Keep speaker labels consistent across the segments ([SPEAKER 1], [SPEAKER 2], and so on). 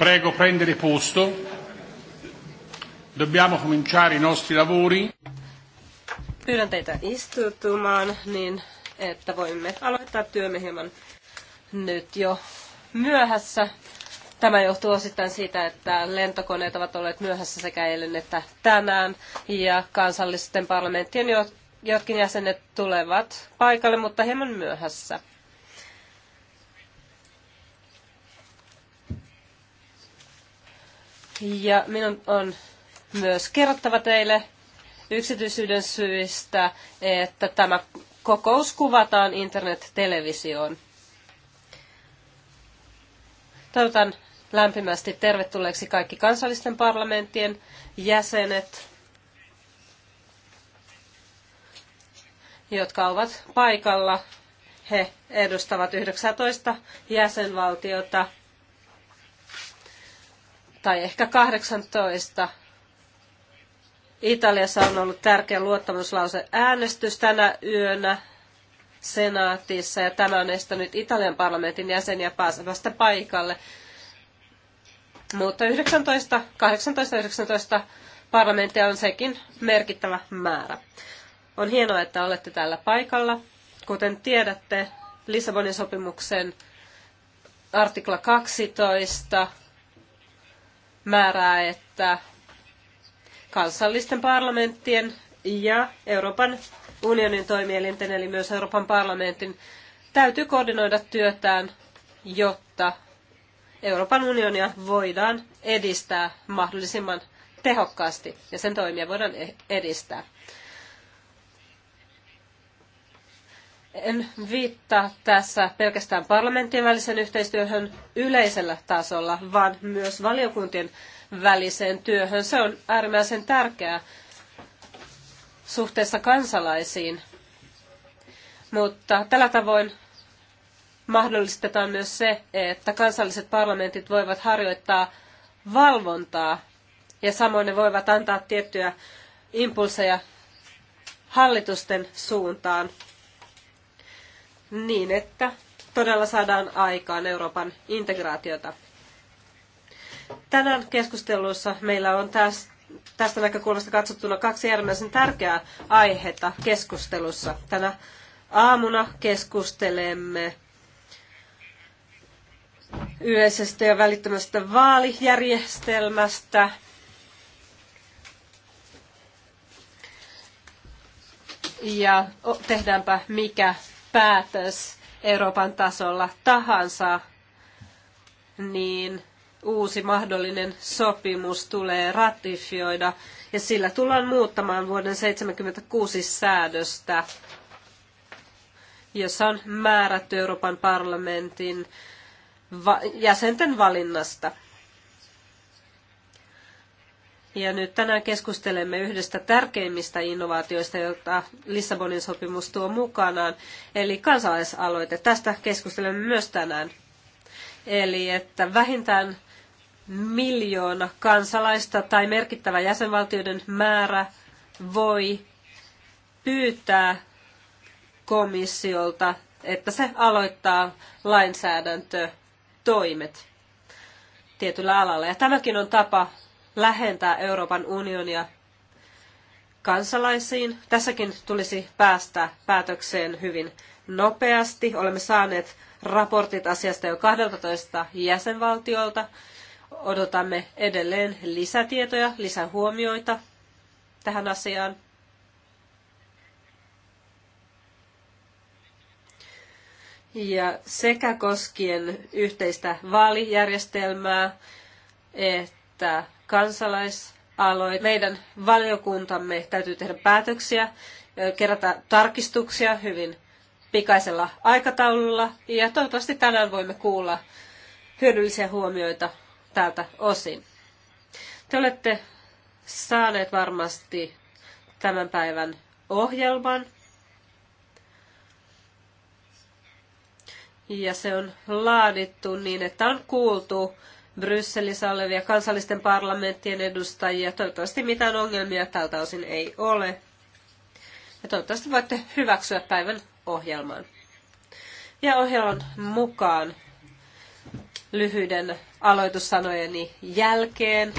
[SPEAKER 1] Prego prendere posto. Dobbiamo cominciare i nostri lavori.
[SPEAKER 2] Pyydän teitä istutumaan niin, että voimme aloittaa työmme hieman nyt jo myöhässä. Tämä johtuu osittain siitä, että lentokoneet ovat olleet myöhässä sekä eilen että tänään ja kansallisten parlamenttien jotkin jäsenet tulevat paikalle, mutta hieman myöhässä. Ja minun on myös kerrottava teille yksityisyyden syistä, että tämä kokous kuvataan internet-televisioon. Toivotan lämpimästi tervetulleeksi kaikki kansallisten parlamenttien jäsenet, jotka ovat paikalla. He edustavat 19 jäsenvaltiota – tai ehkä 18. Italiassa on ollut tärkeä luottamuslause äänestys tänä yönä senaatissa ja tämä on estänyt Italian parlamentin jäseniä pääsemästä paikalle. Mutta 19, 18, 19 parlamenttia on sekin merkittävä määrä. On hienoa, että olette täällä paikalla. Kuten tiedätte, Lissabonin sopimuksen artikla 12 määrää, että kansallisten parlamenttien ja Euroopan unionin toimielinten, eli myös Euroopan parlamentin, täytyy koordinoida työtään, jotta Euroopan unionia voidaan edistää mahdollisimman tehokkaasti ja sen toimia voidaan e- edistää. En viittaa tässä pelkästään parlamentin välisen yhteistyöhön yleisellä tasolla, vaan myös valiokuntien väliseen työhön. Se on äärimmäisen tärkeää suhteessa kansalaisiin. Mutta tällä tavoin mahdollistetaan myös se, että kansalliset parlamentit voivat harjoittaa valvontaa ja samoin ne voivat antaa tiettyjä impulseja hallitusten suuntaan niin, että todella saadaan aikaan Euroopan integraatiota. Tänään keskustelussa meillä on tästä tästä näkökulmasta katsottuna kaksi äärimmäisen tärkeää aihetta keskustelussa. Tänä aamuna keskustelemme yleisestä ja välittömästä vaalijärjestelmästä. Ja tehdäänpä mikä päätös Euroopan tasolla tahansa, niin uusi mahdollinen sopimus tulee ratifioida ja sillä tullaan muuttamaan vuoden 1976 säädöstä, jossa on määrätty Euroopan parlamentin jäsenten valinnasta. Ja nyt tänään keskustelemme yhdestä tärkeimmistä innovaatioista, jota Lissabonin sopimus tuo mukanaan, eli kansalaisaloite. Tästä keskustelemme myös tänään. Eli että vähintään miljoona kansalaista tai merkittävä jäsenvaltioiden määrä voi pyytää komissiolta, että se aloittaa lainsäädäntötoimet tietyllä alalla. Ja tämäkin on tapa lähentää Euroopan unionia kansalaisiin. Tässäkin tulisi päästä päätökseen hyvin nopeasti. Olemme saaneet raportit asiasta jo 12 jäsenvaltiolta. Odotamme edelleen lisätietoja, lisähuomioita tähän asiaan. Ja sekä koskien yhteistä vaalijärjestelmää että kansalaisaloite. Meidän valiokuntamme täytyy tehdä päätöksiä, kerätä tarkistuksia hyvin pikaisella aikataululla ja toivottavasti tänään voimme kuulla hyödyllisiä huomioita tältä osin. Te olette saaneet varmasti tämän päivän ohjelman. Ja se on laadittu niin, että on kuultu Brysselissä olevia kansallisten parlamenttien edustajia. Toivottavasti mitään ongelmia tältä osin ei ole. Ja toivottavasti voitte hyväksyä päivän ohjelman. Ja ohjelman mukaan lyhyiden aloitussanojeni jälkeen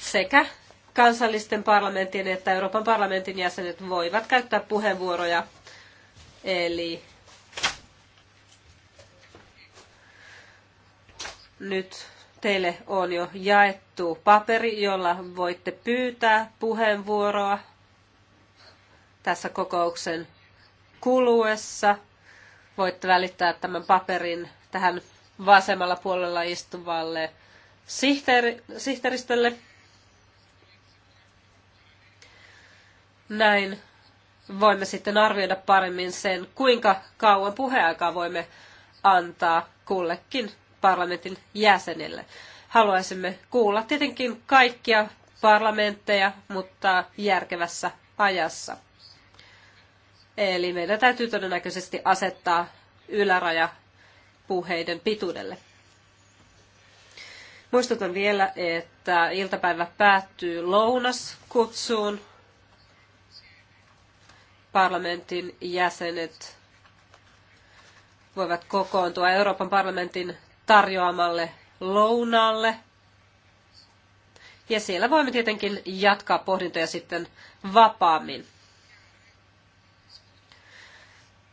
[SPEAKER 2] sekä kansallisten parlamenttien että Euroopan parlamentin jäsenet voivat käyttää puheenvuoroja. Eli nyt teille on jo jaettu paperi, jolla voitte pyytää puheenvuoroa tässä kokouksen kuluessa. Voitte välittää tämän paperin tähän vasemmalla puolella istuvalle sihteeri, sihteeristölle. Näin voimme sitten arvioida paremmin sen, kuinka kauan puheaikaa voimme antaa kullekin parlamentin jäsenille. Haluaisimme kuulla tietenkin kaikkia parlamentteja, mutta järkevässä ajassa. Eli meidän täytyy todennäköisesti asettaa yläraja puheiden pituudelle. Muistutan vielä, että iltapäivä päättyy lounaskutsuun. Parlamentin jäsenet voivat kokoontua Euroopan parlamentin tarjoamalle lounaalle. Ja siellä voimme tietenkin jatkaa pohdintoja sitten vapaammin.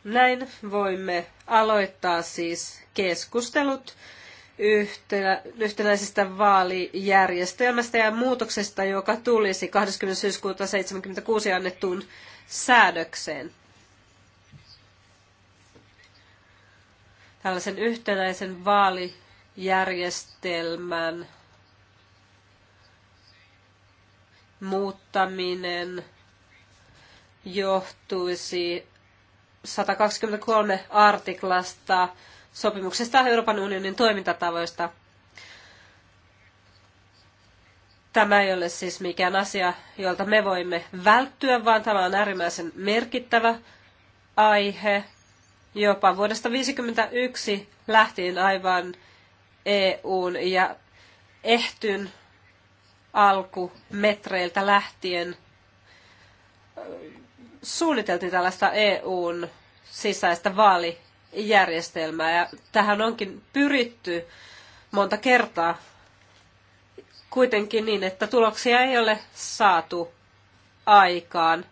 [SPEAKER 2] Näin voimme aloittaa siis keskustelut yhtenäisestä vaalijärjestelmästä ja muutoksesta, joka tulisi 20. syyskuuta 1976 annettuun säädökseen. tällaisen yhtenäisen vaalijärjestelmän muuttaminen johtuisi 123 artiklasta sopimuksesta Euroopan unionin toimintatavoista. Tämä ei ole siis mikään asia, jolta me voimme välttyä, vaan tämä on äärimmäisen merkittävä aihe Jopa vuodesta 1951 lähtien aivan EUn ja ehtyn alkumetreiltä lähtien suunniteltiin tällaista EUn sisäistä vaalijärjestelmää ja tähän onkin pyritty monta kertaa kuitenkin niin, että tuloksia ei ole saatu aikaan.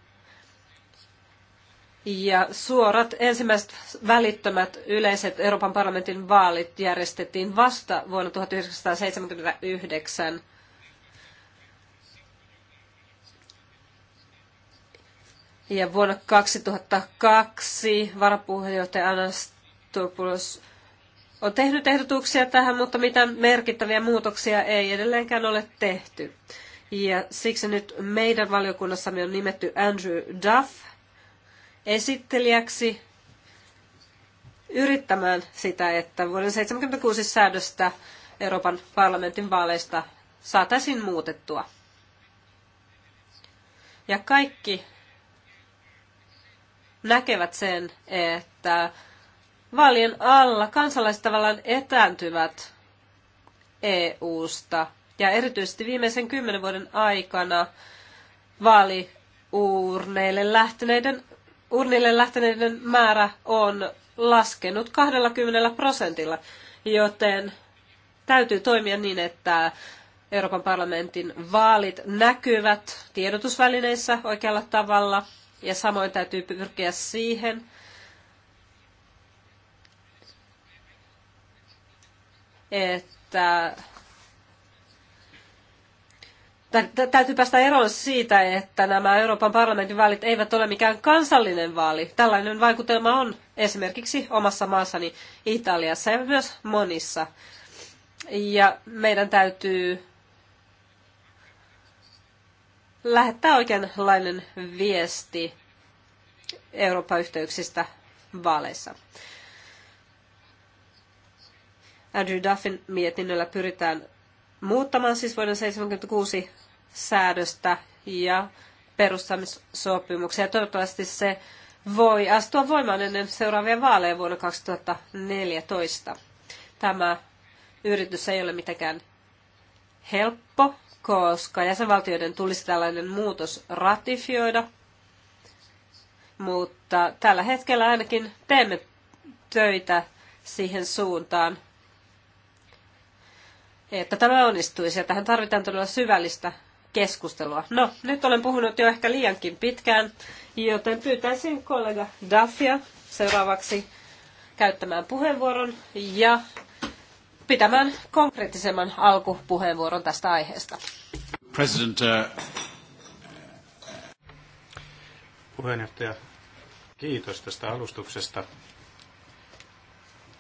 [SPEAKER 2] Ja suorat ensimmäiset välittömät yleiset Euroopan parlamentin vaalit järjestettiin vasta vuonna 1979. Ja vuonna 2002 varapuheenjohtaja Anastopoulos on tehnyt ehdotuksia tähän, mutta mitään merkittäviä muutoksia ei edelleenkään ole tehty. Ja siksi nyt meidän valiokunnassamme on nimetty Andrew Duff esittelijäksi yrittämään sitä, että vuoden 76 säädöstä Euroopan parlamentin vaaleista saataisiin muutettua. Ja kaikki näkevät sen, että vaalien alla kansalaiset tavallaan etääntyvät EU-sta. Ja erityisesti viimeisen kymmenen vuoden aikana vaaliuurneille lähteneiden urnille lähteneiden määrä on laskenut 20 prosentilla, joten täytyy toimia niin, että Euroopan parlamentin vaalit näkyvät tiedotusvälineissä oikealla tavalla ja samoin täytyy pyrkiä siihen, että Täytyy päästä eroon siitä, että nämä Euroopan parlamentin vaalit eivät ole mikään kansallinen vaali. Tällainen vaikutelma on esimerkiksi omassa maassani Italiassa ja myös monissa. Ja meidän täytyy lähettää oikeanlainen viesti Euroopan yhteyksistä vaaleissa. Andrew Duffin mietinnöllä pyritään muuttamaan siis vuoden 76 säädöstä ja perustamissopimuksia. Toivottavasti se voi astua voimaan ennen seuraavia vaaleja vuonna 2014. Tämä yritys ei ole mitenkään helppo, koska jäsenvaltioiden tulisi tällainen muutos ratifioida. Mutta tällä hetkellä ainakin teemme töitä siihen suuntaan että tämä onnistuisi. Ja tähän tarvitaan todella syvällistä keskustelua. No, nyt olen puhunut jo ehkä liiankin pitkään, joten pyytäisin kollega Daffia seuraavaksi käyttämään puheenvuoron ja pitämään konkreettisemman alkupuheenvuoron tästä aiheesta.
[SPEAKER 1] President, uh... Puheenjohtaja, kiitos tästä alustuksesta.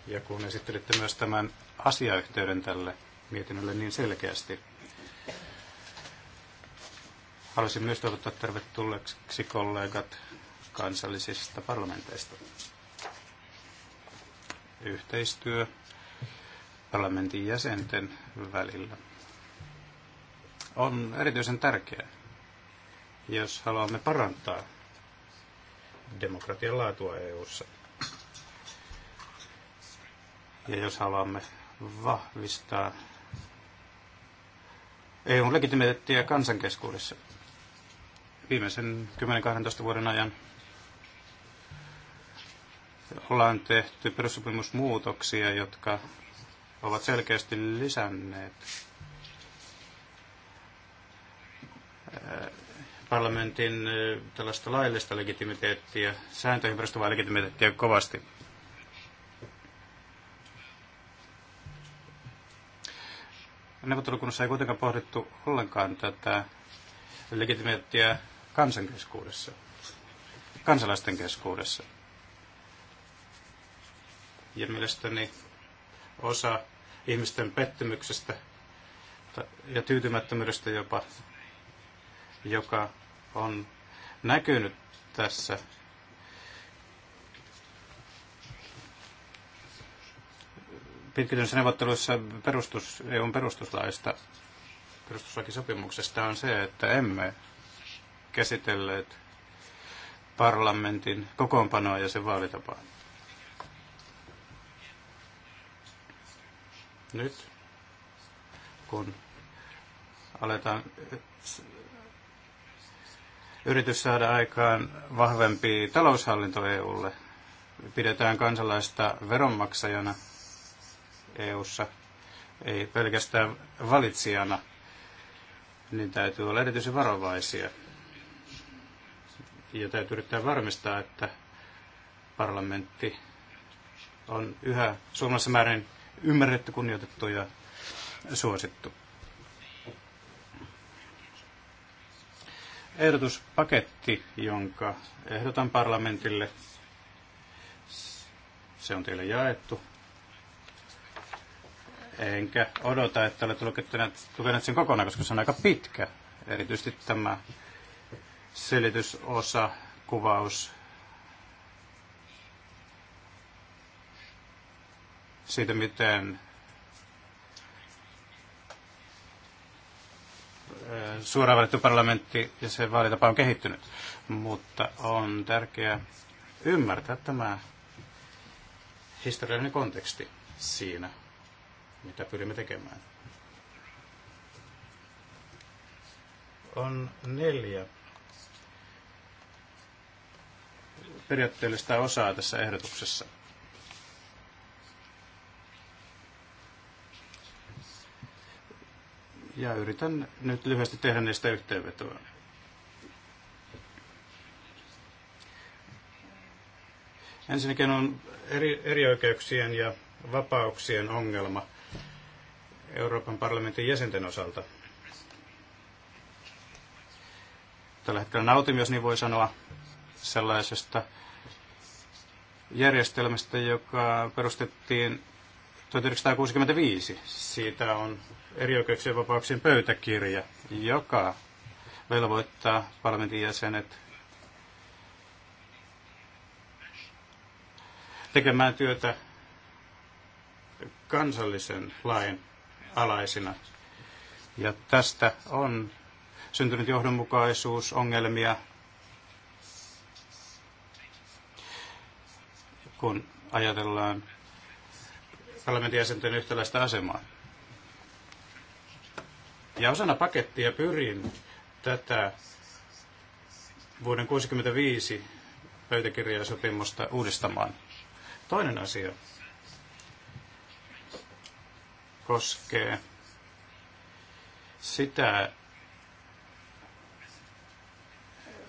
[SPEAKER 1] Ja kun esittelitte myös tämän asiayhteyden tälle mietinnölle niin selkeästi. Haluaisin myös toivottaa tervetulleeksi kollegat kansallisista parlamenteista. Yhteistyö parlamentin jäsenten välillä on erityisen tärkeää, jos haluamme parantaa demokratian laatua EU:ssa. Ja jos haluamme vahvistaa EUn legitimiteettiä kansankeskuudessa viimeisen 10-12 vuoden ajan ollaan tehty perussopimusmuutoksia, jotka ovat selkeästi lisänneet parlamentin tällaista laillista legitimiteettiä, sääntöihin perustuvaa legitimiteettiä kovasti. Neuvottelukunnassa ei kuitenkaan pohdittu ollenkaan tätä legitimeettiä kansan keskuudessa, kansalaisten keskuudessa. Ja mielestäni osa ihmisten pettymyksestä ja tyytymättömyydestä jopa, joka on näkynyt tässä pitkityissä neuvotteluissa perustus, EUn perustuslaista, perustuslakisopimuksesta on se, että emme käsitelleet parlamentin kokoonpanoa ja sen vaalitapaa. Nyt, kun aletaan yritys saada aikaan vahvempi taloushallinto EUlle, pidetään kansalaista veronmaksajana – EU:ssa ei pelkästään valitsijana, niin täytyy olla erityisen varovaisia. Ja täytyy yrittää varmistaa, että parlamentti on yhä suomalaisessa määrin ymmärretty, kunnioitettu ja suosittu. Ehdotuspaketti, jonka ehdotan parlamentille, se on teille jaettu enkä odota, että olet lukenut sen kokonaan, koska se on aika pitkä. Erityisesti tämä selitysosa, kuvaus siitä, miten äh, suoraan valittu parlamentti ja sen vaalitapa on kehittynyt. Mutta on tärkeää ymmärtää tämä historiallinen konteksti siinä mitä pyrimme tekemään. On neljä periaatteellista osaa tässä ehdotuksessa. Ja yritän nyt lyhyesti tehdä niistä yhteenvetoa. Ensinnäkin on eri, eri oikeuksien ja vapauksien ongelma – Euroopan parlamentin jäsenten osalta. Tällä hetkellä nautin, jos niin voi sanoa, sellaisesta järjestelmästä, joka perustettiin 1965. Siitä on erioikeuksien vapauksien pöytäkirja, joka velvoittaa parlamentin jäsenet tekemään työtä kansallisen lain alaisina. Ja tästä on syntynyt johdonmukaisuus ongelmia kun ajatellaan parlamentin jäsenten yhtäläistä asemaa. Ja osana pakettia pyrin tätä vuoden 1965 pöytäkirjasopimusta uudistamaan. Toinen asia, koskee sitä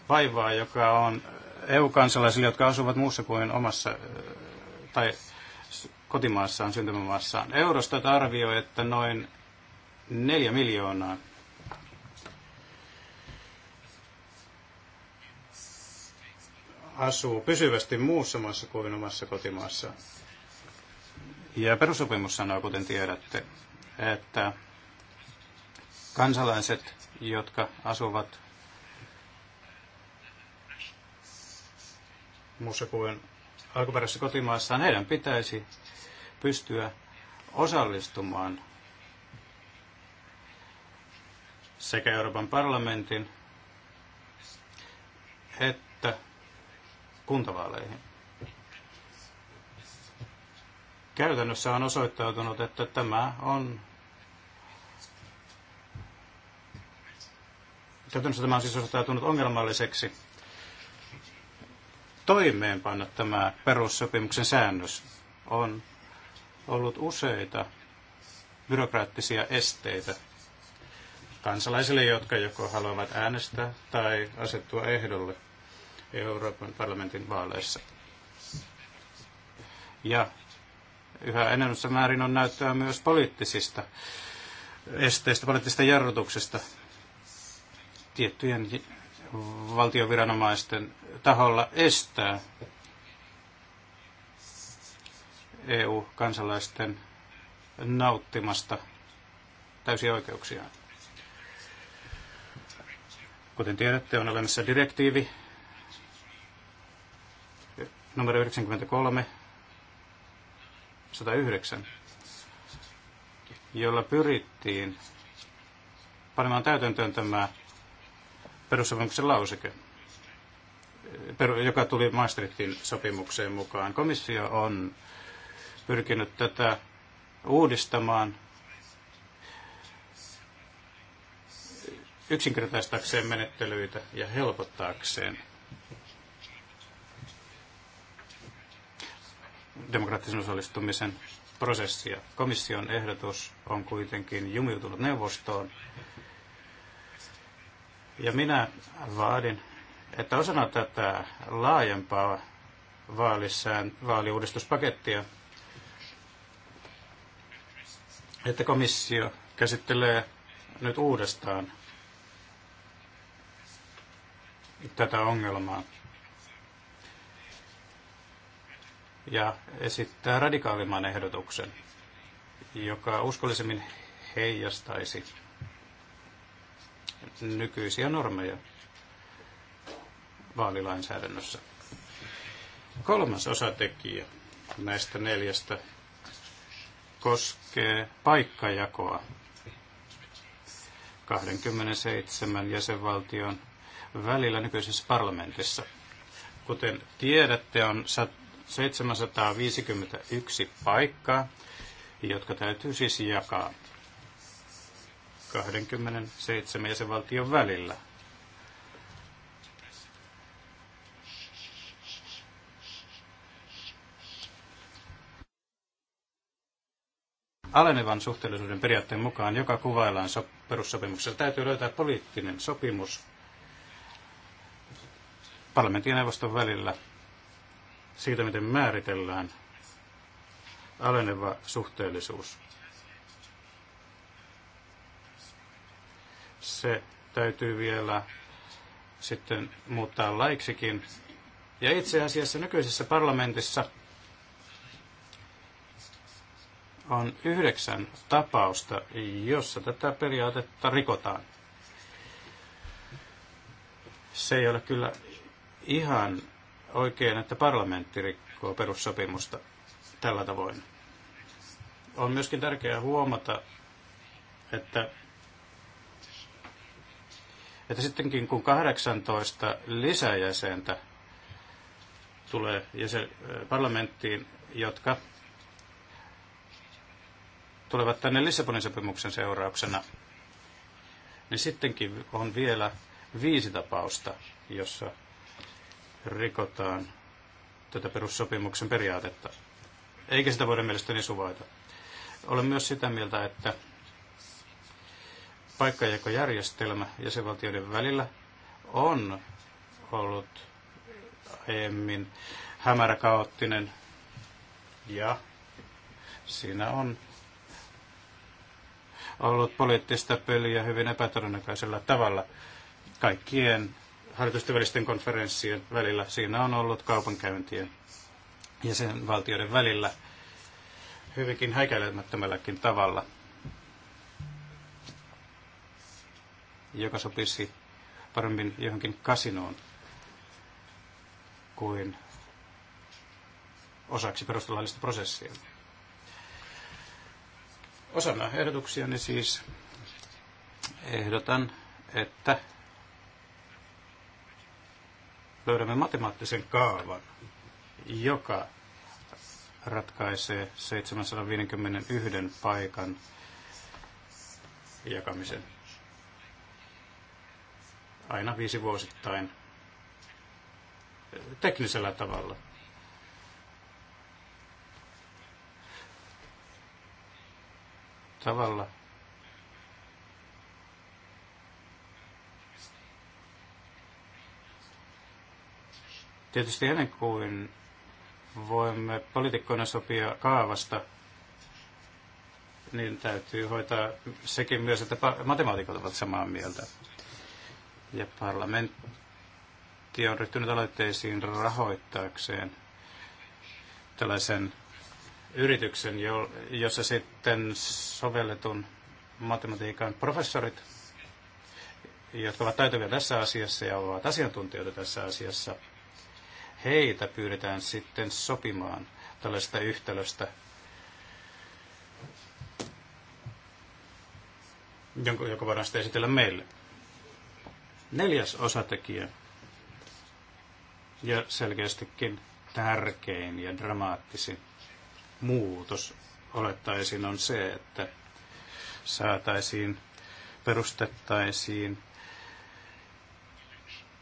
[SPEAKER 1] vaivaa, joka on EU-kansalaisille, jotka asuvat muussa kuin omassa tai kotimaassaan, syntymämaassaan. Eurostat arvioi, että noin neljä miljoonaa asuu pysyvästi muussa maassa kuin omassa kotimaassaan. Ja perusopimus sanoo, kuten tiedätte, että kansalaiset, jotka asuvat muussa kuin alkuperäisessä kotimaassaan, heidän pitäisi pystyä osallistumaan sekä Euroopan parlamentin että kuntavaaleihin. Käytännössä on osoittautunut, että tämä on Käytännössä tämä on siis osoittautunut ongelmalliseksi toimeenpanna tämä perussopimuksen säännös. On ollut useita byrokraattisia esteitä kansalaisille, jotka joko haluavat äänestää tai asettua ehdolle Euroopan parlamentin vaaleissa. Ja Yhä enemmässä määrin on näyttöä myös poliittisista esteistä, poliittisista jarrutuksista tiettyjen valtioviranomaisten taholla estää EU-kansalaisten nauttimasta täysiä oikeuksia. Kuten tiedätte, on olemassa direktiivi numero 93 109, jolla pyrittiin panemaan täytäntöön tämä perussopimuksen lauseke, joka tuli Maastrichtin sopimukseen mukaan. Komissio on pyrkinyt tätä uudistamaan yksinkertaistakseen menettelyitä ja helpottaakseen demokraattisen osallistumisen prosessia. Komission ehdotus on kuitenkin jumiutunut neuvostoon. Ja minä vaadin, että osana tätä laajempaa vaalissään vaaliuudistuspakettia, että komissio käsittelee nyt uudestaan tätä ongelmaa. ja esittää radikaalimman ehdotuksen, joka uskollisemmin heijastaisi nykyisiä normeja vaalilainsäädännössä. Kolmas osatekijä näistä neljästä koskee paikkajakoa 27 jäsenvaltion välillä nykyisessä parlamentissa. Kuten tiedätte, on sat 751 paikkaa, jotka täytyy siis jakaa 27 jäsenvaltion välillä. Alenevan suhteellisuuden periaatteen mukaan, joka kuvaillaan perussopimuksessa, täytyy löytää poliittinen sopimus parlamentin ja neuvoston välillä siitä, miten määritellään aleneva suhteellisuus. Se täytyy vielä sitten muuttaa laiksikin. Ja itse asiassa nykyisessä parlamentissa on yhdeksän tapausta, jossa tätä periaatetta rikotaan. Se ei ole kyllä ihan oikein, että parlamentti rikkoo perussopimusta tällä tavoin. On myöskin tärkeää huomata, että, että sittenkin kun 18 lisäjäsentä tulee jäsen, parlamenttiin, jotka tulevat tänne Lissabonin sopimuksen seurauksena, niin sittenkin on vielä viisi tapausta, jossa rikotaan tätä perussopimuksen periaatetta. Eikä sitä voida mielestäni suvaita. Olen myös sitä mieltä, että paikkajakojärjestelmä jäsenvaltioiden välillä on ollut aiemmin hämärä, ja siinä on ollut poliittista peliä hyvin epätodennäköisellä tavalla kaikkien hallitusten välisten konferenssien välillä. Siinä on ollut kaupankäyntiä ja sen valtioiden välillä hyvinkin häikäilemättömälläkin tavalla, joka sopisi paremmin johonkin kasinoon kuin osaksi perustuslaillista prosessia. Osana niin siis ehdotan, että löydämme matemaattisen kaavan, joka ratkaisee 751 paikan jakamisen aina viisi vuosittain teknisellä tavalla. Tavalla, Tietysti ennen kuin voimme poliitikkoina sopia kaavasta, niin täytyy hoitaa sekin myös, että matemaatikot ovat samaa mieltä. Ja parlamentti on ryhtynyt aloitteisiin rahoittaakseen tällaisen yrityksen, jossa sitten sovelletun matematiikan professorit, jotka ovat taitavia tässä asiassa ja ovat asiantuntijoita tässä asiassa, heitä pyydetään sitten sopimaan tällaista yhtälöstä, jonka, joka voidaan sitten esitellä meille. Neljäs osatekijä, ja selkeästikin tärkein ja dramaattisin muutos olettaisin on se, että saataisiin, perustettaisiin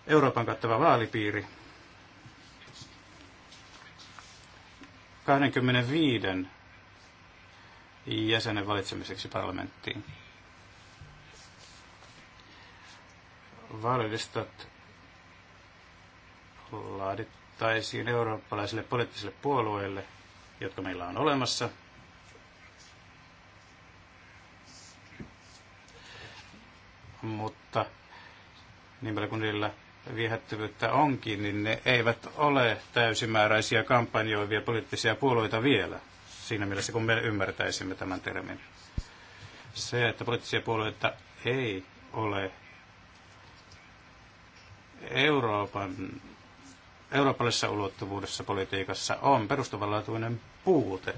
[SPEAKER 1] Euroopan kattava vaalipiiri, 25 jäsenen valitsemiseksi parlamenttiin. Vaalilistat laadittaisiin eurooppalaisille poliittisille puolueille, jotka meillä on olemassa. Mutta niin paljon kuin niillä viehättävyyttä onkin, niin ne eivät ole täysimääräisiä kampanjoivia poliittisia puolueita vielä, siinä mielessä kun me ymmärtäisimme tämän termin. Se, että poliittisia puolueita ei ole Euroopan, eurooppalaisessa ulottuvuudessa politiikassa, on perustavanlaatuinen puute.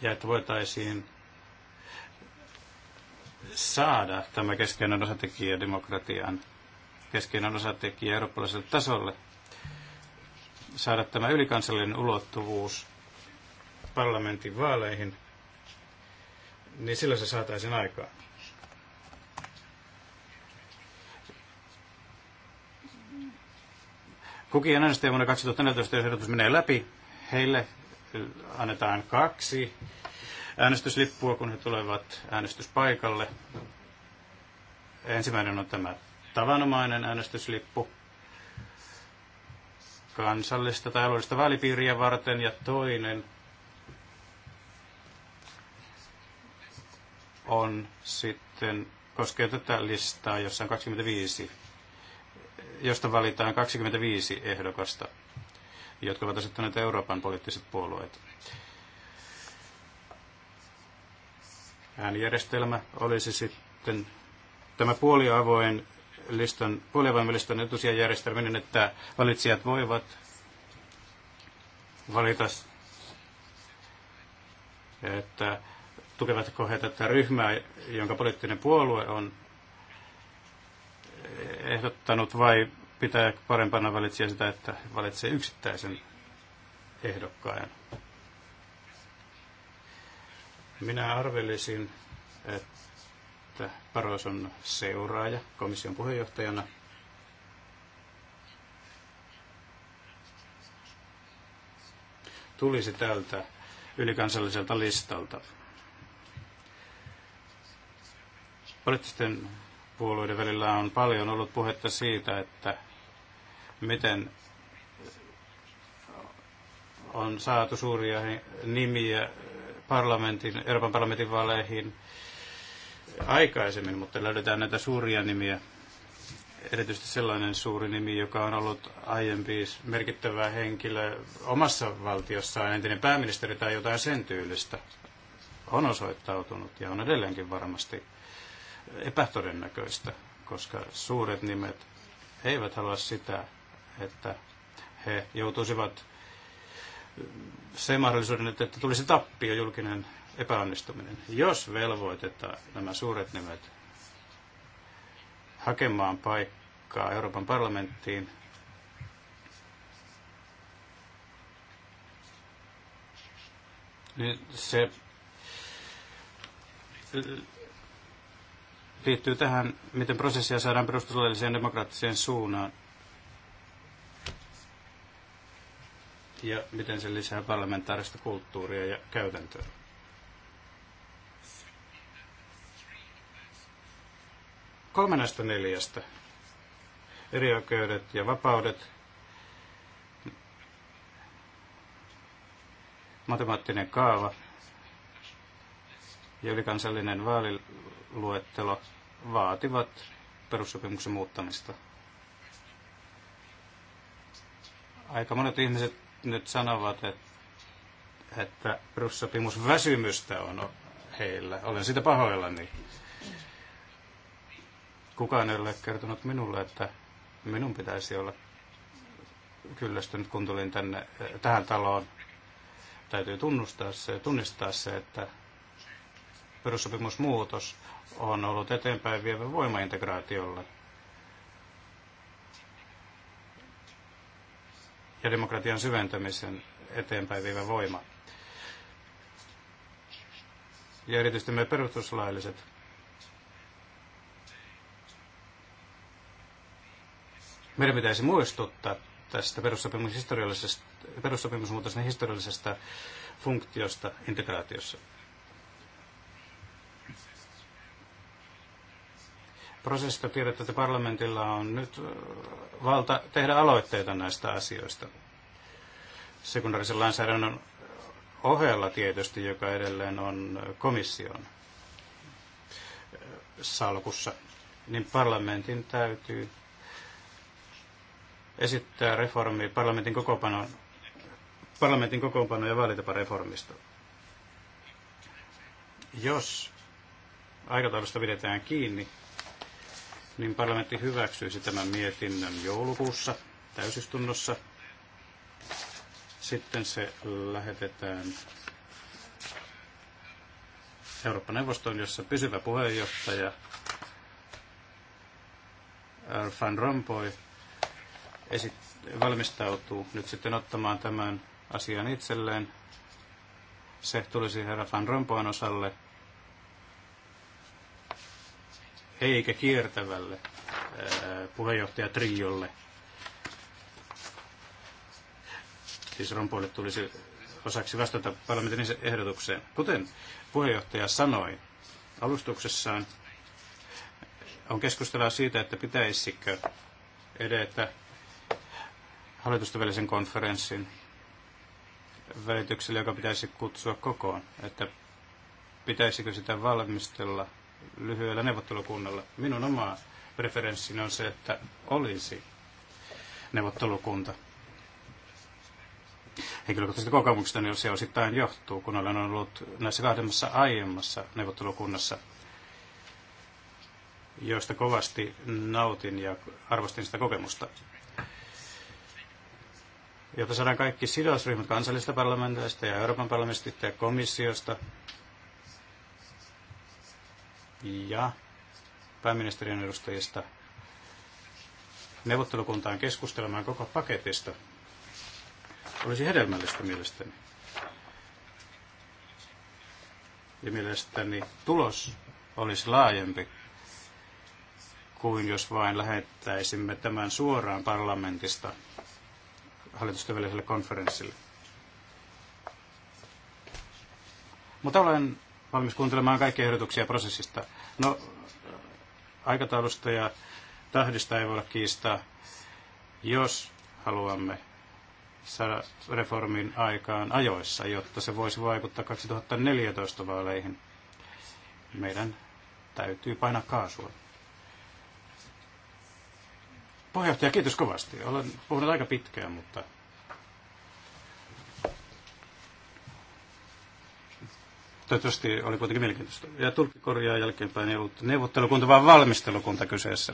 [SPEAKER 1] Ja että voitaisiin saada tämä keskeinen osatekijä demokratian, keskeinen osatekijä eurooppalaiselle tasolle, saada tämä ylikansallinen ulottuvuus parlamentin vaaleihin, niin silloin se saataisiin aikaan. Kukin äänestäjä vuonna 2014, ehdotus menee läpi, heille annetaan kaksi äänestyslippua, kun he tulevat äänestyspaikalle. Ensimmäinen on tämä tavanomainen äänestyslippu kansallista tai alueellista välipiiriä varten ja toinen on sitten koskee tätä listaa, jossa on 25, josta valitaan 25 ehdokasta, jotka ovat asettaneet Euroopan poliittiset puolueet. äänijärjestelmä olisi sitten tämä puoliavoin listan, listan etusijan järjestelminen, että valitsijat voivat valita, että tukevatko he tätä ryhmää, jonka poliittinen puolue on ehdottanut, vai pitää parempana valitsija sitä, että valitsee yksittäisen ehdokkaan. Minä arvelisin, että Paros on seuraaja komission puheenjohtajana. Tulisi tältä ylikansalliselta listalta. Poliittisten puolueiden välillä on paljon ollut puhetta siitä, että miten on saatu suuria nimiä parlamentin, Euroopan parlamentin vaaleihin aikaisemmin, mutta löydetään näitä suuria nimiä. Erityisesti sellainen suuri nimi, joka on ollut aiempi merkittävä henkilö omassa valtiossaan, entinen pääministeri tai jotain sen tyylistä, on osoittautunut ja on edelleenkin varmasti epätodennäköistä, koska suuret nimet eivät halua sitä, että he joutuisivat se mahdollisuuden, että, että tulisi tappio julkinen epäonnistuminen. Jos velvoitetaan nämä suuret nimet hakemaan paikkaa Euroopan parlamenttiin, niin se liittyy tähän, miten prosessia saadaan perustuslailliseen demokraattiseen suunaan. ja miten se lisää parlamentaarista kulttuuria ja käytäntöä. Kolmenesta neljästä neljästä, erioikeudet ja vapaudet, matemaattinen kaava ja ylikansallinen vaaliluettelo vaativat perussopimuksen muuttamista. Aika monet ihmiset nyt sanovat, että väsymystä on heillä. Olen sitä pahoillani. Kukaan ei ole kertonut minulle, että minun pitäisi olla kyllästynyt, kun tulin tänne, eh, tähän taloon. Täytyy tunnustaa se, tunnistaa se, että perussopimusmuutos on ollut eteenpäin vievä voimaintegraatiolle – ja demokratian syventämisen eteenpäin viivä voima. Ja erityisesti me perustuslailliset meidän pitäisi muistuttaa tästä perussopimusmuutosten historiallisesta funktiosta integraatiossa. prosessista tiedätte, että parlamentilla on nyt valta tehdä aloitteita näistä asioista. Sekundaarisen lainsäädännön ohella tietysti, joka edelleen on komission salkussa, niin parlamentin täytyy esittää reformi parlamentin kokoonpanon parlamentin kokoonpano ja reformista. Jos aikataulusta pidetään kiinni, niin parlamentti hyväksyisi tämän mietinnön joulukuussa täysistunnossa. Sitten se lähetetään Eurooppa-neuvostoon, jossa pysyvä puheenjohtaja Van Rompuy esit- valmistautuu nyt sitten ottamaan tämän asian itselleen. Se tulisi herra Van Rompuyn osalle – eikä kiertävälle Triolle. Siis rompoille tulisi osaksi vastata parlamentin ehdotukseen. Kuten puheenjohtaja sanoi alustuksessaan, on keskustelua siitä, että pitäisikö edetä hallitusten välisen konferenssin välityksellä, joka pitäisi kutsua kokoon, että pitäisikö sitä valmistella – lyhyellä neuvottelukunnalla. Minun oma preferenssini on se, että olisi neuvottelukunta. Henkilökohtaisesti kokemuksesta niin se osittain johtuu, kun olen ollut näissä kahdemmassa aiemmassa neuvottelukunnassa, joista kovasti nautin ja arvostin sitä kokemusta. Jotta saadaan kaikki sidosryhmät kansallisista parlamenteista ja Euroopan parlamentista ja komissiosta ja pääministeriön edustajista neuvottelukuntaan keskustelemaan koko paketista, olisi hedelmällistä mielestäni. Ja mielestäni tulos olisi laajempi kuin jos vain lähettäisimme tämän suoraan parlamentista hallitusten väliselle konferenssille. Mutta olen valmis kuuntelemaan kaikkia ehdotuksia prosessista. No, aikataulusta ja tahdista ei voida kiistaa, jos haluamme saada reformin aikaan ajoissa, jotta se voisi vaikuttaa 2014 vaaleihin. Meidän täytyy painaa kaasua. Pohjohtaja, kiitos kovasti. Olen puhunut aika pitkään, mutta Toivottavasti oli kuitenkin mielenkiintoista. Ja tulkki korjaa jälkeenpäin ei ollut neuvottelukunta, vaan valmistelukunta kyseessä.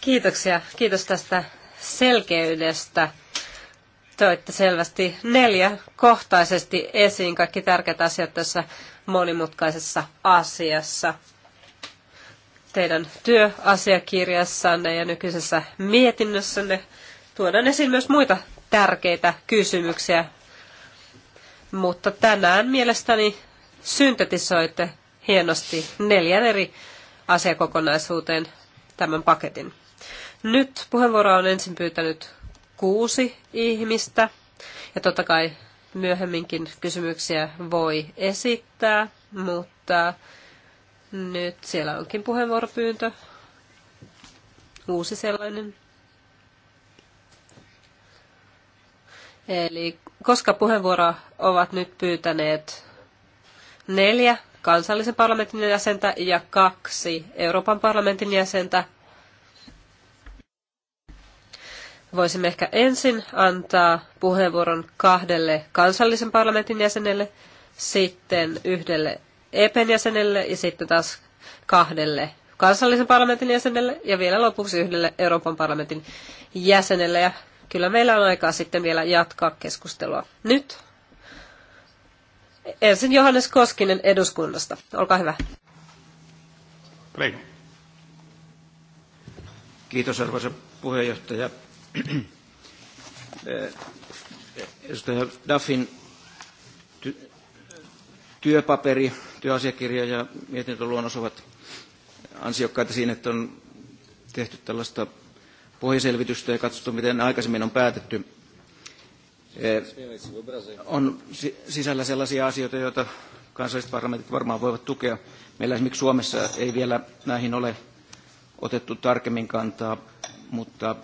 [SPEAKER 2] Kiitoksia. Kiitos tästä selkeydestä. Toitte selvästi neljä kohtaisesti esiin kaikki tärkeät asiat tässä monimutkaisessa asiassa. Teidän työasiakirjassanne ja nykyisessä mietinnössänne tuodaan esiin myös muita tärkeitä kysymyksiä, mutta tänään mielestäni syntetisoitte hienosti neljän eri asiakokonaisuuteen tämän paketin. Nyt puheenvuoroa on ensin pyytänyt kuusi ihmistä ja totta kai myöhemminkin kysymyksiä voi esittää, mutta nyt siellä onkin puheenvuoropyyntö. Uusi sellainen. Eli koska puheenvuoro ovat nyt pyytäneet neljä kansallisen parlamentin jäsentä ja kaksi Euroopan parlamentin jäsentä, voisimme ehkä ensin antaa puheenvuoron kahdelle kansallisen parlamentin jäsenelle, sitten yhdelle EPn jäsenelle ja sitten taas kahdelle kansallisen parlamentin jäsenelle ja vielä lopuksi yhdelle Euroopan parlamentin jäsenelle. Ja kyllä meillä on aikaa sitten vielä jatkaa keskustelua. Nyt ensin Johannes Koskinen eduskunnasta. Olkaa hyvä.
[SPEAKER 3] Play. Niin. Kiitos arvoisa puheenjohtaja. Edustaja Duffin työpaperi, työasiakirja ja mietintöluonnos ovat ansiokkaita siinä, että on tehty tällaista pohjaselvitystä ja katsottu, miten aikaisemmin on päätetty. Eh, on sisällä sellaisia asioita, joita kansalliset parlamentit varmaan voivat tukea. Meillä esimerkiksi Suomessa ei vielä näihin ole otettu tarkemmin kantaa, mutta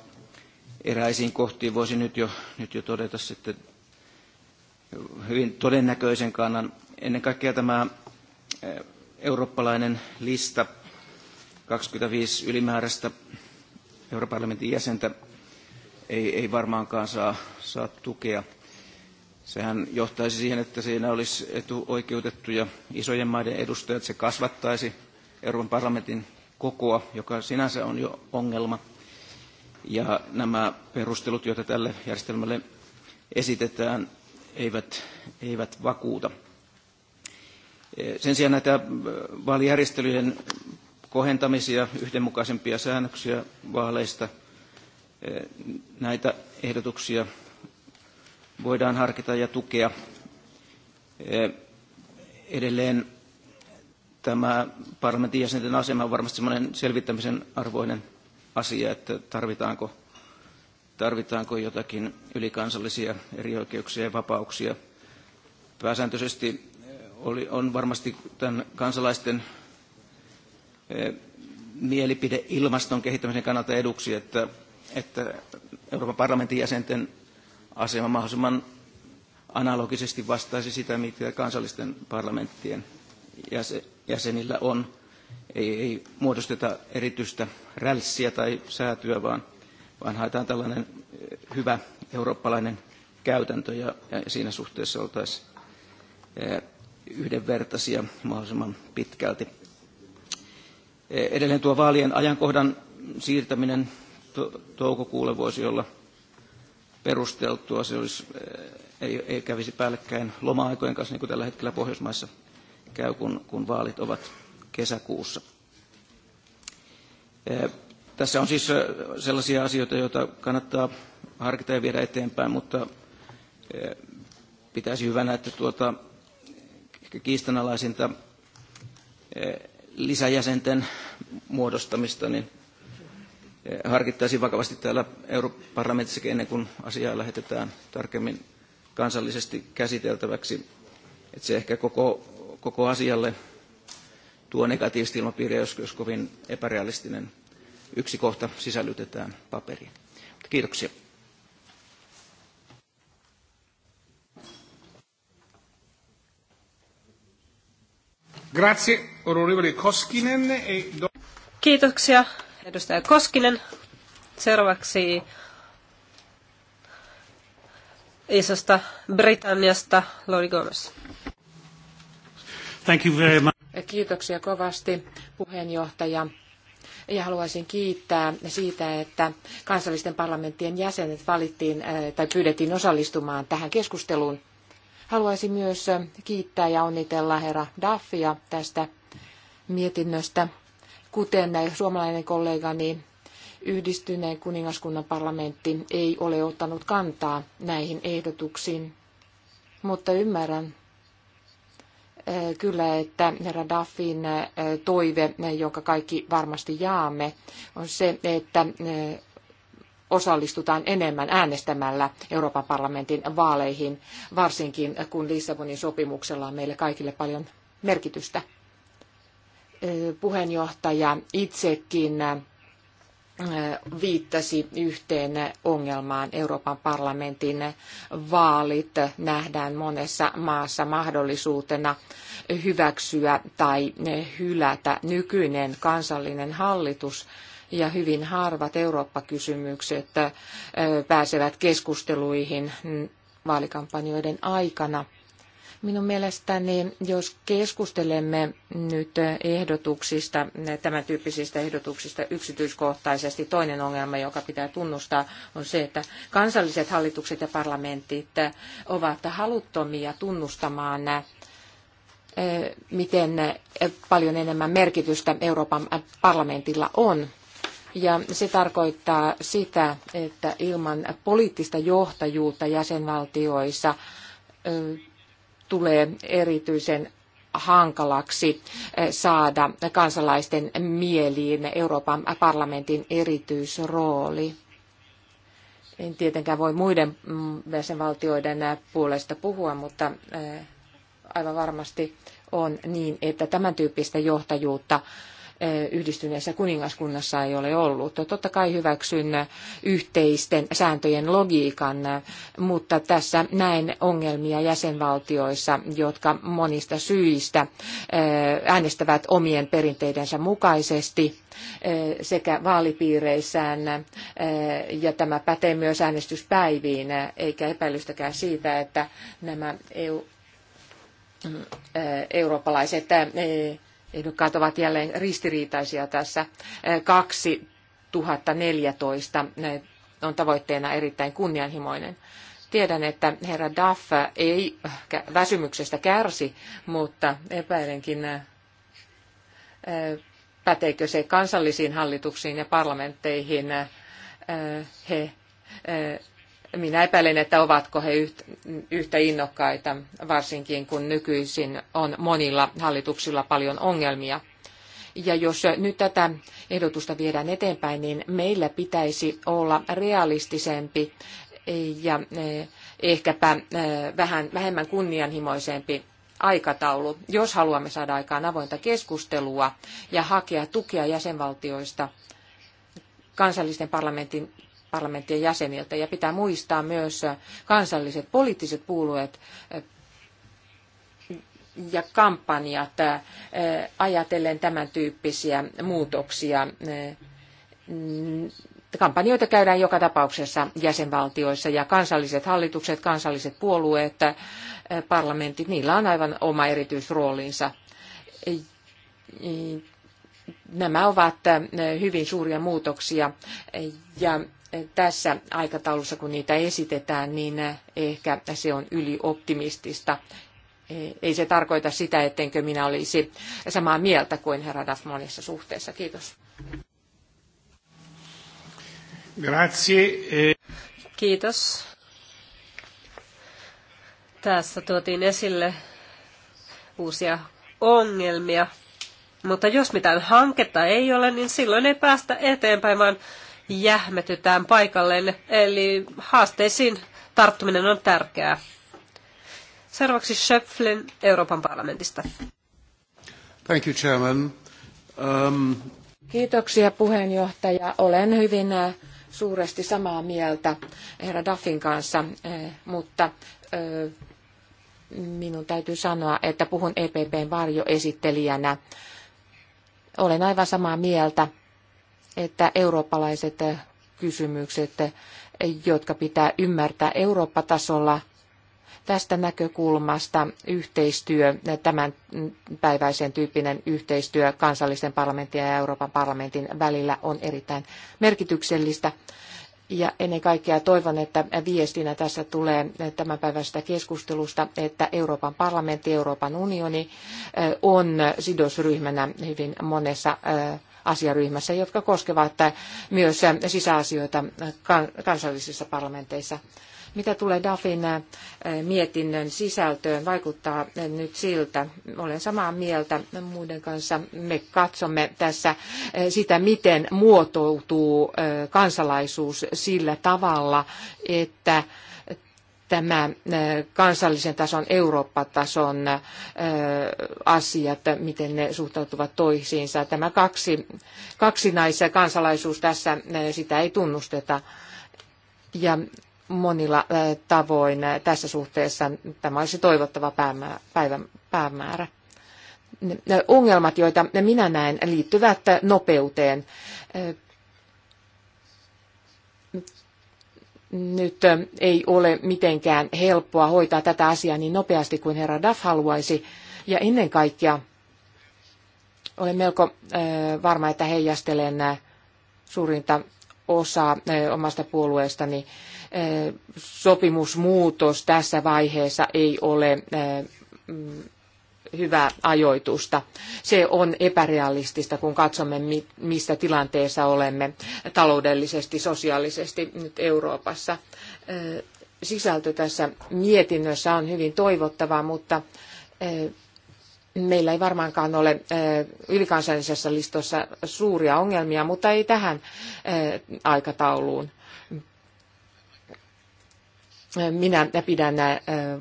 [SPEAKER 3] eräisiin kohtiin voisi nyt jo, nyt jo todeta sitten hyvin todennäköisen kannan. Ennen kaikkea tämä eh, eurooppalainen lista 25 ylimääräistä parlamentin jäsentä ei, ei varmaankaan saa, saa tukea. Sehän johtaisi siihen, että siinä olisi etuoikeutettuja isojen maiden edustajat. Se kasvattaisi Euroopan parlamentin kokoa, joka sinänsä on jo ongelma. Ja nämä perustelut, joita tälle järjestelmälle esitetään, eivät, eivät vakuuta. Sen sijaan näitä vaalijärjestelyjen kohentamisia, yhdenmukaisempia säännöksiä vaaleista. Eh, näitä ehdotuksia voidaan harkita ja tukea. Eh, edelleen tämä parlamentin jäsenten asema on varmasti sellainen selvittämisen arvoinen asia, että tarvitaanko, tarvitaanko jotakin ylikansallisia erioikeuksia ja vapauksia. Pääsääntöisesti oli, on varmasti tämän kansalaisten mielipide ilmaston kehittämisen kannalta eduksi, että, että Euroopan parlamentin jäsenten asema mahdollisimman analogisesti vastaisi sitä, mitä kansallisten parlamenttien jäsenillä on. Ei, ei muodosteta erityistä rälssiä tai säätyä, vaan, vaan haetaan tällainen hyvä eurooppalainen käytäntö ja, ja siinä suhteessa oltaisiin yhdenvertaisia mahdollisimman pitkälti. Edelleen tuo vaalien ajankohdan siirtäminen toukokuulle voisi olla perusteltua. Se olisi, eh, ei, ei kävisi päällekkäin loma-aikojen kanssa, niin kuin tällä hetkellä Pohjoismaissa käy, kun, kun vaalit ovat kesäkuussa. Eh, tässä on siis eh, sellaisia asioita, joita kannattaa harkita ja viedä eteenpäin, mutta pitäisi hyvänä, että tuota, ehkä kiistanalaisinta lisäjäsenten muodostamista, niin eh, harkittaisiin vakavasti täällä europarlamentissakin ennen kuin asiaa lähetetään tarkemmin kansallisesti käsiteltäväksi. Että se ehkä koko, koko asialle tuo negatiivista ilmapiiriä, jos, jos kovin epärealistinen yksi kohta sisällytetään paperiin. Mutta kiitoksia.
[SPEAKER 2] Grazie, onorevole Koskinen. E kiitoksia, edustaja Koskinen. Seuraavaksi isosta
[SPEAKER 4] Britanniasta Lori Gomez.
[SPEAKER 1] Thank you very much.
[SPEAKER 4] Kiitoksia kovasti puheenjohtaja. Ja haluaisin kiittää siitä, että kansallisten parlamenttien jäsenet valittiin tai pyydettiin osallistumaan tähän keskusteluun Haluaisin myös kiittää ja onnitella herra Daffia tästä mietinnöstä. Kuten suomalainen kollegani yhdistyneen kuningaskunnan parlamentti ei ole ottanut kantaa näihin ehdotuksiin, mutta ymmärrän eh, kyllä, että herra Daffin eh, toive, eh, jonka kaikki varmasti jaamme, on se, että osallistutaan enemmän äänestämällä Euroopan parlamentin vaaleihin, varsinkin kun Lissabonin sopimuksella on meille kaikille paljon merkitystä. Puheenjohtaja itsekin viittasi yhteen ongelmaan. Euroopan parlamentin vaalit nähdään monessa maassa mahdollisuutena hyväksyä tai hylätä nykyinen kansallinen hallitus ja hyvin harvat Eurooppa-kysymykset pääsevät keskusteluihin vaalikampanjoiden aikana. Minun mielestäni, jos keskustelemme nyt ehdotuksista, tämän tyyppisistä ehdotuksista yksityiskohtaisesti, toinen ongelma, joka pitää tunnustaa, on se, että kansalliset hallitukset ja parlamentit ovat haluttomia tunnustamaan miten paljon enemmän merkitystä Euroopan parlamentilla on ja se tarkoittaa sitä, että ilman poliittista johtajuutta jäsenvaltioissa tulee erityisen hankalaksi saada kansalaisten mieliin Euroopan parlamentin erityisrooli. En tietenkään voi muiden mm, jäsenvaltioiden puolesta puhua, mutta aivan varmasti on niin, että tämän tyyppistä johtajuutta yhdistyneessä kuningaskunnassa ei ole ollut. Totta kai hyväksyn yhteisten sääntöjen logiikan, mutta tässä näen ongelmia jäsenvaltioissa, jotka monista syistä äänestävät omien perinteidensä mukaisesti sekä vaalipiireissään ja tämä pätee myös äänestyspäiviin, eikä epäilystäkään siitä, että nämä EU, eurooppalaiset ehdokkaat ovat jälleen ristiriitaisia tässä. 2014 eh, on tavoitteena erittäin kunnianhimoinen. Tiedän, että herra Duff ei väsymyksestä kärsi, mutta epäilenkin, eh, päteekö se kansallisiin hallituksiin ja parlamentteihin. Eh, he minä epäilen, että ovatko he yhtä innokkaita, varsinkin kun nykyisin on monilla hallituksilla paljon ongelmia. Ja jos nyt tätä ehdotusta viedään eteenpäin, niin meillä pitäisi olla realistisempi ja eh, ehkäpä eh, vähän vähemmän kunnianhimoisempi aikataulu, jos haluamme saada aikaan avointa keskustelua ja hakea tukea jäsenvaltioista kansallisten parlamentin, parlamenttien jäseniltä. Ja pitää muistaa myös kansalliset poliittiset puolueet ja kampanjat ajatellen tämän tyyppisiä muutoksia. Kampanjoita käydään joka tapauksessa jäsenvaltioissa ja kansalliset hallitukset, kansalliset puolueet, parlamentit, niillä on aivan oma erityisroolinsa. Nämä ovat hyvin suuria muutoksia ja tässä aikataulussa, kun niitä esitetään, niin ehkä se on ylioptimistista. Ei se tarkoita sitä, ettenkö minä olisi samaa mieltä kuin herra Duff monessa suhteessa. Kiitos.
[SPEAKER 2] Grazie. Kiitos. Tässä tuotiin esille uusia ongelmia, mutta jos mitään hanketta ei ole, niin silloin ei päästä eteenpäin, vaan jähmetytään paikalleen, eli haasteisiin tarttuminen on tärkeää. Seuraavaksi Schöpflin Euroopan parlamentista.
[SPEAKER 1] Thank you, Chairman.
[SPEAKER 3] Um...
[SPEAKER 4] Kiitoksia puheenjohtaja. Olen hyvin äh, suuresti samaa mieltä herra Duffin kanssa, äh, mutta äh, minun täytyy sanoa, että puhun EPPn varjoesittelijänä. Olen aivan samaa mieltä että eurooppalaiset kysymykset, jotka pitää ymmärtää Eurooppa-tasolla, tästä näkökulmasta yhteistyö, tämän päiväisen tyyppinen yhteistyö kansallisten parlamenttien ja Euroopan parlamentin välillä on erittäin merkityksellistä. Ja ennen kaikkea toivon, että viestinä tässä tulee tämän päivästä keskustelusta, että Euroopan parlamentti, Euroopan unioni on sidosryhmänä hyvin monessa asiaryhmässä, jotka koskevat myös sisäasioita kansallisissa parlamenteissa. Mitä tulee DAFin mietinnön sisältöön, vaikuttaa nyt siltä. Olen samaa mieltä muiden kanssa. Me katsomme tässä sitä, miten muotoutuu kansalaisuus sillä tavalla, että tämä äh, kansallisen tason, Eurooppa-tason äh, asiat, miten ne suhtautuvat toisiinsa. Tämä kaksi, kaksinaisen kansalaisuus tässä, äh, sitä ei tunnusteta. Ja monilla tavoin tässä suhteessa tämä olisi toivottava päämäärä. Päivän, päämäärä. Ongelmat, joita minä näen, liittyvät nopeuteen. nyt ei ole mitenkään helppoa hoitaa tätä asiaa niin nopeasti kuin herra Duff haluaisi. Ja ennen kaikkea olen melko varma, että heijastelen suurinta osaa omasta puolueestani. Sopimusmuutos tässä vaiheessa ei ole hyvää ajoitusta. Se on epärealistista, kun katsomme, mistä tilanteessa olemme taloudellisesti, sosiaalisesti nyt Euroopassa. Sisältö tässä mietinnössä on hyvin toivottavaa, mutta meillä ei varmaankaan ole ylikansallisessa listassa suuria ongelmia, mutta ei tähän aikatauluun minä pidän äh,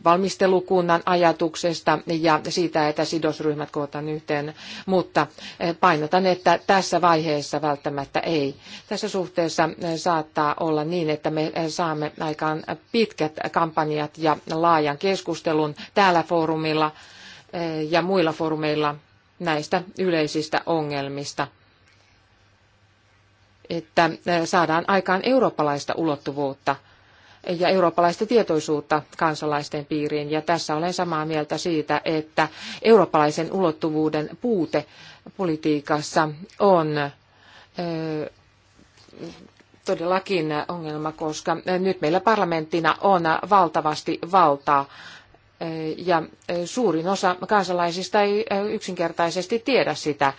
[SPEAKER 4] valmistelukunnan ajatuksesta ja siitä, että sidosryhmät kootaan yhteen, mutta äh, painotan, että tässä vaiheessa välttämättä ei. Tässä suhteessa äh, saattaa olla niin, että me saamme aikaan pitkät kampanjat ja laajan keskustelun täällä foorumilla ja muilla foorumeilla näistä yleisistä ongelmista että saadaan aikaan eurooppalaista ulottuvuutta – ja eurooppalaista tietoisuutta kansalaisten piiriin. Ja tässä olen samaa mieltä siitä, että eurooppalaisen ulottuvuuden puute politiikassa on todellakin ongelma, koska nyt meillä parlamenttina on valtavasti valtaa ja suurin osa kansalaisista ei yksinkertaisesti tiedä sitä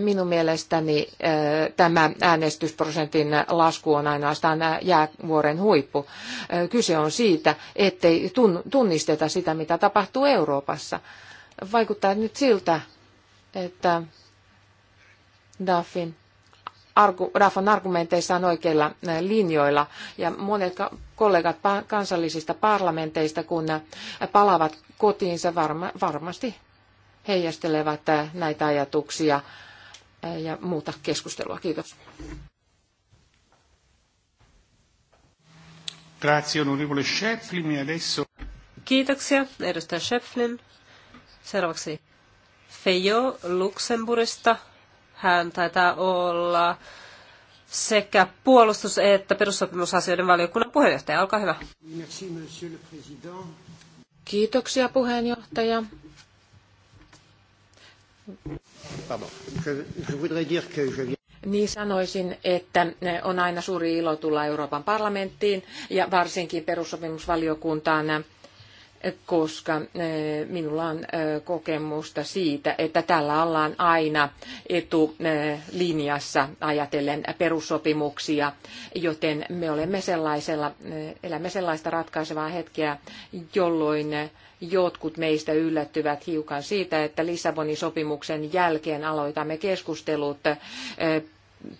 [SPEAKER 4] minun mielestäni tämä äänestysprosentin lasku on ainoastaan jäävuoren huippu. Kyse on siitä, ettei tunnisteta sitä, mitä tapahtuu Euroopassa. Vaikuttaa nyt siltä, että Duffin, Rafan argumenteissa on oikeilla linjoilla. Ja monet kollegat kansallisista parlamenteista, kun palaavat kotiinsa, varmasti heijastelevat näitä ajatuksia ja muuta keskustelua. Kiitos.
[SPEAKER 2] Schäfflin. E Kiitoksia, edustaja Schäfflin. Seuraavaksi Fejo Luxemburgista. Hän taitaa olla sekä puolustus- että perussopimusasioiden valiokunnan puheenjohtaja. Olkaa hyvä.
[SPEAKER 4] Kiitoksia puheenjohtaja. Niin sanoisin, että eh, on aina suuri ilo tulla Euroopan parlamenttiin ja varsinkin perussopimusvaliokuntaan koska eh, minulla on eh, kokemusta siitä, että tällä ollaan aina etulinjassa ajatellen perussopimuksia, joten me olemme sellaisella, eh, elämme sellaista ratkaisevaa hetkeä, jolloin jotkut meistä yllättyvät hiukan siitä, että Lissabonin sopimuksen jälkeen aloitamme keskustelut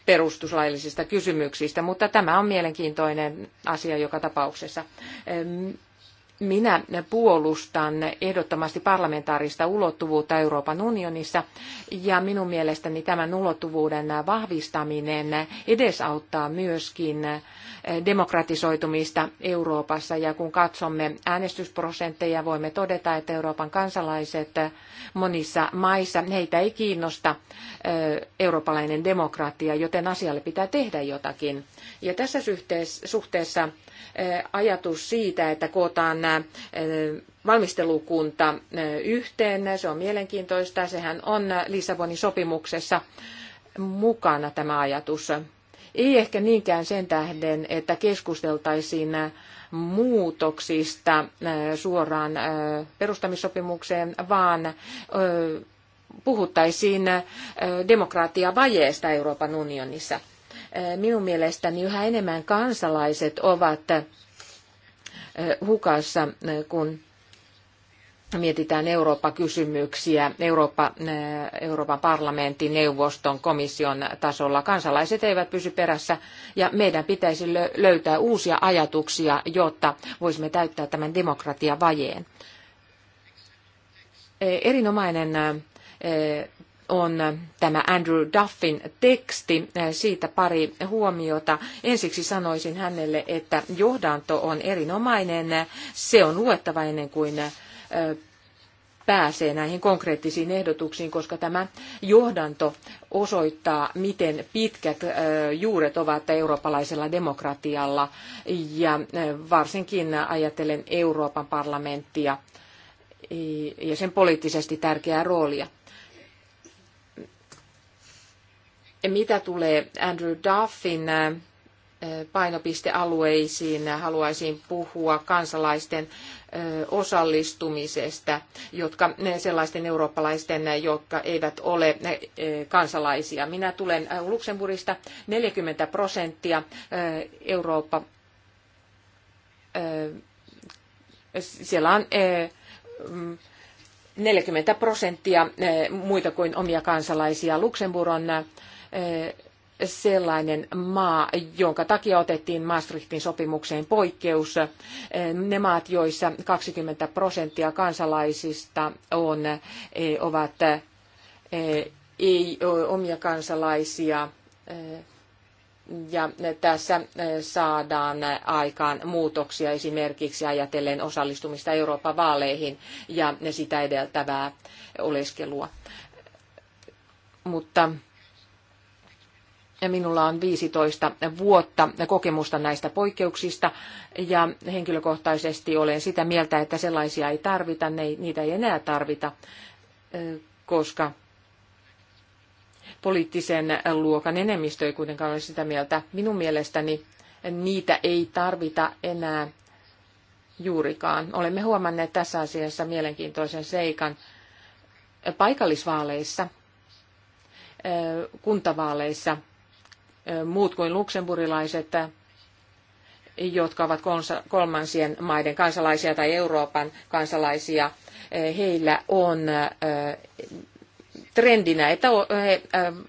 [SPEAKER 4] perustuslaillisista kysymyksistä, mutta tämä on mielenkiintoinen asia joka tapauksessa. Minä puolustan ehdottomasti parlamentaarista ulottuvuutta Euroopan unionissa ja minun mielestäni tämän ulottuvuuden vahvistaminen edesauttaa myöskin demokratisoitumista Euroopassa ja kun katsomme äänestysprosentteja voimme todeta, että Euroopan kansalaiset monissa maissa heitä ei kiinnosta eurooppalainen demokratia, joten asialle pitää tehdä jotakin ja tässä suhteessa ajatus siitä, että kootaan valmistelukunta yhteen, se on mielenkiintoista. Sehän on Lissabonin sopimuksessa mukana tämä ajatus. Ei ehkä niinkään sen tähden, että keskusteltaisiin muutoksista suoraan perustamissopimukseen, vaan puhuttaisiin demokratiavajeesta Euroopan unionissa minun mielestäni yhä enemmän kansalaiset ovat hukassa, kun mietitään Eurooppa-kysymyksiä Eurooppa, Euroopan parlamentin, neuvoston, komission tasolla. Kansalaiset eivät pysy perässä ja meidän pitäisi löytää uusia ajatuksia, jotta voisimme täyttää tämän demokratiavajeen. Erinomainen on tämä Andrew Duffin teksti. Siitä pari huomiota. Ensiksi sanoisin hänelle, että johdanto on erinomainen. Se on luettava ennen kuin pääsee näihin konkreettisiin ehdotuksiin, koska tämä johdanto osoittaa, miten pitkät juuret ovat eurooppalaisella demokratialla ja varsinkin ajatellen Euroopan parlamenttia ja sen poliittisesti tärkeää roolia. Mitä tulee Andrew Duffin äh, painopistealueisiin, haluaisin puhua kansalaisten äh, osallistumisesta, jotka, sellaisten eurooppalaisten, jotka eivät ole äh, kansalaisia. Minä tulen Luxemburgista 40 prosenttia Eurooppa. Siellä on 40 prosenttia muita kuin omia kansalaisia. Luxemburg on sellainen maa, jonka takia otettiin Maastrichtin sopimukseen poikkeus. Ne maat, joissa 20 prosenttia kansalaisista on, ovat ei omia kansalaisia. Ja tässä saadaan aikaan muutoksia esimerkiksi ajatellen osallistumista Euroopan vaaleihin ja sitä edeltävää oleskelua. Mutta Minulla on 15 vuotta kokemusta näistä poikkeuksista ja henkilökohtaisesti olen sitä mieltä, että sellaisia ei tarvita, ne, niitä ei enää tarvita, koska poliittisen luokan enemmistö ei kuitenkaan ole sitä mieltä. Minun mielestäni niitä ei tarvita enää juurikaan. Olemme huomanneet tässä asiassa mielenkiintoisen seikan paikallisvaaleissa, kuntavaaleissa muut kuin luksemburilaiset, jotka ovat kolmansien maiden kansalaisia tai Euroopan kansalaisia, heillä on trendinä, että he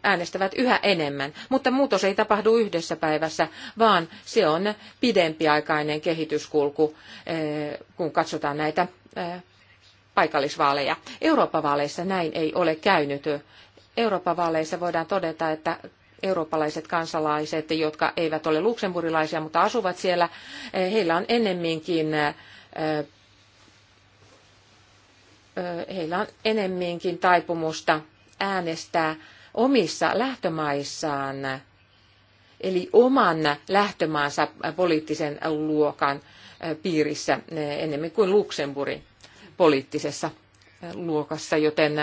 [SPEAKER 4] äänestävät yhä enemmän. Mutta muutos ei tapahdu yhdessä päivässä, vaan se on pidempiaikainen kehityskulku, kun katsotaan näitä paikallisvaaleja. Eurooppa-vaaleissa näin ei ole käynyt. Eurooppa-vaaleissa voidaan todeta, että eurooppalaiset kansalaiset, jotka eivät ole luksemburilaisia, mutta asuvat siellä, eh, heillä on ennemminkin eh, eh, heillä on enemminkin taipumusta äänestää omissa lähtömaissaan, eli oman lähtömaansa poliittisen luokan piirissä enemmän kuin Luxemburgin poliittisessa luokassa, joten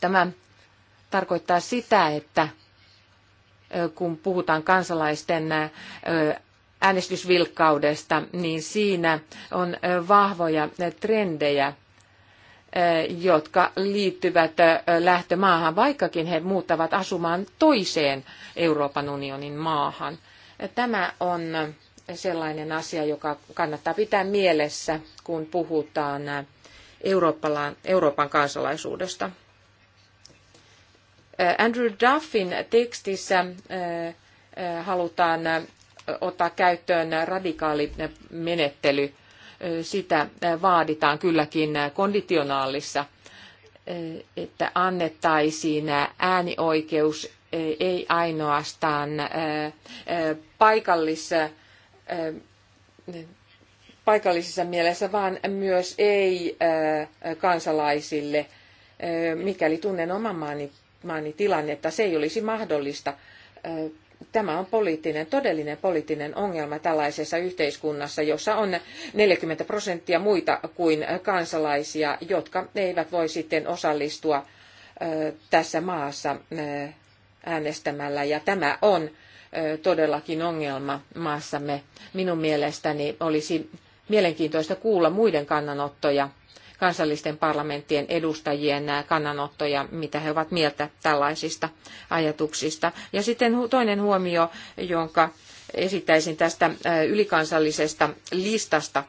[SPEAKER 4] tämä tarkoittaa sitä, että kun puhutaan kansalaisten äänestysvilkkaudesta, niin siinä on vahvoja trendejä, jotka liittyvät lähtömaahan, vaikkakin he muuttavat asumaan toiseen Euroopan unionin maahan. Tämä on sellainen asia, joka kannattaa pitää mielessä, kun puhutaan Euroopan kansalaisuudesta. Andrew Duffin tekstissä halutaan ottaa käyttöön radikaali menettely. Sitä vaaditaan kylläkin konditionaalissa, että annettaisiin äänioikeus ei ainoastaan paikallis, paikallisessa mielessä, vaan myös ei kansalaisille. Mikäli tunnen oman maani maani että Se ei olisi mahdollista. Tämä on poliittinen, todellinen poliittinen ongelma tällaisessa yhteiskunnassa, jossa on 40 prosenttia muita kuin kansalaisia, jotka eivät voi sitten osallistua tässä maassa äänestämällä. Ja tämä on todellakin ongelma maassamme. Minun mielestäni olisi mielenkiintoista kuulla muiden kannanottoja kansallisten parlamenttien edustajien kannanottoja, mitä he ovat mieltä tällaisista ajatuksista. Ja sitten toinen huomio, jonka esittäisin tästä ylikansallisesta listasta.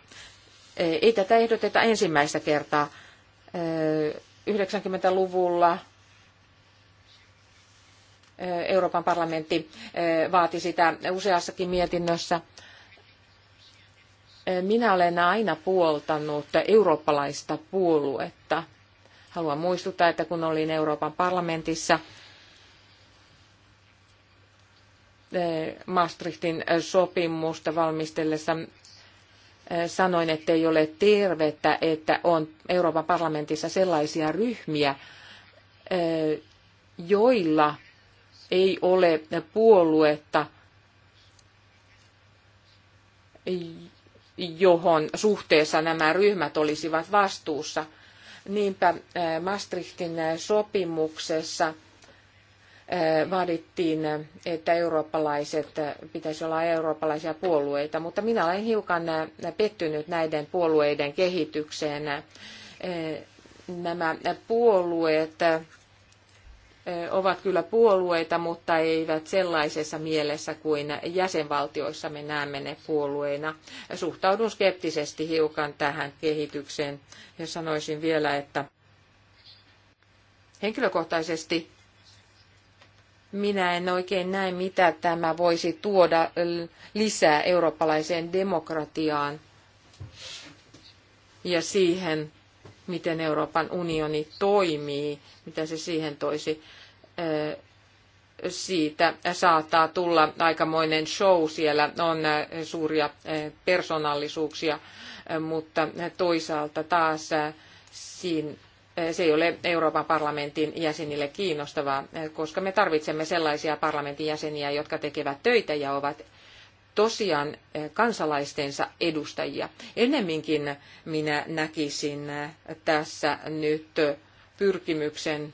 [SPEAKER 4] Ei tätä ehdoteta ensimmäistä kertaa. 90-luvulla Euroopan parlamentti vaati sitä useassakin mietinnössä minä olen aina puoltanut eurooppalaista puoluetta. Haluan muistuttaa, että kun olin Euroopan parlamentissa, eh, Maastrichtin sopimusta valmistellessa eh, sanoin, että ei ole tervettä, että on Euroopan parlamentissa sellaisia ryhmiä, eh, joilla ei ole puoluetta, johon suhteessa nämä ryhmät olisivat vastuussa. Niinpä eh, Maastrichtin sopimuksessa eh, vaadittiin, eh, että eurooppalaiset, pitäisi olla eurooppalaisia puolueita, mutta minä olen hiukan pettynyt näiden puolueiden kehitykseen. Nämä puolueet ovat kyllä puolueita, mutta eivät sellaisessa mielessä kuin jäsenvaltioissa me näemme ne puolueina. Suhtaudun skeptisesti hiukan tähän kehitykseen ja sanoisin vielä, että henkilökohtaisesti minä en oikein näe, mitä tämä voisi tuoda lisää eurooppalaiseen demokratiaan ja siihen, miten Euroopan unioni toimii, mitä se siihen toisi. Siitä saattaa tulla aikamoinen show, siellä on suuria persoonallisuuksia, mutta toisaalta taas siinä se ei ole Euroopan parlamentin jäsenille kiinnostavaa, koska me tarvitsemme sellaisia parlamentin jäseniä, jotka tekevät töitä ja ovat tosiaan eh, kansalaistensa edustajia. Ennemminkin minä näkisin eh, tässä nyt eh, pyrkimyksen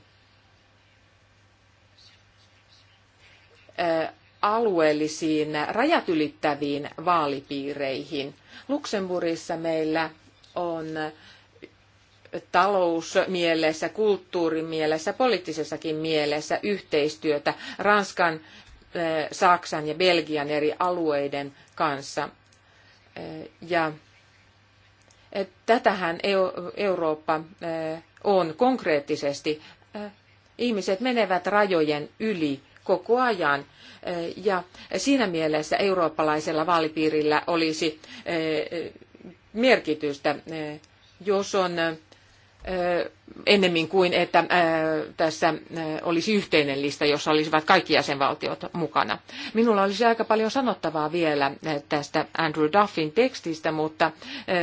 [SPEAKER 4] alueellisiin rajat ylittäviin vaalipiireihin. Luxemburgissa meillä on talousmielessä, kulttuurimielessä, poliittisessakin mielessä yhteistyötä Ranskan Eh, Saksan ja Belgian eri alueiden kanssa. Eh, ja eh, tätähän e Eurooppa on konkreettisesti. Ihmiset menevät rajojen yli koko ajan. Ja siinä mielessä eurooppalaisella vaalipiirillä olisi merkitystä, jos on ennemmin kuin että tässä olisi yhteinen lista, jossa olisivat kaikki jäsenvaltiot mukana. Minulla olisi aika paljon sanottavaa vielä tästä Andrew Duffin tekstistä, mutta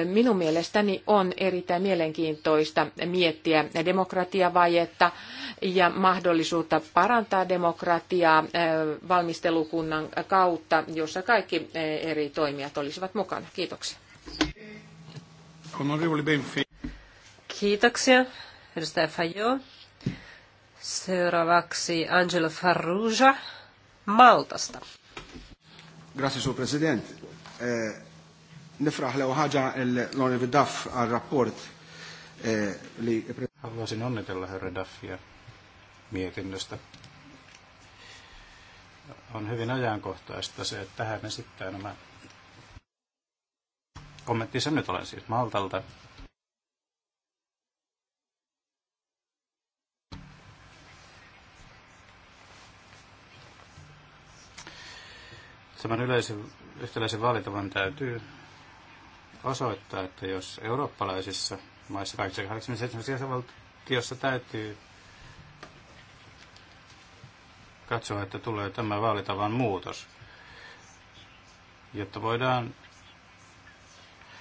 [SPEAKER 4] minun mielestäni on erittäin mielenkiintoista miettiä demokratiavajetta ja mahdollisuutta parantaa demokratiaa valmistelukunnan kautta, jossa kaikki eri toimijat olisivat mukana. Kiitoksia.
[SPEAKER 2] Onorevoli Benfi. Kiitoksia, edustaja Fajo. Seuraavaksi Angelo Farrugia Maltasta.
[SPEAKER 3] Grazie, suo presidente. Eh, ne nifraħ lew ħaġa e l-Onorevoli Duff rapport eh, Haluaisin
[SPEAKER 1] onnitella herra Duffia mietinnöstä. On hyvin ajankohtaista se, että hän esittää nämä kommenttinsa. Nyt olen siis Maltalta Tämän yleisen, yhtäläisen vaalitavan täytyy osoittaa, että jos eurooppalaisissa maissa 87 jäsenvaltiossa täytyy katsoa, että tulee tämä vaalitavan muutos, jotta voidaan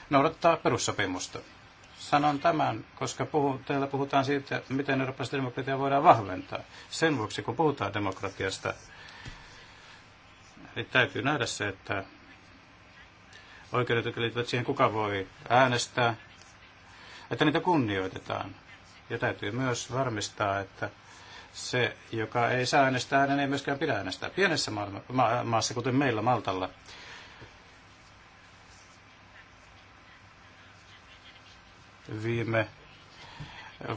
[SPEAKER 1] noudattaa perussopimusta. Sanon tämän, koska puhu, täällä puhutaan siitä, miten eurooppalaista demokratiaa voidaan vahventaa. Sen vuoksi, kun puhutaan demokratiasta, niin täytyy nähdä se, että oikeudet, jotka liittyvät siihen, kuka voi äänestää, että niitä kunnioitetaan. Ja täytyy myös varmistaa, että se, joka ei saa äänestää äänen, ei myöskään pidä äänestää. Pienessä maailma, ma- maassa, kuten meillä Maltalla, viime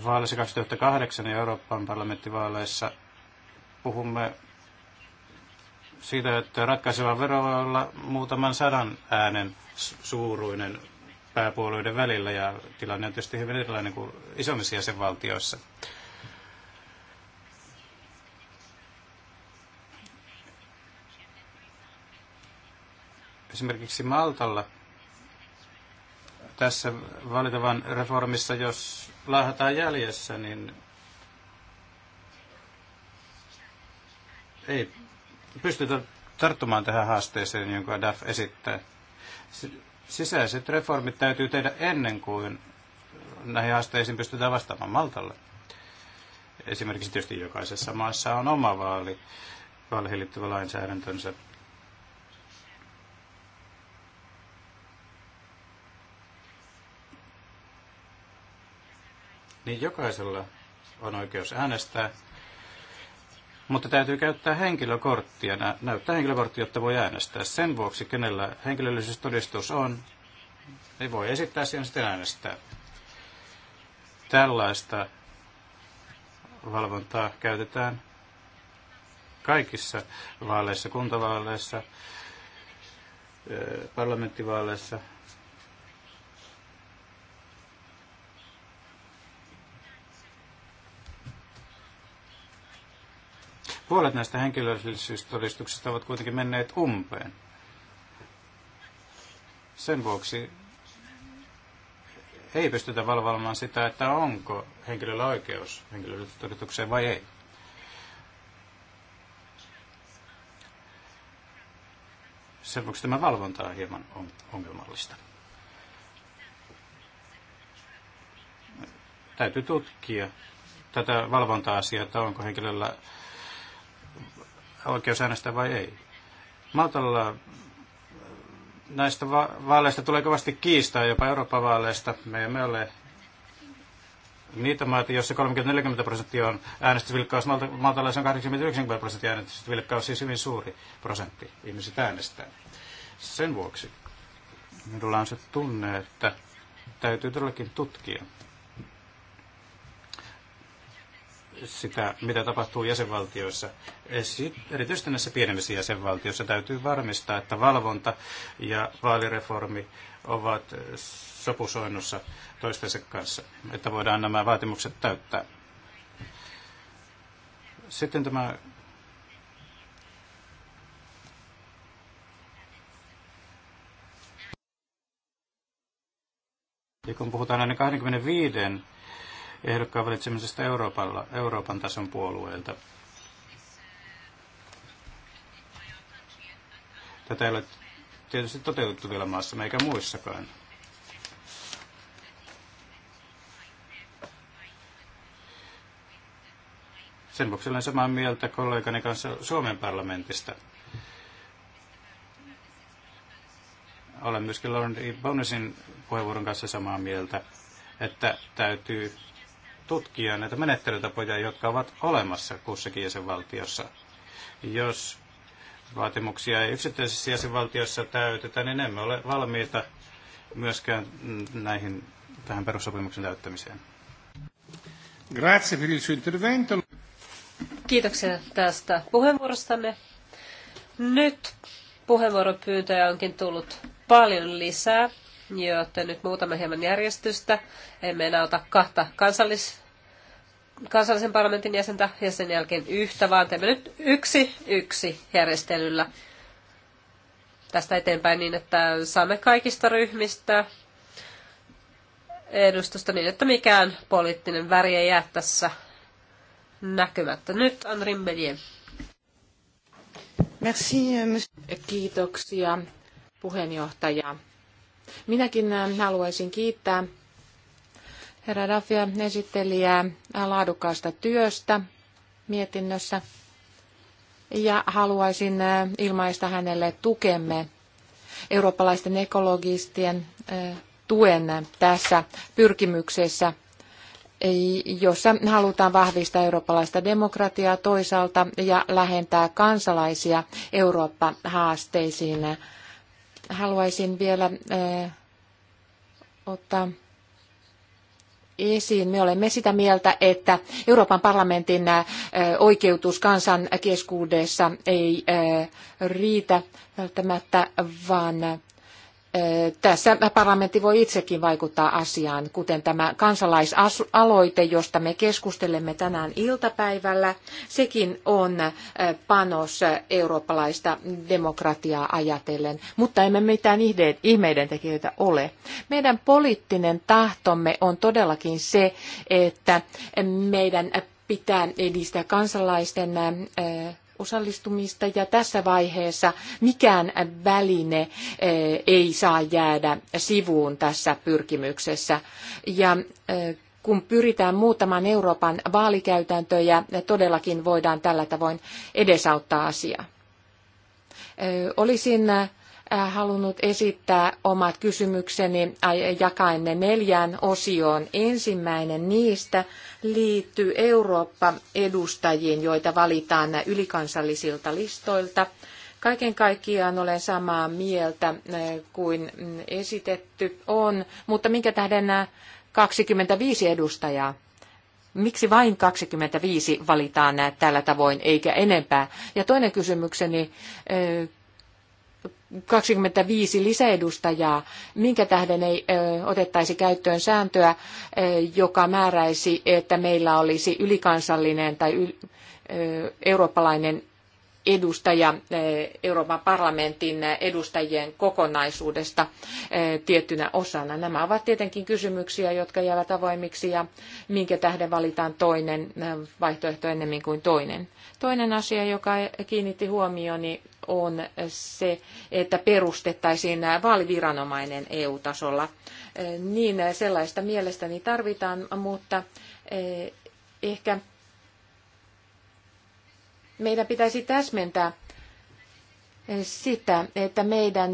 [SPEAKER 1] vaaleissa 2008 ja Euroopan parlamenttivaaleissa puhumme siitä, että ratkaiseva vero voi olla muutaman sadan äänen suuruinen pääpuolueiden välillä ja tilanne on tietysti hyvin erilainen kuin isommissa jäsenvaltioissa. Esimerkiksi Maltalla tässä valitavan reformissa, jos laahataan jäljessä, niin ei pystytä tarttumaan tähän haasteeseen, jonka DAF esittää. Sisäiset reformit täytyy tehdä ennen kuin näihin haasteisiin pystytään vastaamaan Maltalle. Esimerkiksi tietysti jokaisessa maassa on oma vaali, vaaleihin liittyvä lainsäädäntönsä. Niin jokaisella on oikeus äänestää mutta täytyy käyttää henkilökorttia, näyttää henkilökortti, jotta voi äänestää. Sen vuoksi, kenellä henkilöllisyystodistus on, ei voi esittää siihen sitten äänestää. Tällaista valvontaa käytetään kaikissa vaaleissa, kuntavaaleissa, eh, parlamenttivaaleissa, Puolet näistä henkilöllisyystodistuksista ovat kuitenkin menneet umpeen. Sen vuoksi ei pystytä valvomaan sitä, että onko henkilöllä oikeus henkilöllisyystodistukseen vai ei. Sen vuoksi tämä valvonta on hieman ongelmallista. Täytyy tutkia tätä valvonta-asiaa, että onko henkilöllä oikeus äänestää vai ei. Maltalla näistä va- vaaleista tulee kovasti kiistaa jopa Euroopan vaaleista. Me emme ole niitä maita, joissa 30-40 prosenttia on äänestysvilkkaus. Maltalla on 80-90 prosenttia äänestysvilkkaus, siis hyvin suuri prosentti ihmiset äänestää. Sen vuoksi minulla on se tunne, että täytyy todellakin tutkia sitä, mitä tapahtuu jäsenvaltioissa. Erityisesti näissä pienemmissä jäsenvaltioissa täytyy varmistaa, että valvonta ja vaalireformi ovat sopusoinnussa toistensa kanssa, että voidaan nämä vaatimukset täyttää. Sitten tämä Ja kun puhutaan näiden 25 ehdokkaan valitsemisesta Euroopalla, Euroopan tason puolueelta. Tätä ei ole tietysti toteutettu vielä maassa, eikä muissakaan. Sen vuoksi olen samaa mieltä kollegani kanssa Suomen parlamentista. Olen myöskin Lauren e. Bonesin puheenvuoron kanssa samaa mieltä, että täytyy tutkia näitä menettelytapoja, jotka ovat olemassa kussakin jäsenvaltiossa. Jos vaatimuksia ei yksittäisessä jäsenvaltiossa täytetä, niin emme ole valmiita myöskään näihin, tähän perussopimuksen täyttämiseen. Grazie per il suo intervento.
[SPEAKER 2] Kiitoksia tästä puheenvuorostanne. Nyt puheenvuoropyyntöjä onkin tullut paljon lisää joten nyt muutama hieman järjestystä. Emme enää ota kahta kansallis, kansallisen parlamentin jäsentä ja sen jälkeen yhtä, vaan teemme nyt yksi yksi järjestelyllä tästä eteenpäin niin, että saamme kaikista ryhmistä edustusta niin, että mikään poliittinen väri ei jää tässä näkymättä. Nyt Andrin Bellier.
[SPEAKER 4] Merci, euh, Kiitoksia puheenjohtaja. Minäkin äh, haluaisin kiittää herra Rafia esittelijää laadukkaasta työstä mietinnössä ja haluaisin äh, ilmaista hänelle tukemme eurooppalaisten ekologistien äh, tuen tässä pyrkimyksessä, jossa halutaan vahvistaa eurooppalaista demokratiaa toisaalta ja lähentää kansalaisia Eurooppa-haasteisiin haluaisin vielä eh, ottaa esiin. Me olemme sitä mieltä, että Euroopan parlamentin eh, oikeutus kansan keskuudessa ei eh, riitä välttämättä, vaan tässä parlamentti voi itsekin vaikuttaa asiaan, kuten tämä kansalaisaloite, josta me keskustelemme tänään iltapäivällä. Sekin on äh, panos eurooppalaista demokratiaa ajatellen, mutta emme mitään ihmeiden tekijöitä ole. Meidän poliittinen tahtomme on todellakin se, että meidän pitää edistää kansalaisten äh, osallistumista ja tässä vaiheessa mikään väline eh, ei saa jäädä sivuun tässä pyrkimyksessä. Ja eh, kun pyritään muuttamaan Euroopan vaalikäytäntöjä, todellakin voidaan tällä tavoin edesauttaa asiaa. Eh, olisin Äh, halunnut esittää omat kysymykseni jakaen ne neljään osioon. Ensimmäinen niistä liittyy Eurooppa-edustajiin, joita valitaan ylikansallisilta listoilta. Kaiken kaikkiaan olen samaa mieltä äh, kuin mm, esitetty on, mutta minkä tähden 25 äh, edustajaa? Miksi vain 25 valitaan tällä tavoin eikä enempää? Ja toinen kysymykseni 25 lisäedustajaa, minkä tähden ei otettaisi käyttöön sääntöä, joka määräisi, että meillä olisi ylikansallinen tai eurooppalainen edustaja Euroopan parlamentin edustajien kokonaisuudesta tiettynä osana. Nämä ovat tietenkin kysymyksiä, jotka jäävät avoimiksi ja minkä tähden valitaan toinen vaihtoehto ennemmin kuin toinen. Toinen asia, joka kiinnitti huomioni, on se, että perustettaisiin vaaliviranomainen EU-tasolla. Niin sellaista mielestäni tarvitaan, mutta eh, ehkä meidän pitäisi täsmentää eh, sitä, että meidän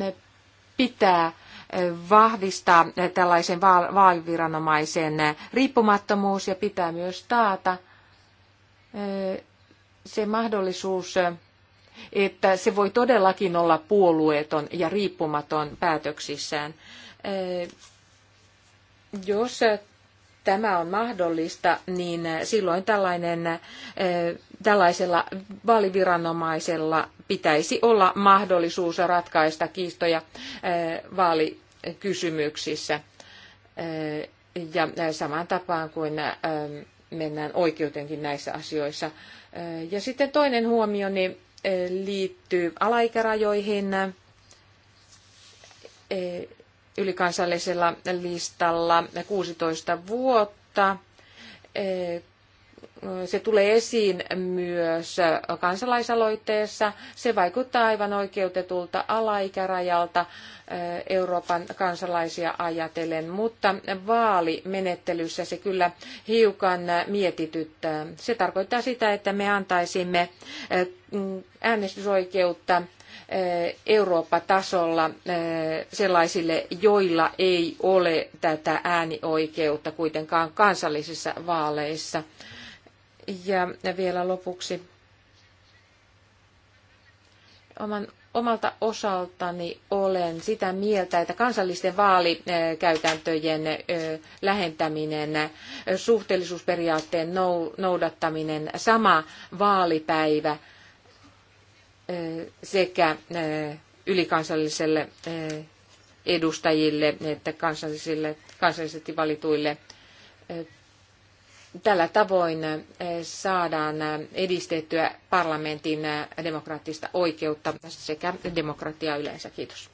[SPEAKER 4] eh, pitää vahvistaa tällaisen vaaliviranomaisen riippumattomuus ja pitää myös taata se mahdollisuus että se voi todellakin olla puolueeton ja riippumaton päätöksissään. Eh, jos tämä on mahdollista, niin silloin tällainen, eh, tällaisella vaaliviranomaisella pitäisi olla mahdollisuus ratkaista kiistoja eh, vaalikysymyksissä. Ja samaan tapaan kuin mennään oikeutenkin näissä asioissa. Ja sitten toinen huomio niin liittyy alaikärajoihin eh, ylikansallisella listalla 16 vuotta. Eh, se tulee esiin myös kansalaisaloitteessa. Se vaikuttaa aivan oikeutetulta alaikärajalta eh, Euroopan kansalaisia ajatellen, mutta vaalimenettelyssä se kyllä hiukan mietityttää. Se tarkoittaa sitä, että me antaisimme eh, äänestysoikeutta eh, Eurooppa-tasolla sellaisille, joilla ei ole tätä äänioikeutta kuitenkaan kansallisissa vaaleissa. Ja vielä lopuksi oman, omalta osaltani olen sitä mieltä, että kansallisten vaalikäytäntöjen lähentäminen, suhteellisuusperiaatteen noudattaminen, sama vaalipäivä sekä ylikansalliselle edustajille että kansallisille, kansallisesti valituille Tällä tavoin eh, saadaan eh, edistettyä parlamentin eh, demokraattista oikeutta sekä demokratiaa yleensä. Kiitos.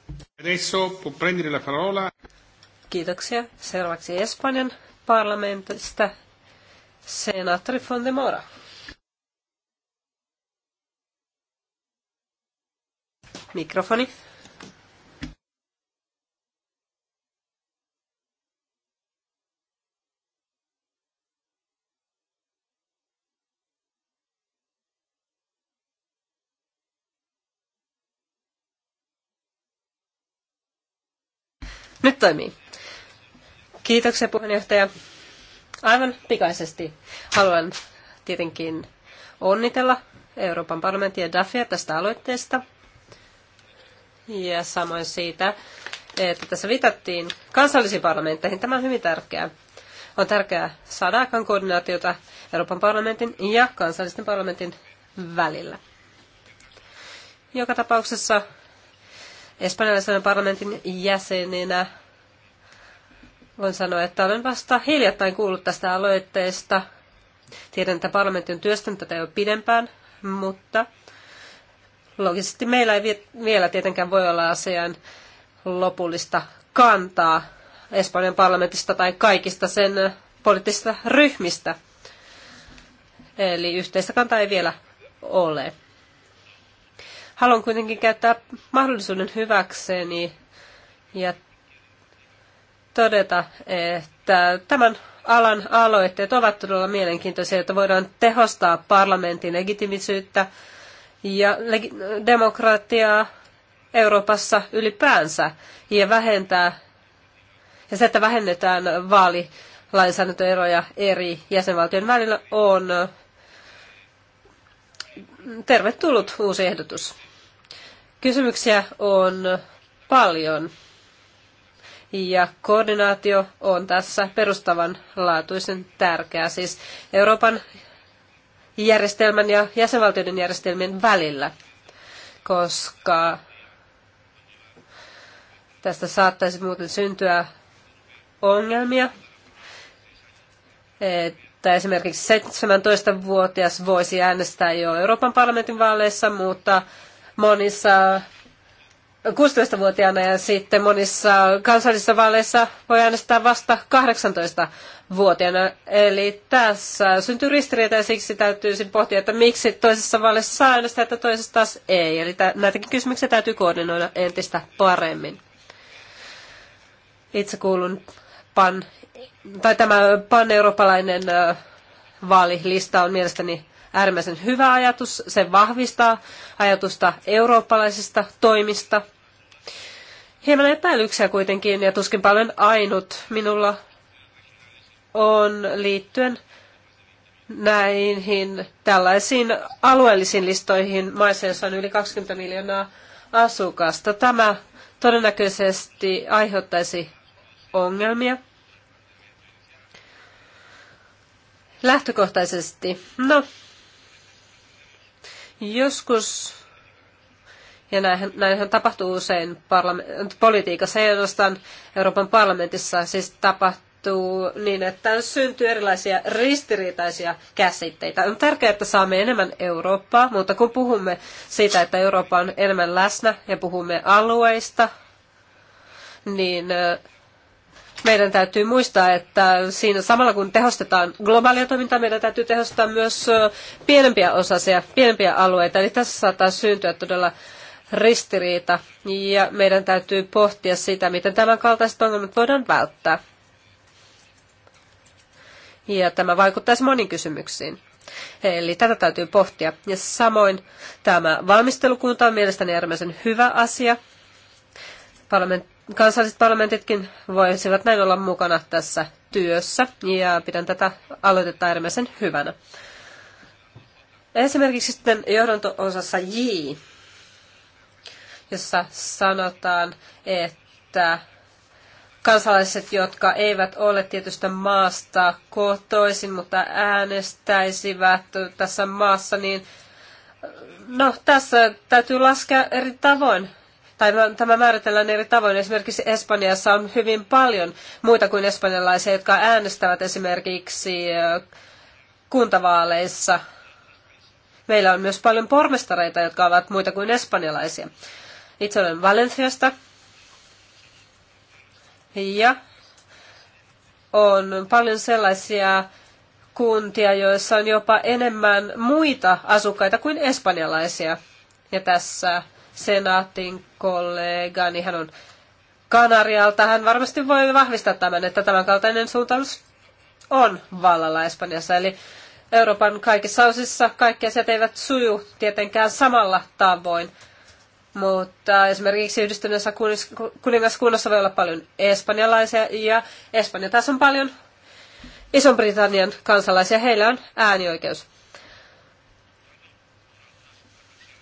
[SPEAKER 2] Kiitoksia. Seuraavaksi Espanjan parlamentista senaattori von de Mora. Mikrofoni. Nyt toimii. Kiitoksia puheenjohtaja. Aivan pikaisesti haluan tietenkin onnitella Euroopan parlamentin ja DAFia tästä aloitteesta. Ja samoin siitä, että tässä viitattiin kansallisiin parlamentteihin. Tämä on hyvin tärkeää. On tärkeää saada aikaan koordinaatiota Euroopan parlamentin ja kansallisten parlamentin välillä. Joka tapauksessa espanjalaisen parlamentin jäsenenä voin sanoa, että olen vasta hiljattain kuullut tästä aloitteesta. Tiedän, että parlamentti on työstänyt tätä jo pidempään, mutta logisesti meillä ei vielä tietenkään voi olla asian lopullista kantaa Espanjan parlamentista tai kaikista sen poliittisista ryhmistä. Eli yhteistä kantaa ei vielä ole. Haluan kuitenkin käyttää mahdollisuuden hyväkseni ja todeta, että tämän alan aloitteet ovat todella mielenkiintoisia, että voidaan tehostaa parlamentin legitimisyyttä ja demokratiaa Euroopassa ylipäänsä ja vähentää ja se, että vähennetään vaalilainsäädäntöeroja eri jäsenvaltion välillä on tervetullut uusi ehdotus. Kysymyksiä on paljon ja koordinaatio on tässä perustavanlaatuisen tärkeä, siis Euroopan järjestelmän ja jäsenvaltioiden järjestelmien välillä, koska tästä saattaisi muuten syntyä ongelmia, että esimerkiksi 17-vuotias voisi äänestää jo Euroopan parlamentin vaaleissa, mutta monissa 16-vuotiaana ja sitten monissa kansallisissa vaaleissa voi äänestää vasta 18-vuotiaana. Eli tässä syntyy ristiriita ja siksi täytyisi pohtia, että miksi toisessa vaaleissa saa äänestää ja toisessa taas ei. Eli näitäkin kysymyksiä täytyy koordinoida entistä paremmin. Itse kuulun pan, tai tämä pan-eurooppalainen vaalilista on mielestäni äärimmäisen hyvä ajatus. Se vahvistaa ajatusta eurooppalaisista toimista. Hieman epäilyksiä kuitenkin, ja tuskin paljon ainut minulla on liittyen näihin tällaisiin alueellisiin listoihin maissa, joissa on yli 20 miljoonaa asukasta. Tämä todennäköisesti aiheuttaisi ongelmia. Lähtökohtaisesti. No, Joskus, ja näinhän, näinhän tapahtuu usein parlament, politiikassa, ei ainoastaan Euroopan parlamentissa, siis tapahtuu niin, että syntyy erilaisia ristiriitaisia käsitteitä. On tärkeää, että saamme enemmän Eurooppaa, mutta kun puhumme siitä, että Eurooppa on enemmän läsnä ja puhumme alueista, niin meidän täytyy muistaa, että siinä samalla kun tehostetaan globaalia toimintaa, meidän täytyy tehostaa myös pienempiä osasia, pienempiä alueita. Eli tässä saattaa syntyä todella ristiriita ja meidän täytyy pohtia sitä, miten tämän kaltaiset ongelmat voidaan välttää. Ja tämä vaikuttaisi moniin kysymyksiin. Eli tätä täytyy pohtia. Ja samoin tämä valmistelukunta on mielestäni äärimmäisen hyvä asia. Parlament, kansalliset parlamentitkin voisivat näin olla mukana tässä työssä ja pidän tätä aloitetta äärimmäisen hyvänä. Esimerkiksi sitten johdonto osassa J, jossa sanotaan, että kansalaiset, jotka eivät ole tietystä maasta kotoisin, mutta äänestäisivät tässä maassa, niin no tässä täytyy laskea eri tavoin tai tämä määritellään eri tavoin. Esimerkiksi Espanjassa on hyvin paljon muita kuin espanjalaisia, jotka äänestävät esimerkiksi kuntavaaleissa. Meillä on myös paljon pormestareita, jotka ovat muita kuin espanjalaisia. Itse olen Valenciasta. Ja on paljon sellaisia kuntia, joissa on jopa enemmän muita asukkaita kuin espanjalaisia. Ja tässä senaatin kollega, niin hän on Kanarialta. Hän varmasti voi vahvistaa tämän, että tämän kaltainen suuntaus on vallalla Espanjassa. Eli Euroopan kaikissa osissa kaikki asiat eivät suju tietenkään samalla tavoin. Mutta esimerkiksi yhdistyneessä kuningaskunnassa voi olla paljon espanjalaisia ja Espanja taas on paljon Ison-Britannian kansalaisia. Heillä on äänioikeus.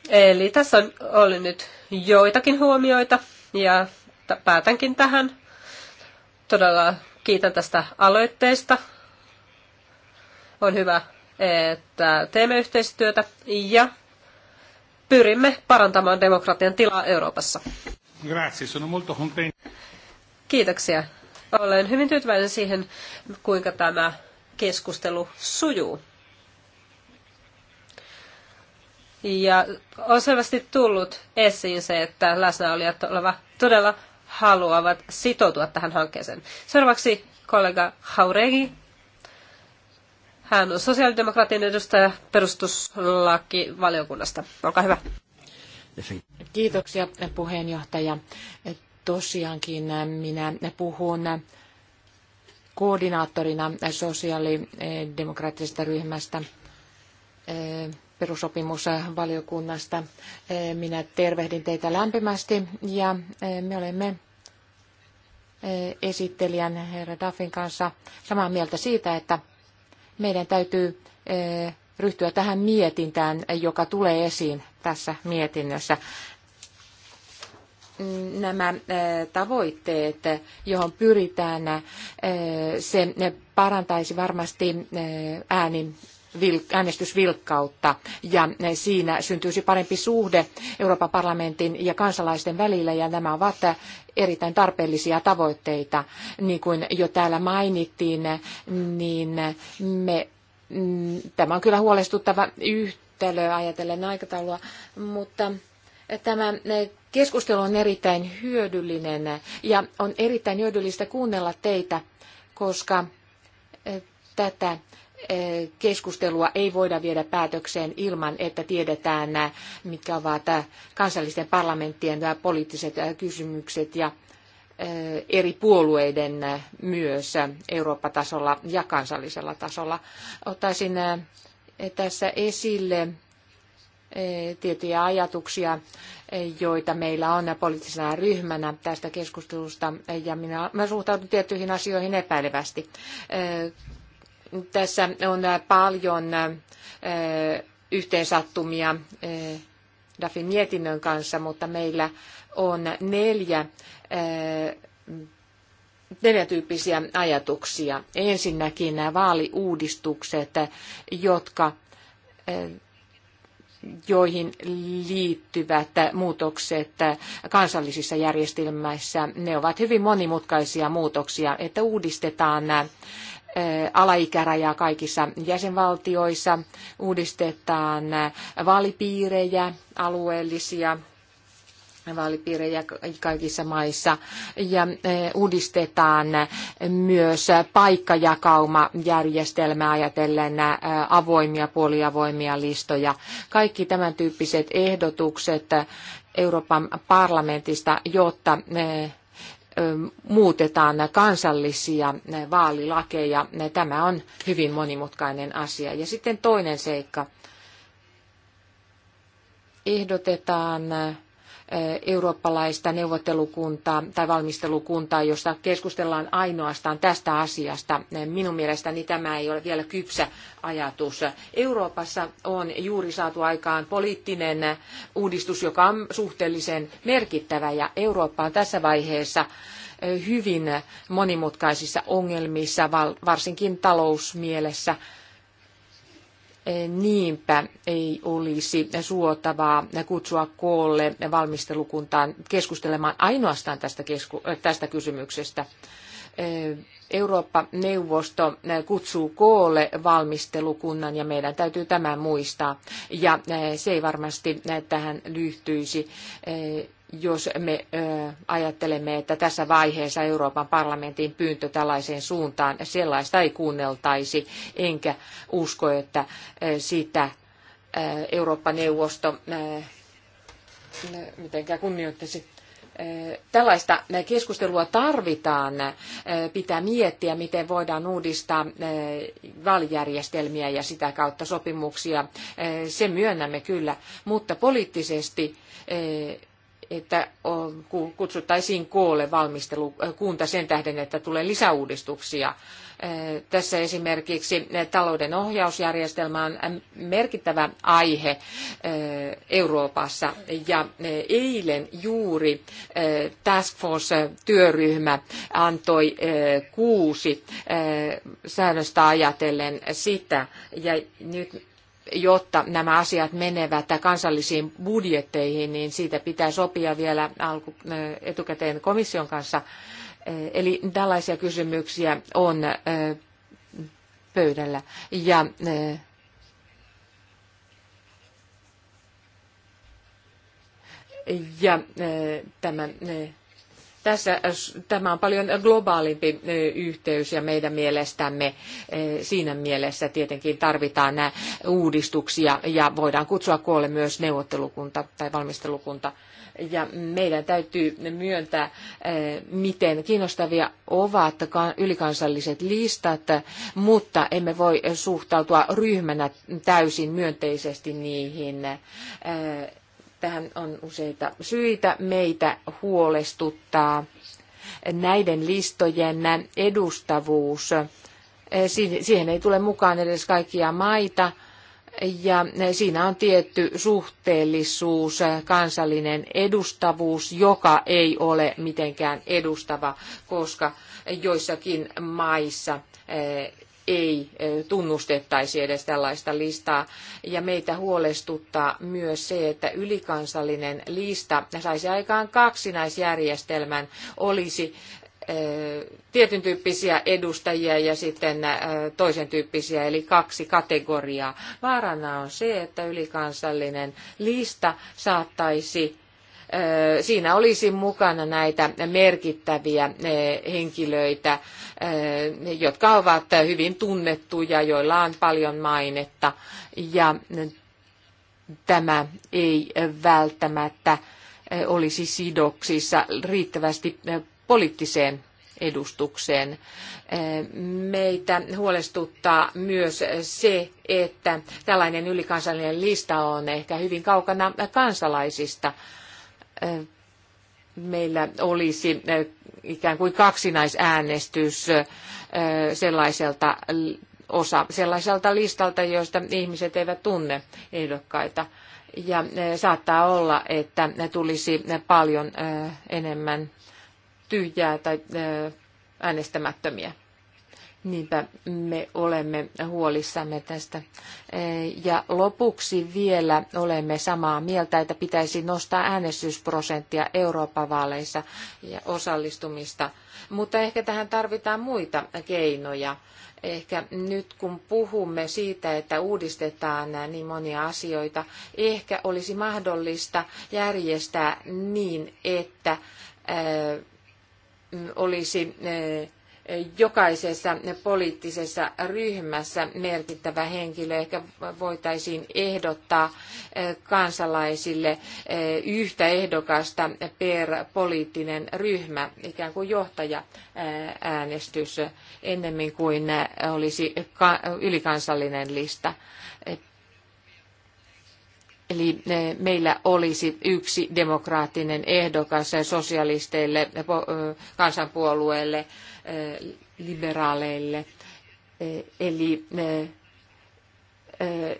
[SPEAKER 2] Eli tässä on oli nyt joitakin huomioita ja päätänkin tähän. Todella kiitän tästä aloitteesta. On hyvä, että teemme yhteistyötä ja pyrimme parantamaan demokratian tilaa Euroopassa.
[SPEAKER 1] Grazie, sono molto contento.
[SPEAKER 2] Kiitoksia. Olen hyvin tyytyväinen siihen, kuinka tämä keskustelu sujuu. Ja on selvästi tullut esiin se, että läsnäolijat todella haluavat sitoutua tähän hankkeeseen. Seuraavaksi kollega Hauregi. Hän on
[SPEAKER 4] sosiaalidemokraatin edustaja perustuslakivaliokunnasta. Olkaa hyvä. Kiitoksia puheenjohtaja. Tosiaankin minä puhun koordinaattorina sosiaalidemokraattisesta ryhmästä perusopimusvaliokunnasta. Minä tervehdin teitä lämpimästi ja eh, me olemme eh, esittelijän herra Duffin kanssa samaa mieltä siitä, että meidän täytyy eh, ryhtyä tähän mietintään, joka tulee esiin tässä mietinnössä. Nämä tavoitteet, johon pyritään, se parantaisi varmasti ääni äänestysvilkkautta ja siinä syntyisi parempi suhde Euroopan parlamentin ja kansalaisten välillä ja nämä ovat erittäin tarpeellisia tavoitteita. Niin kuin jo täällä mainittiin, niin me, mm, tämä on kyllä huolestuttava yhtälö ajatellen aikataulua, mutta tämä keskustelu on erittäin hyödyllinen ja on erittäin hyödyllistä kuunnella teitä, koska tätä keskustelua ei voida viedä päätökseen ilman, että tiedetään, mitkä ovat kansallisten parlamenttien poliittiset kysymykset ja eh, eri puolueiden myös Eurooppa-tasolla ja kansallisella tasolla. Ottaisin eh, tässä esille eh, tiettyjä ajatuksia, joita meillä on poliittisena ryhmänä tästä keskustelusta, ja minä, suhtaudun tiettyihin asioihin epäilevästi. Tässä on äh, paljon äh, yhteensattumia äh, DAFin mietinnön kanssa, mutta meillä on neljä, neljä tyyppisiä ajatuksia. Ensinnäkin nämä vaaliuudistukset, jotka joihin liittyvät muutokset kansallisissa järjestelmissä Ne ovat hyvin monimutkaisia muutoksia, että uudistetaan alaikärajaa kaikissa jäsenvaltioissa, uudistetaan vaalipiirejä, alueellisia vaalipiirejä kaikissa maissa ja uudistetaan myös paikkajakaumajärjestelmää ajatellen avoimia, puoliavoimia listoja. Kaikki tämän tyyppiset ehdotukset Euroopan parlamentista, jotta muutetaan kansallisia vaalilakeja. Tämä on hyvin monimutkainen asia. Ja sitten toinen seikka. Ehdotetaan eurooppalaista neuvottelukuntaa tai valmistelukuntaa, jossa keskustellaan ainoastaan tästä asiasta. Minun mielestäni tämä ei ole vielä kypsä ajatus. Euroopassa on juuri saatu aikaan poliittinen uudistus, joka on suhteellisen merkittävä ja Eurooppa on tässä vaiheessa hyvin monimutkaisissa ongelmissa, varsinkin talousmielessä. Niinpä ei olisi suotavaa kutsua koolle valmistelukuntaan keskustelemaan ainoastaan tästä, kesku- äh, tästä kysymyksestä. Äh, Eurooppa-neuvosto kutsuu koolle valmistelukunnan ja meidän täytyy tämä muistaa. Ja äh, se ei varmasti tähän lyhtyisi jos me ajattelemme, että tässä vaiheessa Euroopan parlamentin pyyntö tällaiseen suuntaan, sellaista ei kuunneltaisi, enkä usko, että sitä Eurooppa-neuvosto mitenkään kunnioittaisi. Tällaista keskustelua tarvitaan. Pitää miettiä, miten voidaan uudistaa vaalijärjestelmiä ja sitä kautta sopimuksia. Se myönnämme kyllä, mutta poliittisesti että kutsuttaisiin koolle valmistelukunta äh, sen tähden, että tulee lisäuudistuksia. Äh, tässä esimerkiksi äh, talouden ohjausjärjestelmä on merkittävä aihe Euroopassa ja eilen juuri Task Force-työryhmä antoi kuusi säännöstä ajatellen sitä ja nyt jotta nämä asiat menevät kansallisiin budjetteihin, niin siitä pitää sopia vielä alku, äh, etukäteen komission kanssa. Äh, eli tällaisia kysymyksiä on äh, pöydällä. Ja ja tämä tässä, äh, tämä on paljon globaalimpi äh, yhteys ja meidän mielestämme äh, siinä mielessä tietenkin tarvitaan nämä uudistuksia ja voidaan kutsua koolle myös neuvottelukunta tai valmistelukunta ja meidän täytyy myöntää, miten kiinnostavia ovat ylikansalliset listat, mutta emme voi suhtautua ryhmänä täysin myönteisesti niihin. Tähän on useita syitä. Meitä huolestuttaa näiden listojen edustavuus. Eh, siihen ei tule mukaan edes kaikkia maita ja siinä on tietty suhteellisuus, kansallinen edustavuus, joka ei ole mitenkään edustava, koska joissakin maissa eh, ei eh, tunnustettaisi edes tällaista listaa. Ja meitä huolestuttaa myös se, että ylikansallinen lista saisi aikaan kaksinaisjärjestelmän, olisi eh, tietyn tyyppisiä edustajia ja sitten eh, toisen tyyppisiä, eli kaksi kategoriaa. Vaarana on se, että ylikansallinen lista saattaisi Siinä olisi mukana näitä merkittäviä henkilöitä, jotka ovat hyvin tunnettuja, joilla on paljon mainetta. Ja tämä ei välttämättä olisi sidoksissa riittävästi poliittiseen edustukseen. Meitä huolestuttaa myös se, että tällainen ylikansallinen lista on ehkä hyvin kaukana kansalaisista meillä olisi ikään kuin kaksinaisäänestys sellaiselta osa sellaiselta listalta, joista ihmiset eivät tunne ehdokkaita. Ja saattaa olla, että ne tulisi paljon enemmän tyhjää tai äänestämättömiä. Niinpä me olemme huolissamme tästä. E, ja lopuksi vielä olemme samaa mieltä, että pitäisi nostaa äänestysprosenttia Euroopan vaaleissa ja osallistumista. Mutta ehkä tähän tarvitaan muita keinoja. Ehkä nyt kun puhumme siitä, että uudistetaan niin monia asioita, ehkä olisi mahdollista järjestää niin, että e, olisi e, jokaisessa poliittisessa ryhmässä merkittävä henkilö. Ehkä voitaisiin ehdottaa eh, kansalaisille eh, yhtä ehdokasta per poliittinen ryhmä, ikään kuin johtaja-äänestys, eh, ennemmin kuin olisi ylikansallinen lista. Eli eh, meillä olisi yksi demokraattinen ehdokas sosialisteille, eh, eh, kansanpuolueelle, liberaaleille. Eli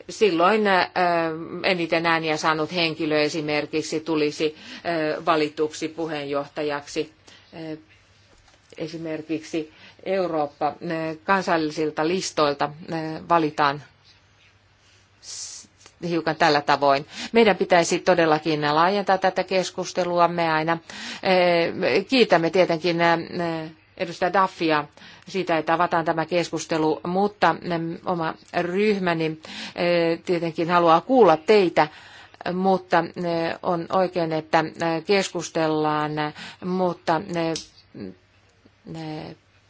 [SPEAKER 4] silloin eniten ääniä saanut henkilö esimerkiksi tulisi valituksi puheenjohtajaksi esimerkiksi Eurooppa kansallisilta listoilta valitaan hiukan tällä tavoin. Meidän pitäisi todellakin laajentaa tätä keskustelua. Me aina eh, kiitämme tietenkin eh, edustaja Daffia siitä, että avataan tämä keskustelu, mutta eh, oma ryhmäni tietenkin haluaa kuulla teitä mutta on oikein, että keskustellaan, mutta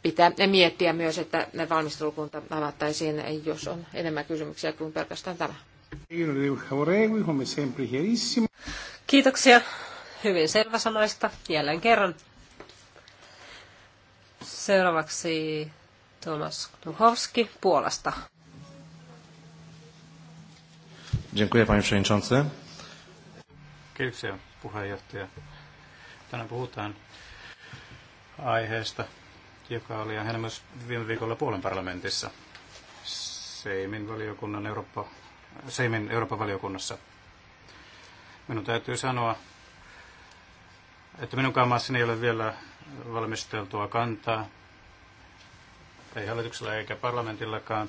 [SPEAKER 4] pitää miettiä myös, että valmistelukunta avattaisiin, jos on enemmän kysymyksiä kuin pelkästään tämä.
[SPEAKER 2] Kiitoksia. Hyvin selväsanaista jälleen kerran. Seuraavaksi Tomas Duchowski Puolasta.
[SPEAKER 1] Dziękuję panie przewodniczący. Kiitoksia puheenjohtaja. Tänään puhutaan aiheesta, joka oli aiheena myös viime viikolla Puolen parlamentissa. Seimin valiokunnan Eurooppa Seimin Euroopan valiokunnassa. Minun täytyy sanoa, että minunkaan maassani ei ole vielä valmisteltua kantaa, ei hallituksella eikä parlamentillakaan.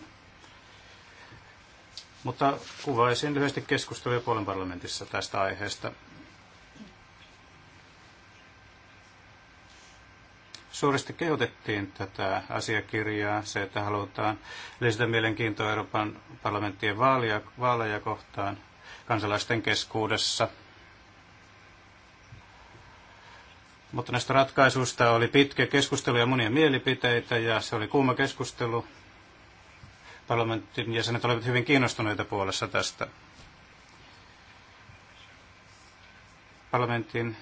[SPEAKER 1] Mutta kuvaisin lyhyesti keskustelua Puolen parlamentissa tästä aiheesta. suuresti kehotettiin tätä asiakirjaa, se, että halutaan lisätä mielenkiintoa Euroopan parlamenttien vaalia, vaaleja kohtaan kansalaisten keskuudessa. Mutta näistä ratkaisuista oli pitkä keskustelu ja monia mielipiteitä ja se oli kuuma keskustelu. Parlamentin jäsenet olivat hyvin kiinnostuneita puolessa tästä. Parlamentin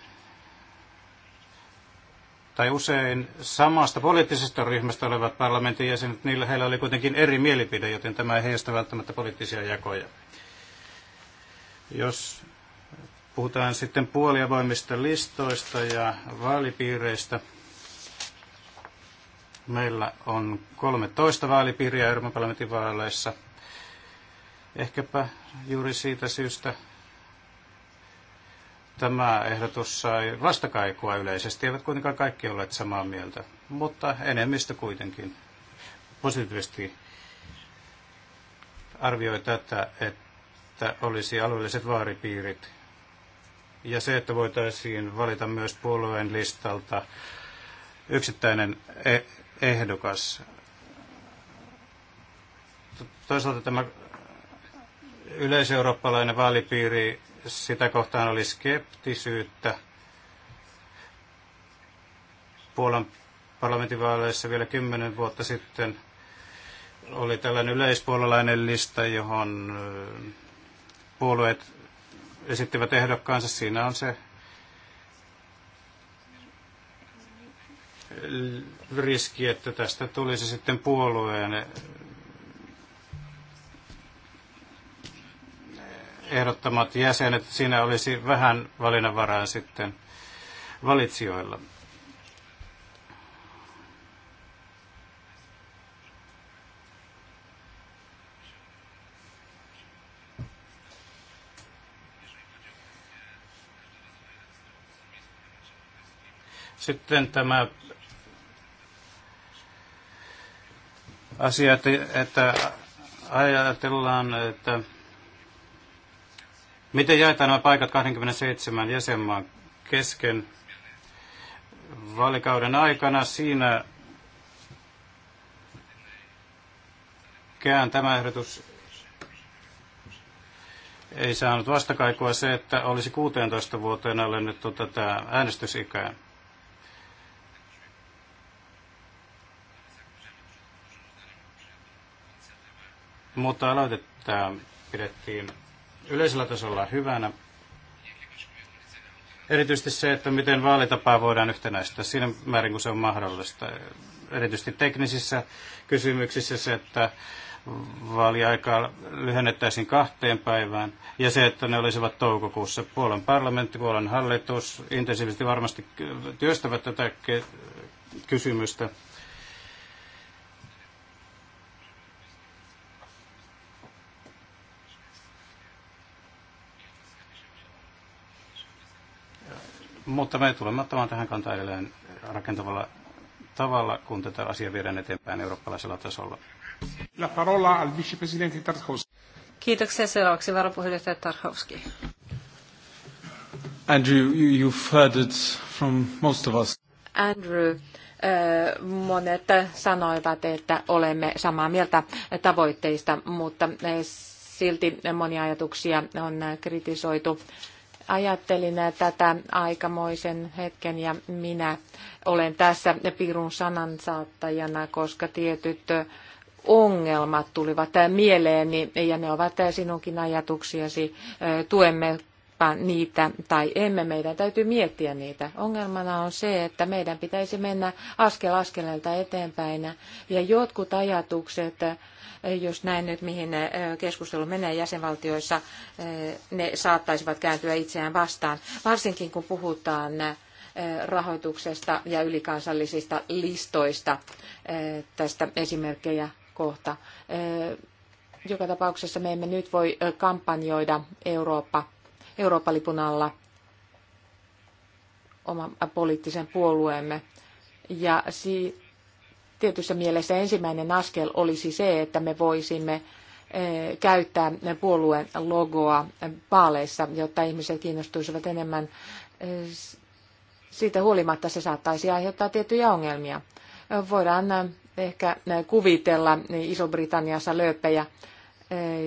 [SPEAKER 1] tai usein samasta poliittisesta ryhmästä olevat parlamentin jäsenet, niillä heillä oli kuitenkin eri mielipide, joten tämä ei heistä välttämättä poliittisia jakoja. Jos puhutaan sitten puoliavoimista listoista ja vaalipiireistä, meillä on 13 vaalipiiriä Euroopan parlamentin vaaleissa. Ehkäpä juuri siitä syystä Tämä ehdotus sai vastakaikua yleisesti, eivät kuitenkaan kaikki olleet samaa mieltä, mutta enemmistö kuitenkin positiivisesti arvioi tätä, että olisi alueelliset vaaripiirit ja se, että voitaisiin valita myös puolueen listalta yksittäinen e- ehdokas. Toisaalta tämä yleiseurooppalainen vaalipiiri sitä kohtaan oli skeptisyyttä. Puolan parlamentinvaaleissa vielä kymmenen vuotta sitten oli tällainen yleispuolalainen lista, johon puolueet esittivät ehdokkaansa. Siinä on se riski, että tästä tulisi sitten puolueen ehdottamat jäsenet, siinä olisi vähän valinnanvaraa sitten valitsijoilla. Sitten tämä asia, että, ajatellaan, että Miten jaetaan nämä paikat 27 jäsenmaan kesken vaalikauden aikana? Siinä kään tämä ehdotus ei saanut vastakaikua se, että olisi 16 vuoteen alennettu tätä äänestysikää. Mutta aloitetta pidettiin yleisellä tasolla hyvänä. Erityisesti se, että miten vaalitapaa voidaan yhtenäistää siinä määrin, kun se on mahdollista. Erityisesti teknisissä kysymyksissä se, että vaaliaikaa lyhennettäisiin kahteen päivään ja se, että ne olisivat toukokuussa. Puolen parlamentti, puolen hallitus intensiivisesti varmasti työstävät tätä kysymystä. Mutta me tulemme ottamaan tähän kantaa edelleen rakentavalla tavalla, kun tätä asiaa viedään eteenpäin eurooppalaisella tasolla.
[SPEAKER 2] La parola al vicepresidente Tarkovski. Kiitoksia seuraavaksi varapuheenjohtaja Tarkovski.
[SPEAKER 1] Andrew, you've heard it from most of us.
[SPEAKER 4] Andrew, eh, monet sanoivat, että olemme samaa mieltä tavoitteista, mutta eh, silti monia ajatuksia on kritisoitu ajattelin tätä aikamoisen hetken ja minä olen tässä pirun sanansaattajana, koska tietyt ongelmat tulivat mieleeni ja ne ovat sinunkin ajatuksiasi. Tuemme niitä tai emme, meidän täytyy miettiä niitä. Ongelmana on se, että meidän pitäisi mennä askel askeleelta eteenpäin ja jotkut ajatukset jos näen nyt, mihin keskustelu menee jäsenvaltioissa, ne saattaisivat kääntyä itseään vastaan, varsinkin kun puhutaan rahoituksesta ja ylikansallisista listoista. Tästä esimerkkejä kohta. Joka tapauksessa me emme nyt voi kampanjoida Eurooppa, Eurooppa-lipun alla oman poliittisen puolueemme. Ja si- tietyssä mielessä ensimmäinen askel olisi se, että me voisimme eh, käyttää puolueen logoa paaleissa, jotta ihmiset kiinnostuisivat enemmän. Eh, siitä huolimatta se saattaisi aiheuttaa tiettyjä ongelmia. Voidaan eh, ehkä kuvitella niin Iso-Britanniassa lööpejä,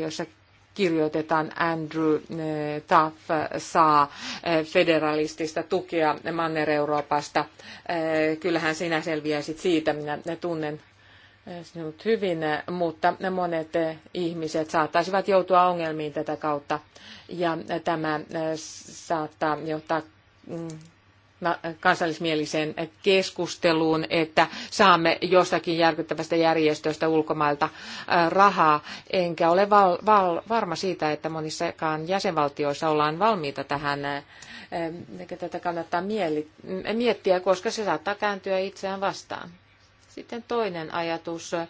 [SPEAKER 4] joissa kirjoitetaan Andrew eh, Taff saa eh, federalistista tukea Manner-Euroopasta. Eh, kyllähän sinä selviäisit siitä, minä tunnen sinut hyvin, mutta monet ihmiset saattaisivat joutua ongelmiin tätä kautta ja tämä saattaa johtaa mm, kansallismieliseen keskusteluun, että saamme jostakin järkyttävästä järjestöstä ulkomailta äh, rahaa. Enkä ole val, val, varma siitä, että monissakaan jäsenvaltioissa ollaan valmiita tähän. Äh, tätä kannattaa mieli, miettiä, koska se saattaa kääntyä itseään vastaan. Sitten toinen ajatus. Äh,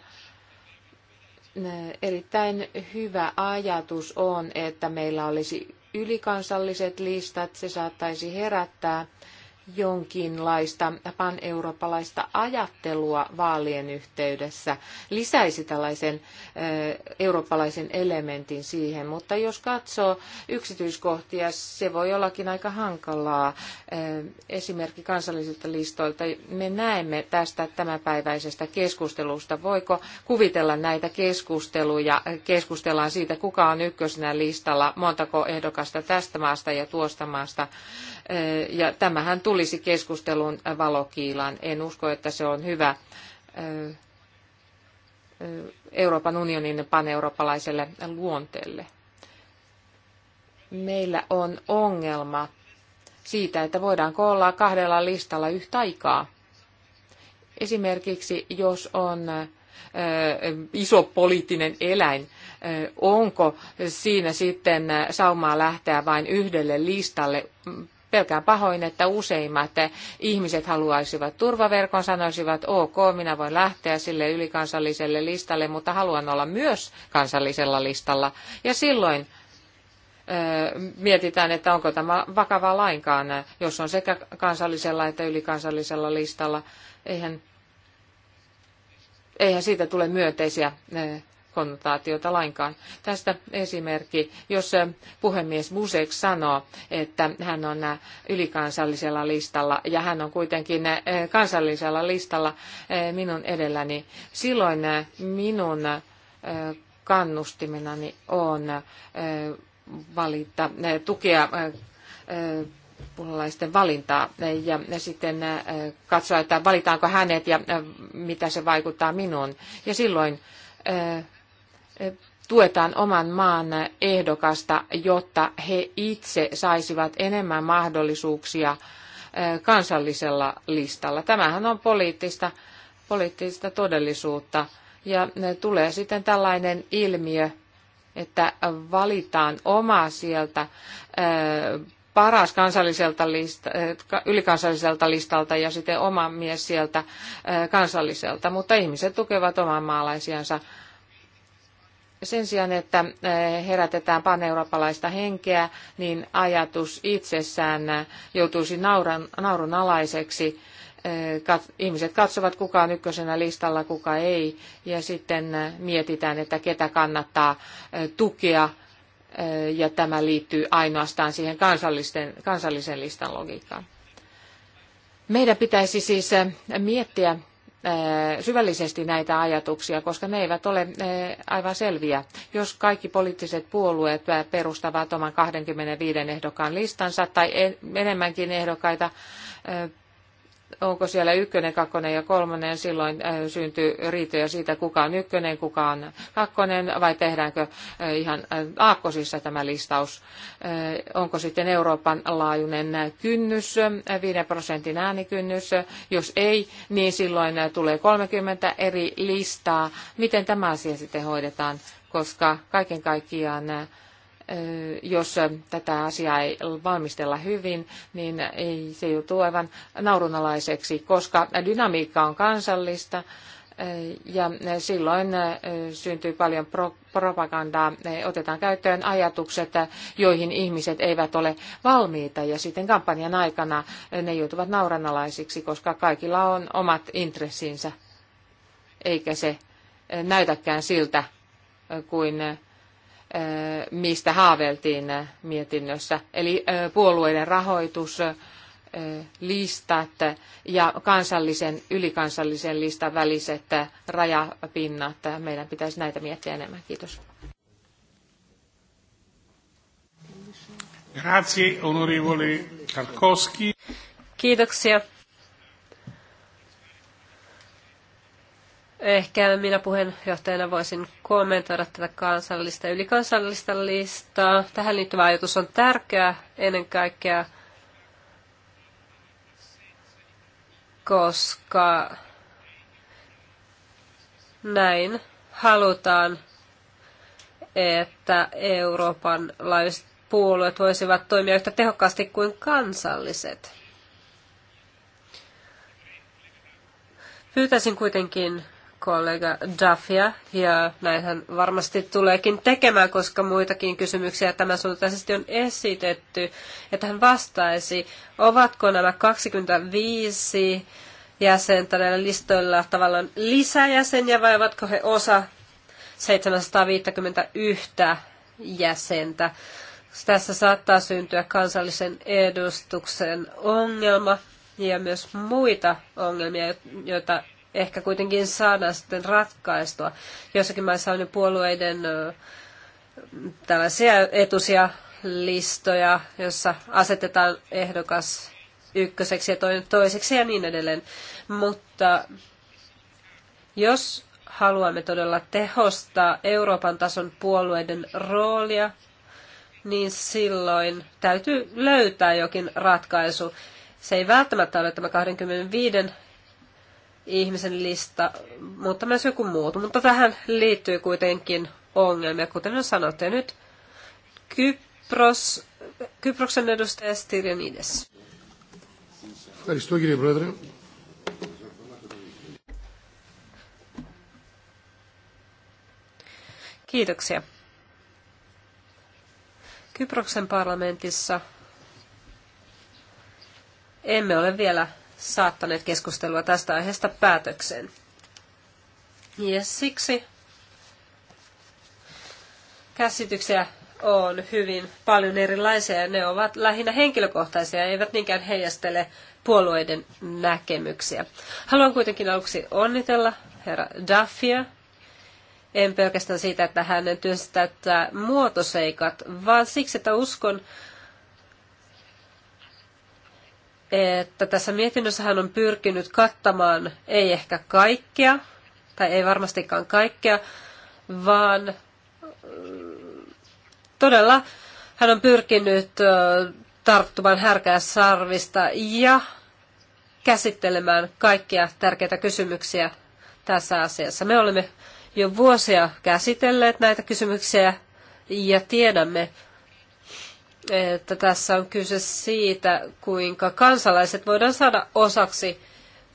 [SPEAKER 4] erittäin hyvä ajatus on, että meillä olisi ylikansalliset listat. Se saattaisi herättää jonkinlaista pan-eurooppalaista ajattelua vaalien yhteydessä lisäisi tällaisen eurooppalaisen elementin siihen, mutta jos katsoo yksityiskohtia, se voi ollakin aika hankalaa. Esimerkki kansallisilta listoilta, me näemme tästä tämänpäiväisestä keskustelusta, voiko kuvitella näitä keskusteluja, keskustellaan siitä, kuka on ykkösenä listalla, montako ehdokasta tästä maasta ja tuosta maasta ja tämähän tulisi keskustelun valokiilaan. En usko, että se on hyvä Euroopan unionin paneurooppalaiselle luonteelle. Meillä on ongelma siitä, että voidaanko olla kahdella listalla yhtä aikaa. Esimerkiksi jos on iso poliittinen eläin, onko siinä sitten saumaa lähteä vain yhdelle listalle Pelkään pahoin, että useimmat ihmiset haluaisivat turvaverkon, sanoisivat, ok, minä voin lähteä sille ylikansalliselle listalle, mutta haluan olla myös kansallisella listalla. Ja silloin mietitään, että onko tämä vakava lainkaan, jos on sekä kansallisella että ylikansallisella listalla. Eihän, eihän siitä tule myönteisiä konnotaatiota lainkaan. Tästä esimerkki, jos eh, puhemies Busek sanoo, että hän on eh, ylikansallisella listalla ja hän on kuitenkin eh, kansallisella listalla minun edelläni, silloin minun kannustimenani on valita, tukea puolalaisten valintaa ja sitten katsoa, että valitaanko hänet ja mitä se vaikuttaa minuun. Ja silloin tuetaan oman maan ehdokasta, jotta he itse saisivat enemmän mahdollisuuksia kansallisella listalla. Tämähän on poliittista, poliittista todellisuutta. Ja tulee sitten tällainen ilmiö, että valitaan oma sieltä paras kansalliselta lista, ylikansalliselta listalta ja sitten oma mies sieltä kansalliselta, mutta ihmiset tukevat oman maalaisiansa sen sijaan, että eh, herätetään paneurooppalaista henkeä, niin ajatus itsessään joutuisi nauran, naurunalaiseksi. Eh, ihmiset katsovat, kuka on ykkösenä listalla, kuka ei, ja sitten eh, mietitään, että ketä kannattaa tukea, ja tämä liittyy ainoastaan siihen kansallisten, kansallisen listan logiikkaan. Meidän pitäisi siis miettiä Äh, syvällisesti näitä ajatuksia, koska ne eivät ole äh, aivan selviä. Jos kaikki poliittiset puolueet äh, perustavat oman 25 ehdokkaan listansa tai enemmänkin ehdokkaita onko siellä ykkönen, kakkonen ja kolmonen, silloin äh, syntyy riitoja siitä, kuka on ykkönen, kuka on kakkonen, vai tehdäänkö äh, ihan äh, aakkosissa tämä listaus. Onko sitten Euroopan laajuinen kynnys, 5 prosentin äänikynnys, jos ei, niin silloin tulee 30 eri listaa. Miten tämä asia sitten hoidetaan, koska kaiken kaikkiaan jos tätä asiaa ei valmistella hyvin, niin ei, se joutuu aivan naurunalaiseksi, koska dynamiikka on kansallista ja silloin syntyy paljon propagandaa. Otetaan käyttöön ajatukset, joihin ihmiset eivät ole valmiita ja sitten kampanjan aikana ne joutuvat nauranalaisiksi, koska kaikilla on omat intressinsä, eikä se näytäkään siltä kuin mistä haaveltiin mietinnössä, eli puolueiden rahoitus, listat ja kansallisen, ylikansallisen listan väliset rajapinnat. Meidän pitäisi näitä miettiä enemmän. Kiitos.
[SPEAKER 2] Grazie, onorevole Kiitoksia, Ehkä minä puheenjohtajana voisin kommentoida tätä kansallista ja ylikansallista listaa. Tähän liittyvä ajatus on tärkeä ennen kaikkea, koska näin halutaan, että Euroopan laajuiset puolueet voisivat toimia yhtä tehokkaasti kuin kansalliset. Pyytäisin kuitenkin kollega Duffia, ja näinhän varmasti tuleekin tekemään, koska muitakin kysymyksiä tämän suuntaisesti on esitetty, että hän vastaisi, ovatko nämä 25 jäsentä näillä listoilla tavallaan lisäjäseniä vai ovatko he osa 751 jäsentä. Tässä saattaa syntyä kansallisen edustuksen ongelma ja myös muita ongelmia, joita ehkä kuitenkin saadaan sitten ratkaistua. Jossakin maissa on jo puolueiden tällaisia etusia listoja, jossa asetetaan ehdokas ykköseksi ja toinen toiseksi ja niin edelleen. Mutta jos haluamme todella tehostaa Euroopan tason puolueiden roolia, niin silloin täytyy löytää jokin ratkaisu. Se ei välttämättä ole tämä 25 ihmisen lista, mutta myös joku muu. Mutta tähän liittyy kuitenkin ongelmia, kuten on sanottu. Ja nyt Kypros, Kyproksen edustaja Styrianides. Ευχαριστώ Kiitoksia. Kyproksen parlamentissa emme ole vielä saattaneet keskustelua tästä aiheesta päätökseen. Ja siksi käsityksiä on hyvin paljon erilaisia ja ne ovat lähinnä henkilökohtaisia, eivät niinkään heijastele puolueiden näkemyksiä. Haluan kuitenkin aluksi onnitella herra Duffia. En pelkästään siitä, että hänen täyttää muotoseikat, vaan siksi, että uskon, että tässä mietinnössä hän on pyrkinyt kattamaan ei ehkä kaikkea, tai ei varmastikaan kaikkea, vaan todella hän on pyrkinyt tarttumaan härkää sarvista ja käsittelemään kaikkia tärkeitä kysymyksiä tässä asiassa. Me olemme jo vuosia käsitelleet näitä kysymyksiä ja tiedämme, että tässä on kyse siitä, kuinka kansalaiset voidaan saada osaksi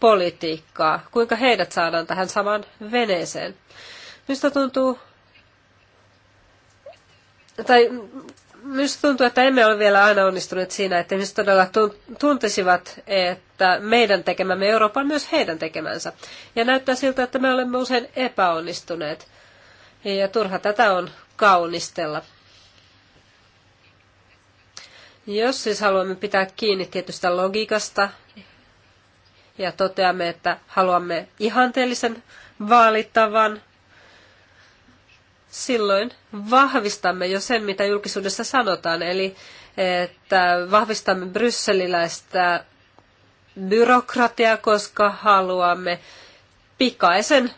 [SPEAKER 2] politiikkaa, kuinka heidät saadaan tähän samaan veneeseen. Minusta tuntuu, tai minusta tuntuu, että emme ole vielä aina onnistuneet siinä, että ihmiset todella tuntisivat, että meidän tekemämme Eurooppa on myös heidän tekemänsä. Ja näyttää siltä, että me olemme usein epäonnistuneet. Ja turha tätä on kaunistella. Jos siis haluamme pitää kiinni tietystä logiikasta ja toteamme, että haluamme ihanteellisen vaalittavan, silloin vahvistamme jo sen, mitä julkisuudessa sanotaan, eli että vahvistamme brysseliläistä byrokratiaa, koska haluamme pikaisen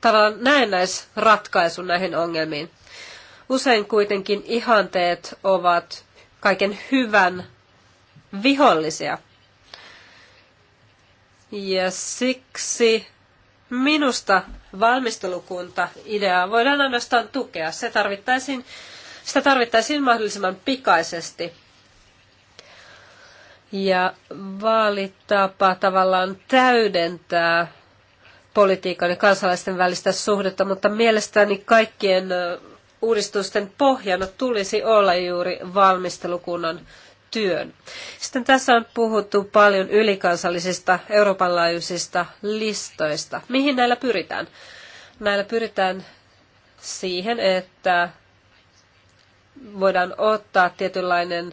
[SPEAKER 2] tavallaan näennäisratkaisun näihin ongelmiin. Usein kuitenkin ihanteet ovat kaiken hyvän vihollisia. Ja siksi minusta valmistelukunta ideaa voidaan ainoastaan tukea. Se tarvittaisiin, sitä tarvittaisiin mahdollisimman pikaisesti. Ja vaalitapa tavallaan täydentää politiikan ja kansalaisten välistä suhdetta, mutta mielestäni kaikkien uudistusten pohjana tulisi olla juuri valmistelukunnan työn. Sitten tässä on puhuttu paljon ylikansallisista Euroopan laajuisista listoista. Mihin näillä pyritään? Näillä pyritään siihen, että voidaan ottaa tietynlainen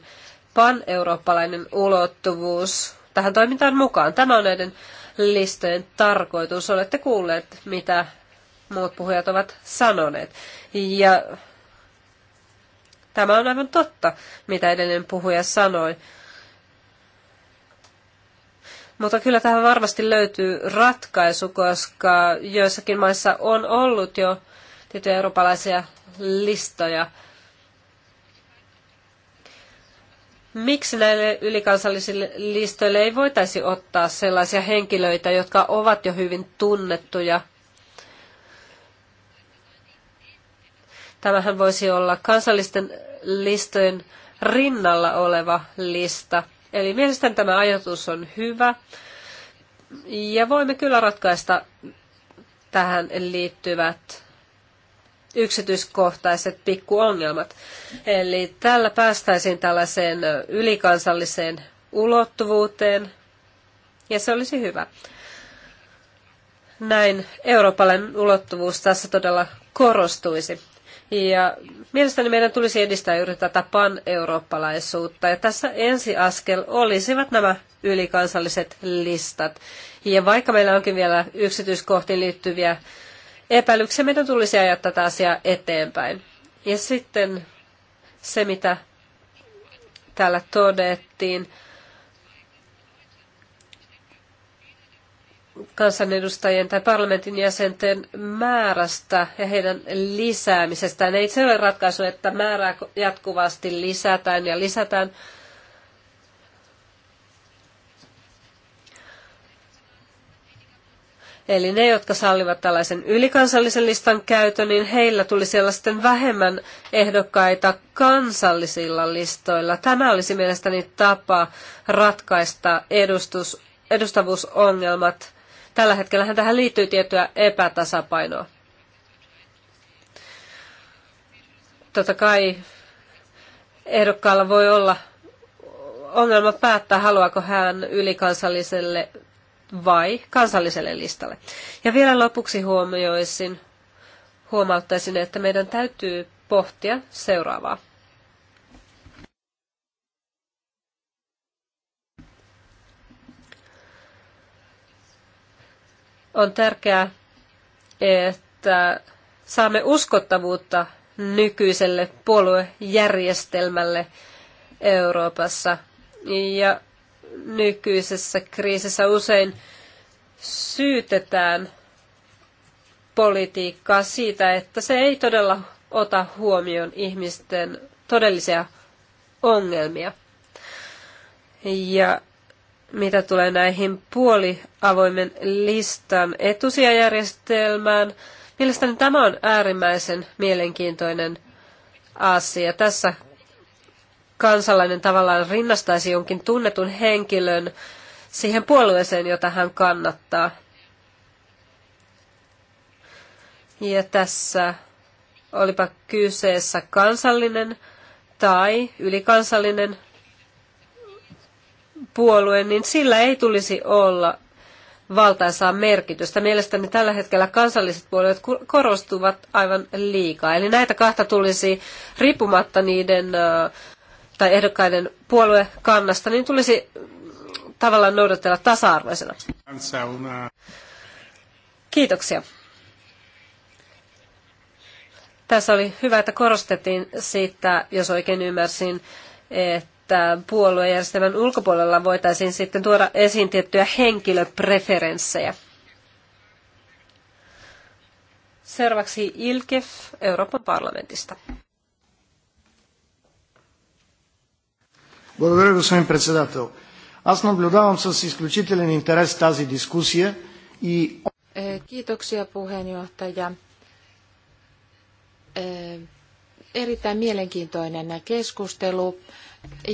[SPEAKER 2] pan-eurooppalainen ulottuvuus tähän toimintaan mukaan. Tämä on näiden listojen tarkoitus. Olette kuulleet, mitä muut puhujat ovat sanoneet. Ja tämä on aivan totta, mitä edellinen puhuja sanoi. Mutta kyllä tähän varmasti löytyy ratkaisu, koska joissakin maissa on ollut jo tiettyjä eurooppalaisia listoja. Miksi näille ylikansallisille listoille ei voitaisi ottaa sellaisia henkilöitä, jotka ovat jo hyvin tunnettuja Tämähän voisi olla kansallisten listojen rinnalla oleva lista. Eli mielestäni tämä ajatus on hyvä. Ja voimme kyllä ratkaista tähän liittyvät yksityiskohtaiset pikkuongelmat. Eli tällä päästäisiin tällaiseen ylikansalliseen ulottuvuuteen, ja se olisi hyvä. Näin eurooppalainen ulottuvuus tässä todella korostuisi. Ja mielestäni meidän tulisi edistää juuri tätä pan-eurooppalaisuutta. Ja tässä ensiaskel olisivat nämä ylikansalliset listat. Ja vaikka meillä onkin vielä yksityiskohtiin liittyviä epäilyksiä, meidän tulisi ajaa tätä asiaa eteenpäin. Ja sitten se, mitä täällä todettiin, kansanedustajien tai parlamentin jäsenten määrästä ja heidän lisäämisestään. Ei se ole ratkaisu, että määrää jatkuvasti lisätään ja lisätään. Eli ne, jotka sallivat tällaisen ylikansallisen listan käytön, niin heillä tuli siellä sitten vähemmän ehdokkaita kansallisilla listoilla. Tämä olisi mielestäni tapa ratkaista edustus, edustavuusongelmat Tällä hetkellä tähän liittyy tiettyä epätasapainoa. Totta kai ehdokkaalla voi olla ongelma päättää, haluaako hän ylikansalliselle vai kansalliselle listalle. Ja vielä lopuksi huomioisin, huomauttaisin, että meidän täytyy pohtia seuraavaa. On tärkeää, että saamme uskottavuutta nykyiselle puoluejärjestelmälle Euroopassa. Ja nykyisessä kriisissä usein syytetään politiikkaa siitä, että se ei todella ota huomioon ihmisten todellisia ongelmia. Ja mitä tulee näihin puoliavoimen listan etusijajärjestelmään. Mielestäni tämä on äärimmäisen mielenkiintoinen asia. Tässä kansalainen tavallaan rinnastaisi jonkin tunnetun henkilön siihen puolueeseen, jota hän kannattaa. Ja tässä olipa kyseessä kansallinen tai ylikansallinen puolue, niin sillä ei tulisi olla valtaisaa merkitystä. Mielestäni tällä hetkellä kansalliset puolueet korostuvat aivan liikaa. Eli näitä kahta tulisi riippumatta niiden tai ehdokkaiden puoluekannasta, niin tulisi tavallaan noudatella tasa-arvoisena. Kiitoksia. Tässä oli hyvä, että korostettiin siitä, jos oikein ymmärsin, että että puoluejärjestelmän ulkopuolella voitaisiin sitten tuoda esiin tiettyjä henkilöpreferenssejä. Seuraavaksi Ilkef Euroopan parlamentista.
[SPEAKER 1] Благодаря, господин председател. Аз наблюдавам с изключителен интерес тази дискусия и...
[SPEAKER 4] Kiitoksia puheenjohtaja. Erittäin mielenkiintoinen keskustelu.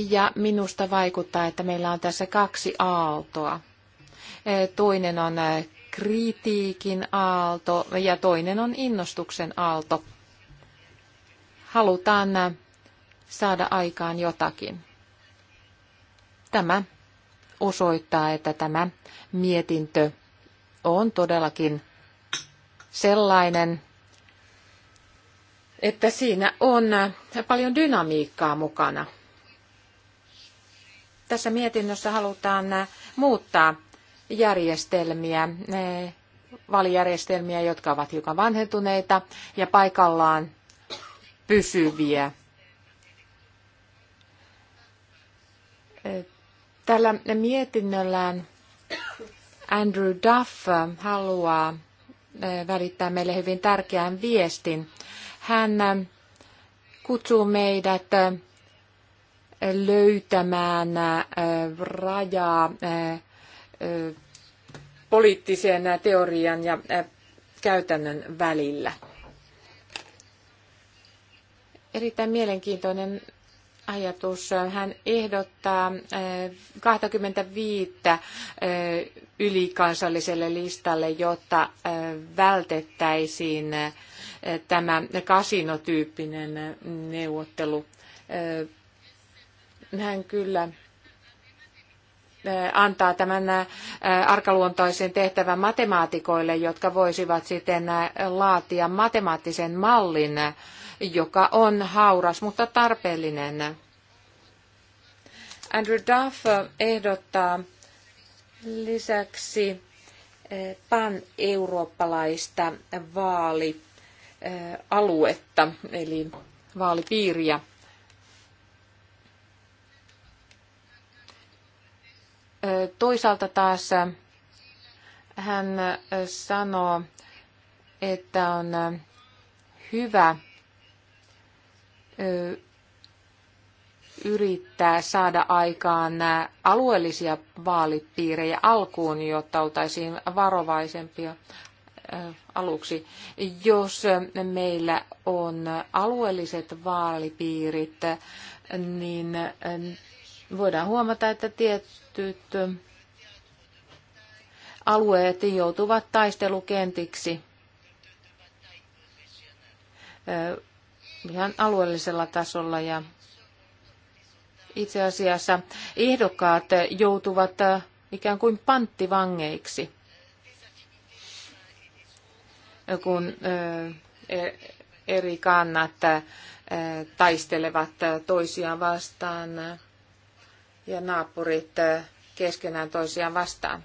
[SPEAKER 4] Ja minusta vaikuttaa, että meillä on tässä kaksi aaltoa. E, toinen on e, kritiikin aalto ja toinen on innostuksen aalto. Halutaan e, saada aikaan jotakin. Tämä osoittaa, että tämä mietintö on todellakin sellainen, että siinä on paljon dynamiikkaa mukana – tässä mietinnössä halutaan äh, muuttaa järjestelmiä, valijärjestelmiä, jotka ovat hiukan vanhentuneita ja paikallaan pysyviä. Tällä mietinnöllään Andrew Duff haluaa äh, välittää meille hyvin tärkeän viestin. Hän äh, kutsuu meidät löytämään rajaa poliittisen teorian ja käytännön välillä. Erittäin mielenkiintoinen ajatus. Hän ehdottaa 25 ylikansalliselle listalle, jotta vältettäisiin tämä kasinotyyppinen neuvottelu hän kyllä antaa tämän arkaluontoisen tehtävän matemaatikoille, jotka voisivat sitten laatia matemaattisen mallin, joka on hauras, mutta tarpeellinen. Andrew Duff ehdottaa lisäksi pan-eurooppalaista vaalialuetta, eli vaalipiiriä. Toisaalta taas hän sanoo, että on hyvä yrittää saada aikaan nämä alueellisia vaalipiirejä alkuun, jotta oltaisiin varovaisempia aluksi. Jos meillä on alueelliset vaalipiirit, niin voidaan huomata, että tietyt alueet joutuvat taistelukentiksi ihan alueellisella tasolla ja itse asiassa ehdokkaat joutuvat ikään kuin panttivangeiksi, kun e, eri kannat taistelevat toisiaan vastaan ja naapurit äh, keskenään toisiaan vastaan.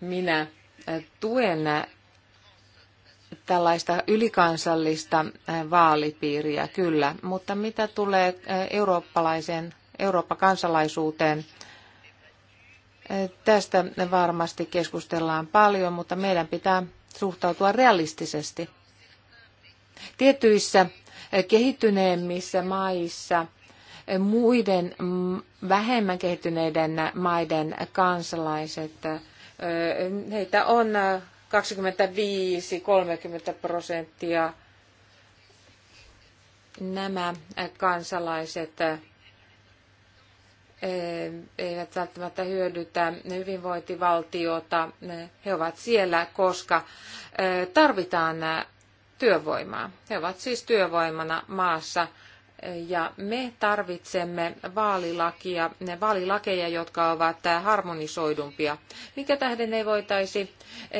[SPEAKER 4] Minä äh, tuen äh, tällaista ylikansallista vaalipiiriä, kyllä, mutta mitä tulee eurooppalaiseen, Eurooppa-kansalaisuuteen, tästä varmasti keskustellaan paljon, mutta meidän pitää suhtautua realistisesti. Tietyissä kehittyneemmissä maissa muiden mm, vähemmän kehittyneiden maiden kansalaiset. Heitä on 25-30 prosenttia nämä kansalaiset eivät välttämättä hyödytä hyvinvointivaltiota. He ovat siellä, koska tarvitaan työvoimaa. He ovat siis työvoimana maassa, ja me tarvitsemme vaalilakia, vaalilakeja, jotka ovat harmonisoidumpia. Mikä tähden ei voitaisi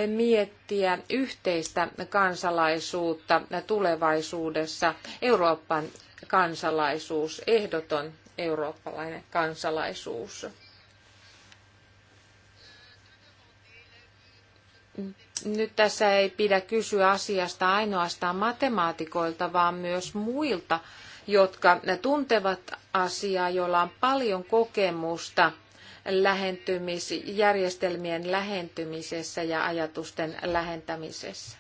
[SPEAKER 4] miettiä yhteistä kansalaisuutta tulevaisuudessa? Euroopan kansalaisuus, ehdoton eurooppalainen kansalaisuus. nyt tässä ei pidä kysyä asiasta ainoastaan matemaatikoilta, vaan myös muilta jotka tuntevat asiaa, joilla on paljon kokemusta lähentymis, järjestelmien lähentymisessä ja ajatusten lähentämisessä.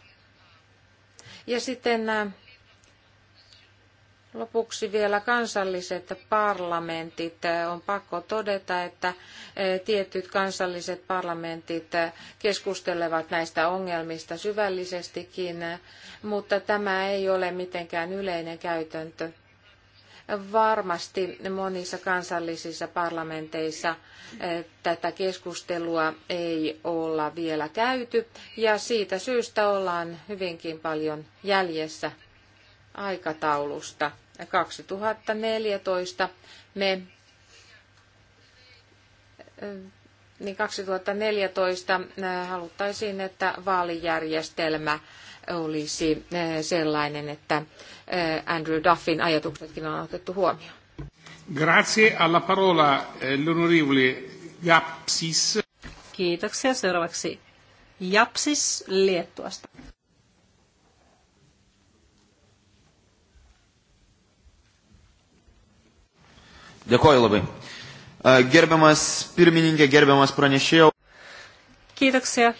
[SPEAKER 4] Ja sitten äh, Lopuksi vielä kansalliset parlamentit. Äh, on pakko todeta, että äh, tietyt kansalliset parlamentit keskustelevat näistä ongelmista syvällisestikin, mutta tämä ei ole mitenkään yleinen käytäntö. Varmasti monissa kansallisissa parlamenteissa eh, tätä keskustelua ei olla vielä käyty ja siitä syystä ollaan hyvinkin paljon jäljessä aikataulusta. 2014 me eh, niin 2014 eh, haluttaisiin, että vaalijärjestelmä olisi eh, sellainen, että eh, Andrew Duffin ajatuksetkin on otettu huomioon.
[SPEAKER 1] Grazie alla parola eh, l'onorevole
[SPEAKER 2] Japsis. Kiitoksia. Seuraavaksi Japsis Liettuasta.
[SPEAKER 3] Dėkoju labai. Gerbiamas pirmininkė, gerbiamas pranešėjo.
[SPEAKER 2] Kiitoksia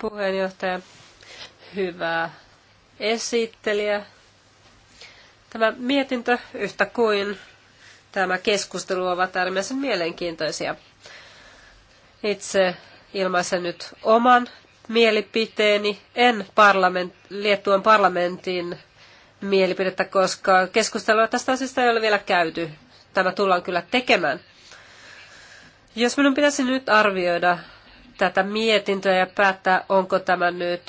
[SPEAKER 2] puheenjohtaja hyvä esittelijä. Tämä mietintö yhtä kuin tämä keskustelu ovat äärimmäisen mielenkiintoisia. Itse ilmaisen nyt oman mielipiteeni, en parlament, Liettuan parlamentin mielipidettä, koska keskustelua tästä asiasta ei ole vielä käyty. Tämä tullaan kyllä tekemään. Jos minun pitäisi nyt arvioida tätä mietintöä ja päättää, onko tämä nyt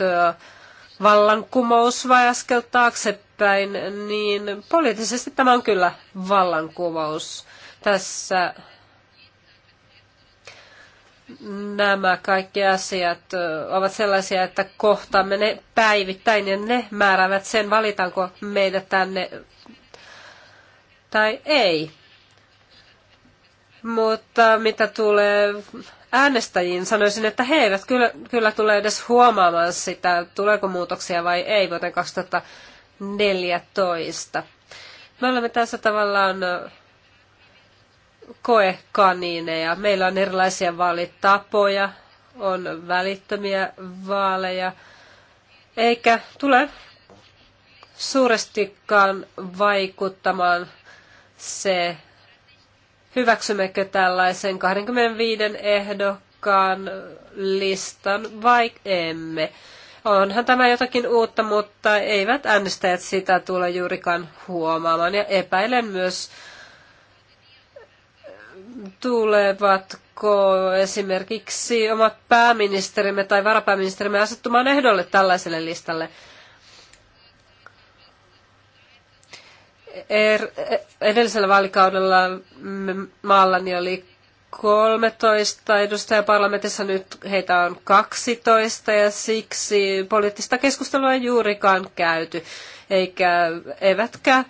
[SPEAKER 2] vallankumous vai askel taaksepäin, niin poliittisesti tämä on kyllä vallankumous. Tässä nämä kaikki asiat ovat sellaisia, että kohtaamme ne päivittäin ja ne määräävät sen, valitaanko meidät tänne tai ei. Mutta mitä tulee äänestäjiin, sanoisin, että he eivät kyllä, kyllä tule edes huomaamaan sitä, tuleeko muutoksia vai ei vuoteen 2014. Me olemme tässä tavallaan koekaniineja. Meillä on erilaisia vaalitapoja, on välittömiä vaaleja, eikä tule suurestikaan vaikuttamaan se, hyväksymmekö tällaisen 25 ehdokkaan listan vai emme. Onhan tämä jotakin uutta, mutta eivät äänestäjät sitä tule juurikaan huomaamaan. Ja epäilen myös, tulevatko esimerkiksi omat pääministerimme tai varapääministerimme asettumaan ehdolle tällaiselle listalle. er, edellisellä vaalikaudella maallani niin oli 13 edustajaa parlamentissa, nyt heitä on 12 ja siksi poliittista keskustelua ei juurikaan käyty, eikä eivätkä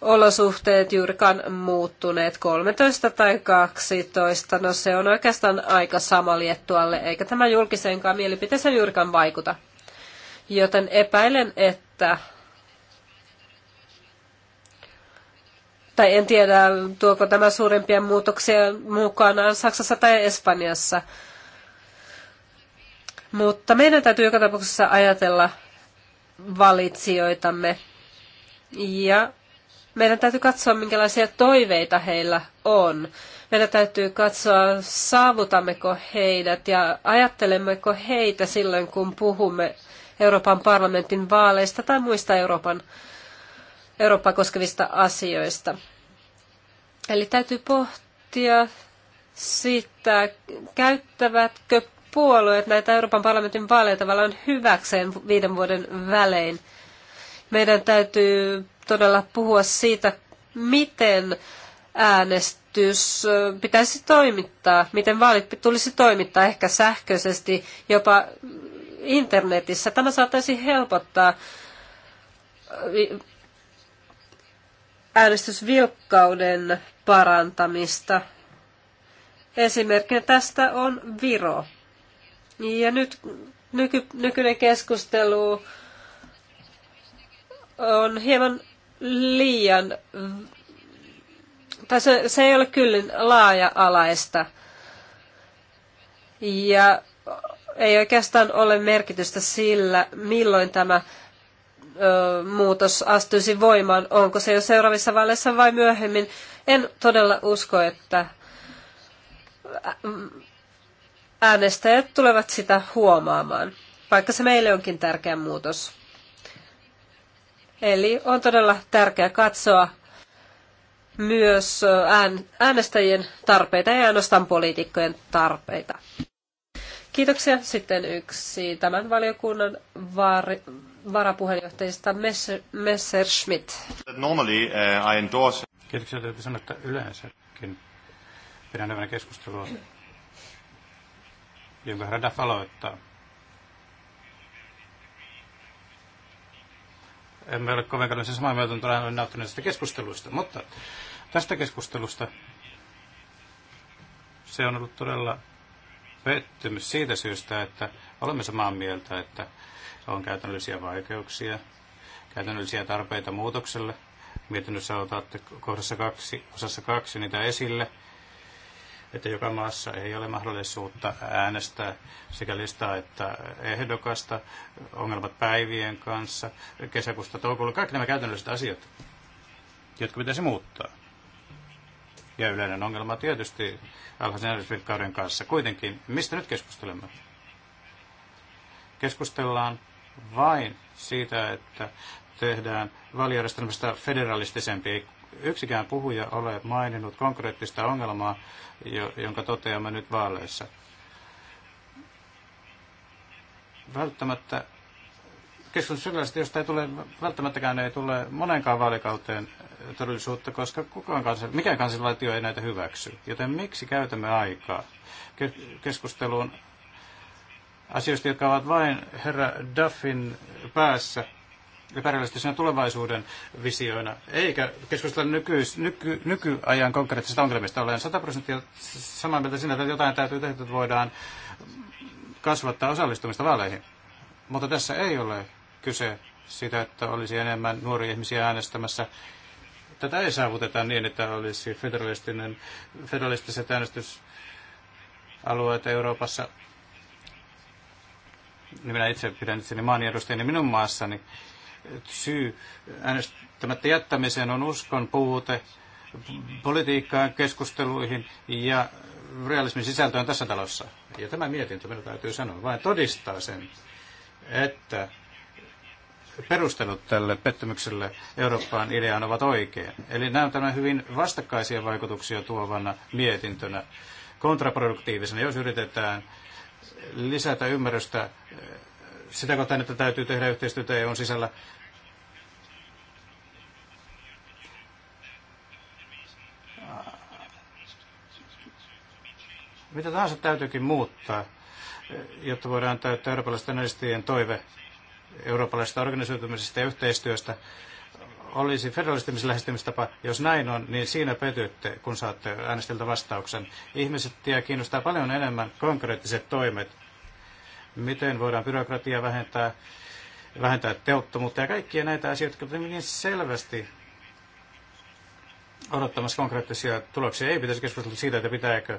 [SPEAKER 2] olosuhteet juurikaan muuttuneet 13 tai 12. No se on oikeastaan aika sama Liettualle, eikä tämä julkiseenkaan mielipiteeseen juurikaan vaikuta. Joten epäilen, että tai en tiedä, tuoko tämä suurimpia muutoksia mukanaan Saksassa tai Espanjassa. Mutta meidän täytyy joka tapauksessa ajatella valitsijoitamme. Ja meidän täytyy katsoa, minkälaisia toiveita heillä on. Meidän täytyy katsoa, saavutammeko heidät ja ajattelemmeko heitä silloin, kun puhumme Euroopan parlamentin vaaleista tai muista Euroopan Eurooppaa koskevista asioista. Eli täytyy pohtia sitä, käyttävätkö puolueet näitä Euroopan parlamentin vaaleja tavallaan hyväkseen viiden vuoden välein. Meidän täytyy todella puhua siitä, miten äänestys pitäisi toimittaa, miten vaalit tulisi toimittaa ehkä sähköisesti, jopa internetissä. Tämä saattaisi helpottaa äänestysvilkkauden parantamista. Esimerkkinä tästä on Viro. Ja nyt nyky, nykyinen keskustelu on hieman liian, tai se, se ei ole kyllin laaja-alaista. Ja ei oikeastaan ole merkitystä sillä, milloin tämä muutos astuisi voimaan. Onko se jo seuraavissa vaaleissa vai myöhemmin? En todella usko, että äänestäjät tulevat sitä huomaamaan, vaikka se meille onkin tärkeä muutos. Eli on todella tärkeää katsoa myös äänestäjien tarpeita ja ainoastaan poliitikkojen tarpeita. Kiitoksia. Sitten yksi tämän valiokunnan vaari, varapuheenjohtajista Messerschmidt.
[SPEAKER 1] Normally, uh, I endorse... Kiitoksia, täytyy sanoa, että yleensäkin pidän hyvänä keskustelua, jonka herra Duff aloittaa. Emme ole kovin paljon samaa mieltä, mutta olen nauttinut näistä keskusteluista. Mutta tästä keskustelusta se on ollut todella pettymys siitä syystä, että olemme samaa mieltä, että on käytännöllisiä vaikeuksia, käytännöllisiä tarpeita muutokselle. Mietinnössä otatte kohdassa kaksi, osassa kaksi niitä esille, että joka maassa ei ole mahdollisuutta äänestää sekä listaa että ehdokasta, ongelmat päivien kanssa, kesäkuusta toukokuulla, kaikki nämä käytännölliset asiat, jotka pitäisi muuttaa. Ja yleinen ongelma tietysti alhaisen äänestysvirkkauden kanssa. Kuitenkin, mistä nyt keskustelemme? Keskustellaan vain siitä, että tehdään vaalijärjestelmästä federalistisempi. Yksikään puhuja ole maininnut konkreettista ongelmaa, jonka toteamme nyt vaaleissa. Välttämättä keskustelusta, josta ei tule, välttämättäkään ei tule monenkaan vaalikauteen todellisuutta, koska kukaan kansa, mikään kansalaitio ei näitä hyväksy. Joten miksi käytämme aikaa keskusteluun asioista, jotka ovat vain herra Duffin päässä epärealistisena tulevaisuuden visioina, eikä keskustella nykyis, nyky, nykyajan konkreettisista ongelmista. Olen 100 prosenttia samaa mieltä siinä, että jotain täytyy tehdä, että voidaan kasvattaa osallistumista vaaleihin. Mutta tässä ei ole kyse siitä, että olisi enemmän nuoria ihmisiä äänestämässä. Tätä ei saavuteta niin, että olisi federalistinen, federalistiset äänestysalueet Euroopassa niin minä itse pidän itseni maan edustajani minun maassani, syy äänestämättä jättämiseen on uskon puute politiikkaan, keskusteluihin ja realismin sisältöön tässä talossa. Ja tämä mietintö, minun täytyy sanoa, vain todistaa sen, että perustelut tälle pettymykselle Eurooppaan ideaan ovat oikein. Eli näen tämän hyvin vastakkaisia vaikutuksia tuovana mietintönä, kontraproduktiivisena, jos yritetään lisätä ymmärrystä eh, sitä kautta, että täytyy tehdä yhteistyötä EUn sisällä. Mitä tahansa täytyykin muuttaa, eh, jotta voidaan täyttää eurooppalaisten edistien toive eurooppalaisesta organisoitumisesta ja yhteistyöstä olisi lähestymistapa, Jos näin on, niin siinä petytte, kun saatte äänestiltä vastauksen. Ihmiset ja kiinnostaa paljon enemmän konkreettiset toimet. Miten voidaan byrokratiaa vähentää, vähentää teottomuutta. ja kaikkia näitä asioita, jotka niin selvästi odottamassa konkreettisia tuloksia. Ei pitäisi keskustella siitä, että pitääkö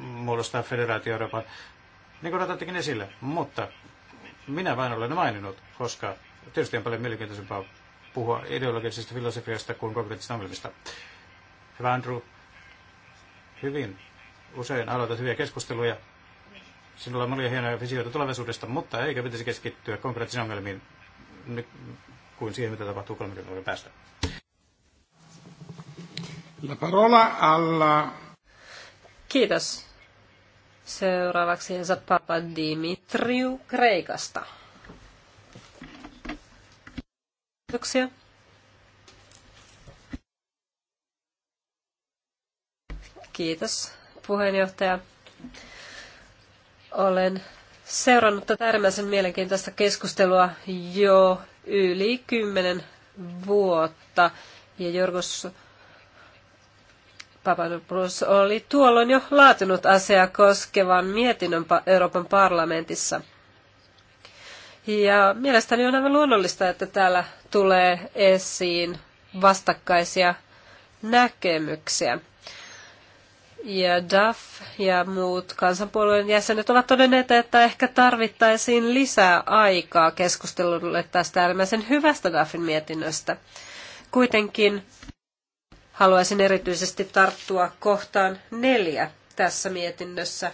[SPEAKER 1] muodostaa federaatio Euroopan, niin kuin otettekin esille. Mutta minä vain olen maininnut, koska tietysti on paljon mielenkiintoisempaa puhua ideologisesta filosofiasta kuin konkreettisista ongelmista. Hyvä Andrew, hyvin usein aloitat hyviä keskusteluja. Sinulla on monia hienoja visioita tulevaisuudesta, mutta eikä pitäisi keskittyä konkreettisiin ongelmiin kuin siihen, mitä tapahtuu 30 vuoden päästä.
[SPEAKER 2] La parola alla... Kiitos. Seuraavaksi Hesa Papadimitriu Kreikasta. Kiitoksia. Kiitos puheenjohtaja. Olen seurannut tätä äärimmäisen mielenkiintoista keskustelua jo yli kymmenen vuotta. Ja Jorgos Papadopoulos oli tuolloin jo laatinut asiaa koskevan mietinnön Euroopan parlamentissa – ja mielestäni on aivan luonnollista, että täällä tulee esiin vastakkaisia näkemyksiä. Ja Duff ja muut kansanpuolueen jäsenet ovat todenneet, että ehkä tarvittaisiin lisää aikaa keskustelulle tästä äärimmäisen hyvästä Duffin mietinnöstä. Kuitenkin haluaisin erityisesti tarttua kohtaan neljä tässä mietinnössä.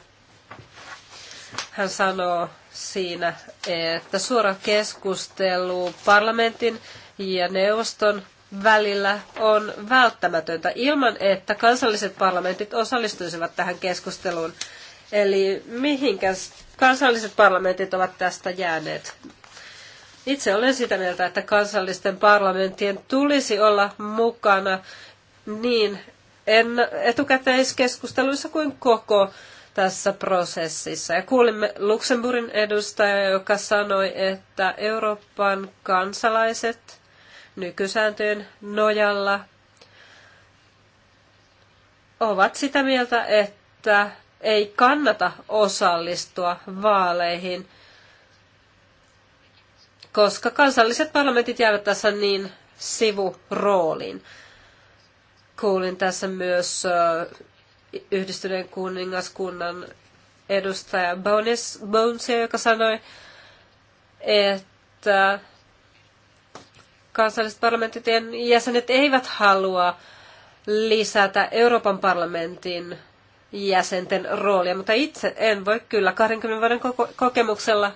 [SPEAKER 2] Hän sanoo, siinä, että suora keskustelu parlamentin ja neuvoston välillä on välttämätöntä ilman, että kansalliset parlamentit osallistuisivat tähän keskusteluun. Eli mihinkä kansalliset parlamentit ovat tästä jääneet? Itse olen sitä mieltä, että kansallisten parlamenttien tulisi olla mukana niin etukäteiskeskusteluissa kuin koko tässä prosessissa. Ja kuulimme Luxemburgin edustaja, joka sanoi, että Euroopan kansalaiset nykysääntöjen nojalla ovat sitä mieltä, että ei kannata osallistua vaaleihin, koska kansalliset parlamentit jäävät tässä niin sivurooliin. Kuulin tässä myös yhdistyneen kuningaskunnan edustaja Bones, Bonesia, joka sanoi, että kansalliset parlamenttien jäsenet eivät halua lisätä Euroopan parlamentin jäsenten roolia, mutta itse en voi kyllä 20 vuoden kokemuksella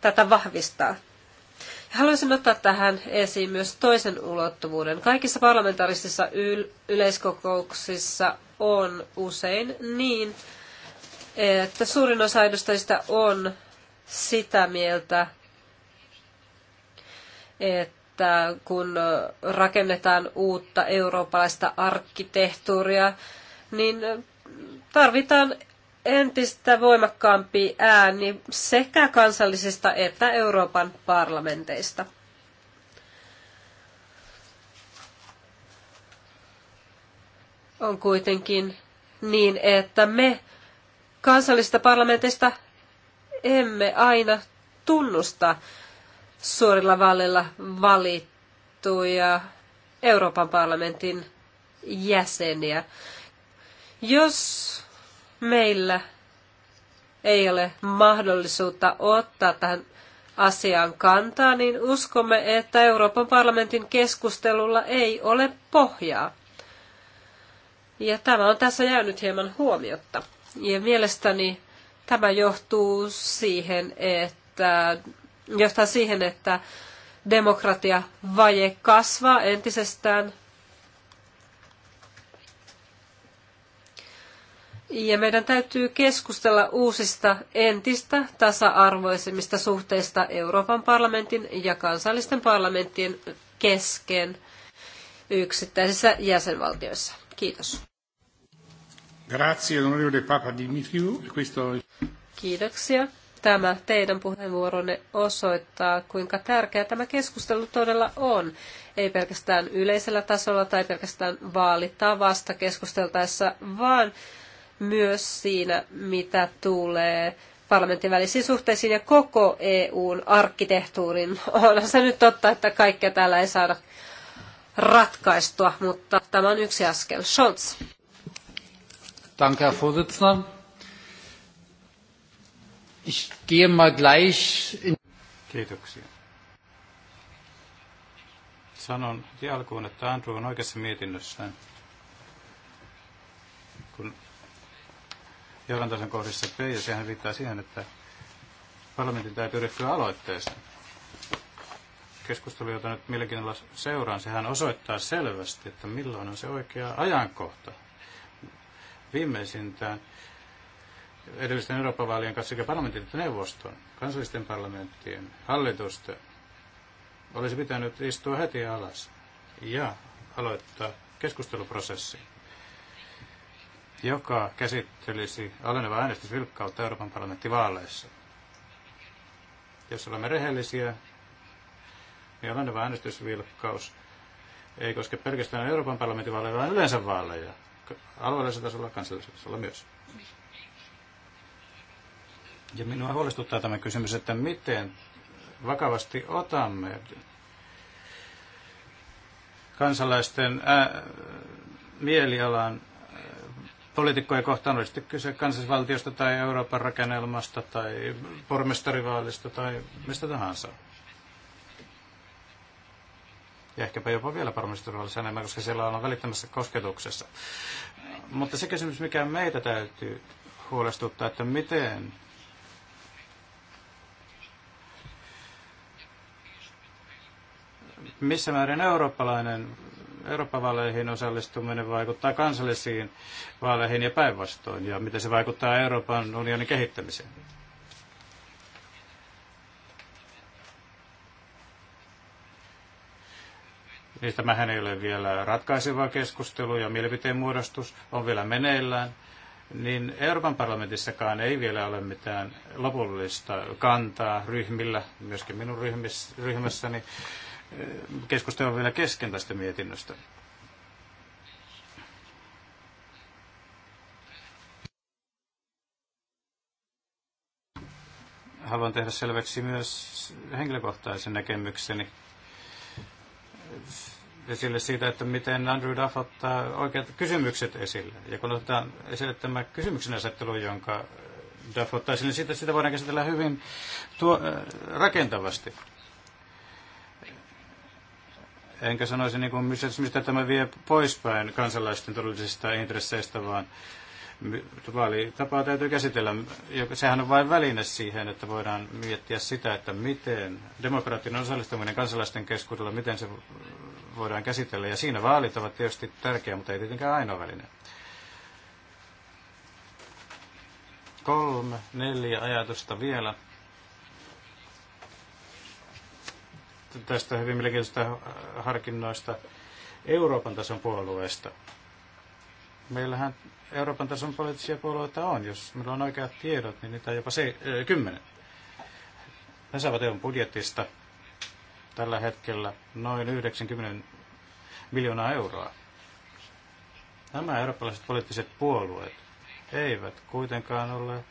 [SPEAKER 2] tätä vahvistaa. Haluaisin ottaa tähän esiin myös toisen ulottuvuuden. Kaikissa parlamentaarisissa yleiskokouksissa on usein niin, että suurin osa edustajista on sitä mieltä, että kun rakennetaan uutta eurooppalaista arkkitehtuuria, niin tarvitaan entistä voimakkaampi ääni sekä kansallisista että Euroopan parlamenteista. on kuitenkin niin, että me kansallisista parlamenteista emme aina tunnusta suorilla vaaleilla valittuja Euroopan parlamentin jäseniä. Jos meillä ei ole mahdollisuutta ottaa tähän asiaan kantaa, niin uskomme, että Euroopan parlamentin keskustelulla ei ole pohjaa. Ja tämä on tässä jäänyt hieman huomiotta. Ja mielestäni tämä johtuu siihen, että, johtaa siihen, että demokratia vaje kasvaa entisestään. Ja meidän täytyy keskustella uusista entistä tasa-arvoisemmista suhteista Euroopan parlamentin ja kansallisten parlamenttien kesken yksittäisissä jäsenvaltioissa. Kiitos. E Kiitoksia. Tämä teidän puheenvuoronne osoittaa, kuinka tärkeä tämä keskustelu todella on. Ei pelkästään yleisellä tasolla tai pelkästään vaalitavasta keskusteltaessa, vaan myös siinä, mitä tulee parlamentin välisiin suhteisiin ja koko EUn arkkitehtuurin. Onhan se nyt totta, että kaikkea täällä ei saada ratkaistua, mutta tämä on yksi askel. Scholz. Danke, Herr Vorsitzender. Ich gehe mal gleich in...
[SPEAKER 1] Kiitoksia. Sanon heti alkuun, että Andrew on oikeassa mietinnössään, kun johdantason kohdissa B, ja sehän viittaa siihen, että parlamentin täytyy ryhtyä aloitteeseen keskustelu, jota nyt mielenkiinnolla seuraan, sehän osoittaa selvästi, että milloin on se oikea ajankohta. Viimeisintään edellisten Euroopan vaalien kanssa sekä parlamentin että neuvoston, kansallisten parlamenttien, hallitusten, olisi pitänyt istua heti alas ja aloittaa keskusteluprosessi, joka käsittelisi alenevaa äänestysvilkkautta Euroopan parlamenttivaaleissa. Jos olemme rehellisiä, ja aleneva äänestysvilkkaus ei koske pelkästään Euroopan parlamentin vaaleja, vaan yleensä vaaleja, alueellisella tasolla, kansallisella tasolla myös. Ja minua huolestuttaa tämä kysymys, että miten vakavasti otamme kansalaisten ää, mielialan poliitikkoja kohtaan, olisi kyse kansallisvaltiosta tai Euroopan rakennelmasta tai pormestarivaalista tai mistä tahansa ja ehkäpä jopa vielä parmisturvallisia enemmän, koska siellä on välittömässä kosketuksessa. Mutta se kysymys, mikä meitä täytyy huolestuttaa, että miten missä määrin eurooppalainen Euroopan vaaleihin osallistuminen vaikuttaa kansallisiin vaaleihin ja päinvastoin, ja miten se vaikuttaa Euroopan unionin kehittämiseen. Tämähän ei ole vielä ratkaiseva keskustelu ja mielipiteen muodostus on vielä meneillään niin Euroopan parlamentissakaan ei vielä ole mitään lopullista kantaa ryhmillä, myöskin minun ryhmässäni. Keskustelu on vielä kesken tästä mietinnöstä. Haluan tehdä selväksi myös henkilökohtaisen näkemykseni esille siitä, että miten Andrew Duff ottaa oikeat kysymykset esille. Ja kun otetaan esille tämä kysymyksen asettelu, jonka Duff ottaa esille, niin sitä, sitä voidaan käsitellä hyvin tuo, äh, rakentavasti. Enkä sanoisi niin kuin mistä tämä vie poispäin kansalaisten todellisista intresseistä, vaan Vaalitapaa täytyy käsitellä. Sehän on vain väline siihen, että voidaan miettiä sitä, että miten demokraattinen osallistuminen kansalaisten keskuudella, miten se voidaan käsitellä. Ja siinä vaalit ovat tietysti tärkeä, mutta ei tietenkään ainoa väline. Kolme, neljä ajatusta vielä. Tästä hyvin mielenkiintoista harkinnoista Euroopan tason puolueesta. Meillähän Euroopan tason poliittisia puolueita on. Jos meillä on oikeat tiedot, niin niitä on jopa se, ö, kymmenen. Ne saavat EUn budjetista tällä hetkellä noin 90 miljoonaa euroa. Nämä eurooppalaiset poliittiset puolueet eivät kuitenkaan ole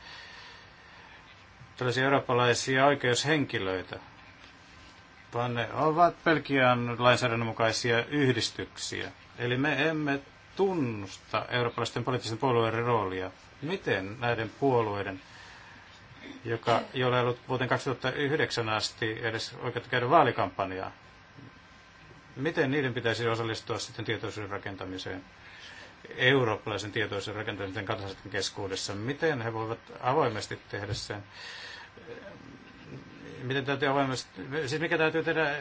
[SPEAKER 1] tällaisia eurooppalaisia oikeushenkilöitä, vaan ne ovat Belgian lainsäädännön mukaisia yhdistyksiä. Eli me emme tunnusta eurooppalaisten poliittisten puolueiden roolia. Miten näiden puolueiden, joka, joilla ei ollut vuoteen 2009 asti edes oikeutta käydä vaalikampanjaa, miten niiden pitäisi osallistua sitten tietoisuuden rakentamiseen, eurooppalaisen tietoisuuden rakentamisen kansalaisten keskuudessa? Miten he voivat avoimesti tehdä sen? miten täytyy olemassa, siis mikä täytyy tehdä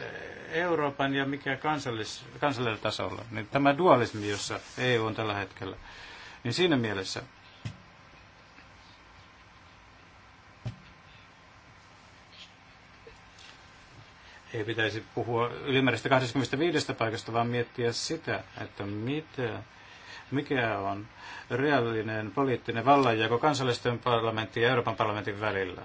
[SPEAKER 1] Euroopan ja mikä kansallis, kansallisella tasolla, niin tämä dualismi, jossa EU on tällä hetkellä, niin siinä mielessä ei pitäisi puhua ylimääräistä 25 paikasta, vaan miettiä sitä, että mitä, mikä on reaalinen poliittinen vallanjako kansallisten parlamentin ja Euroopan parlamentin välillä.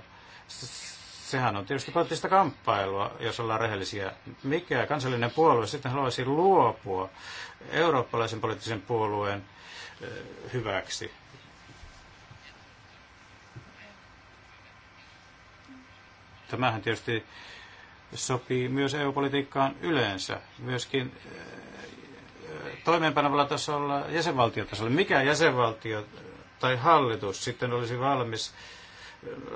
[SPEAKER 1] Sehän on tietysti poliittista kamppailua, jos ollaan rehellisiä. Mikä kansallinen puolue sitten haluaisi luopua eurooppalaisen poliittisen puolueen eh, hyväksi? Tämähän tietysti sopii myös EU-politiikkaan yleensä, myöskin eh, toimeenpanevalla tasolla, jäsenvaltiotasolla. Mikä jäsenvaltio tai hallitus sitten olisi valmis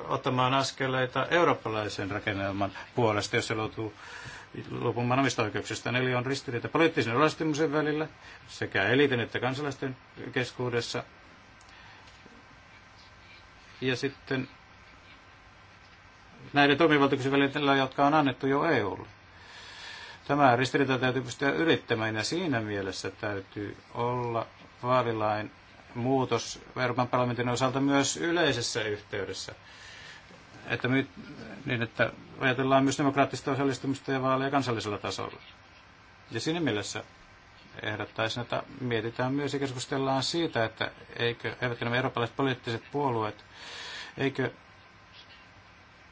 [SPEAKER 1] ottamaan askeleita eurooppalaisen rakennelman puolesta, jos se joutuu lopumaan omista oikeuksistaan. Eli on ristiriita poliittisen rasistumisen välillä sekä eliten että kansalaisten keskuudessa. Ja sitten näiden toimivaltuuksien välillä, jotka on annettu jo EUlle. Tämä ristiriita täytyy pystyä yrittämään ja siinä mielessä täytyy olla vaalilain muutos Euroopan parlamentin osalta myös yleisessä yhteydessä. Että my, niin, että ajatellaan myös demokraattista osallistumista ja vaaleja kansallisella tasolla. Ja siinä mielessä ehdottaisin, että mietitään myös ja keskustellaan siitä, että eikö, eivätkö nämä eurooppalaiset poliittiset puolueet, eikö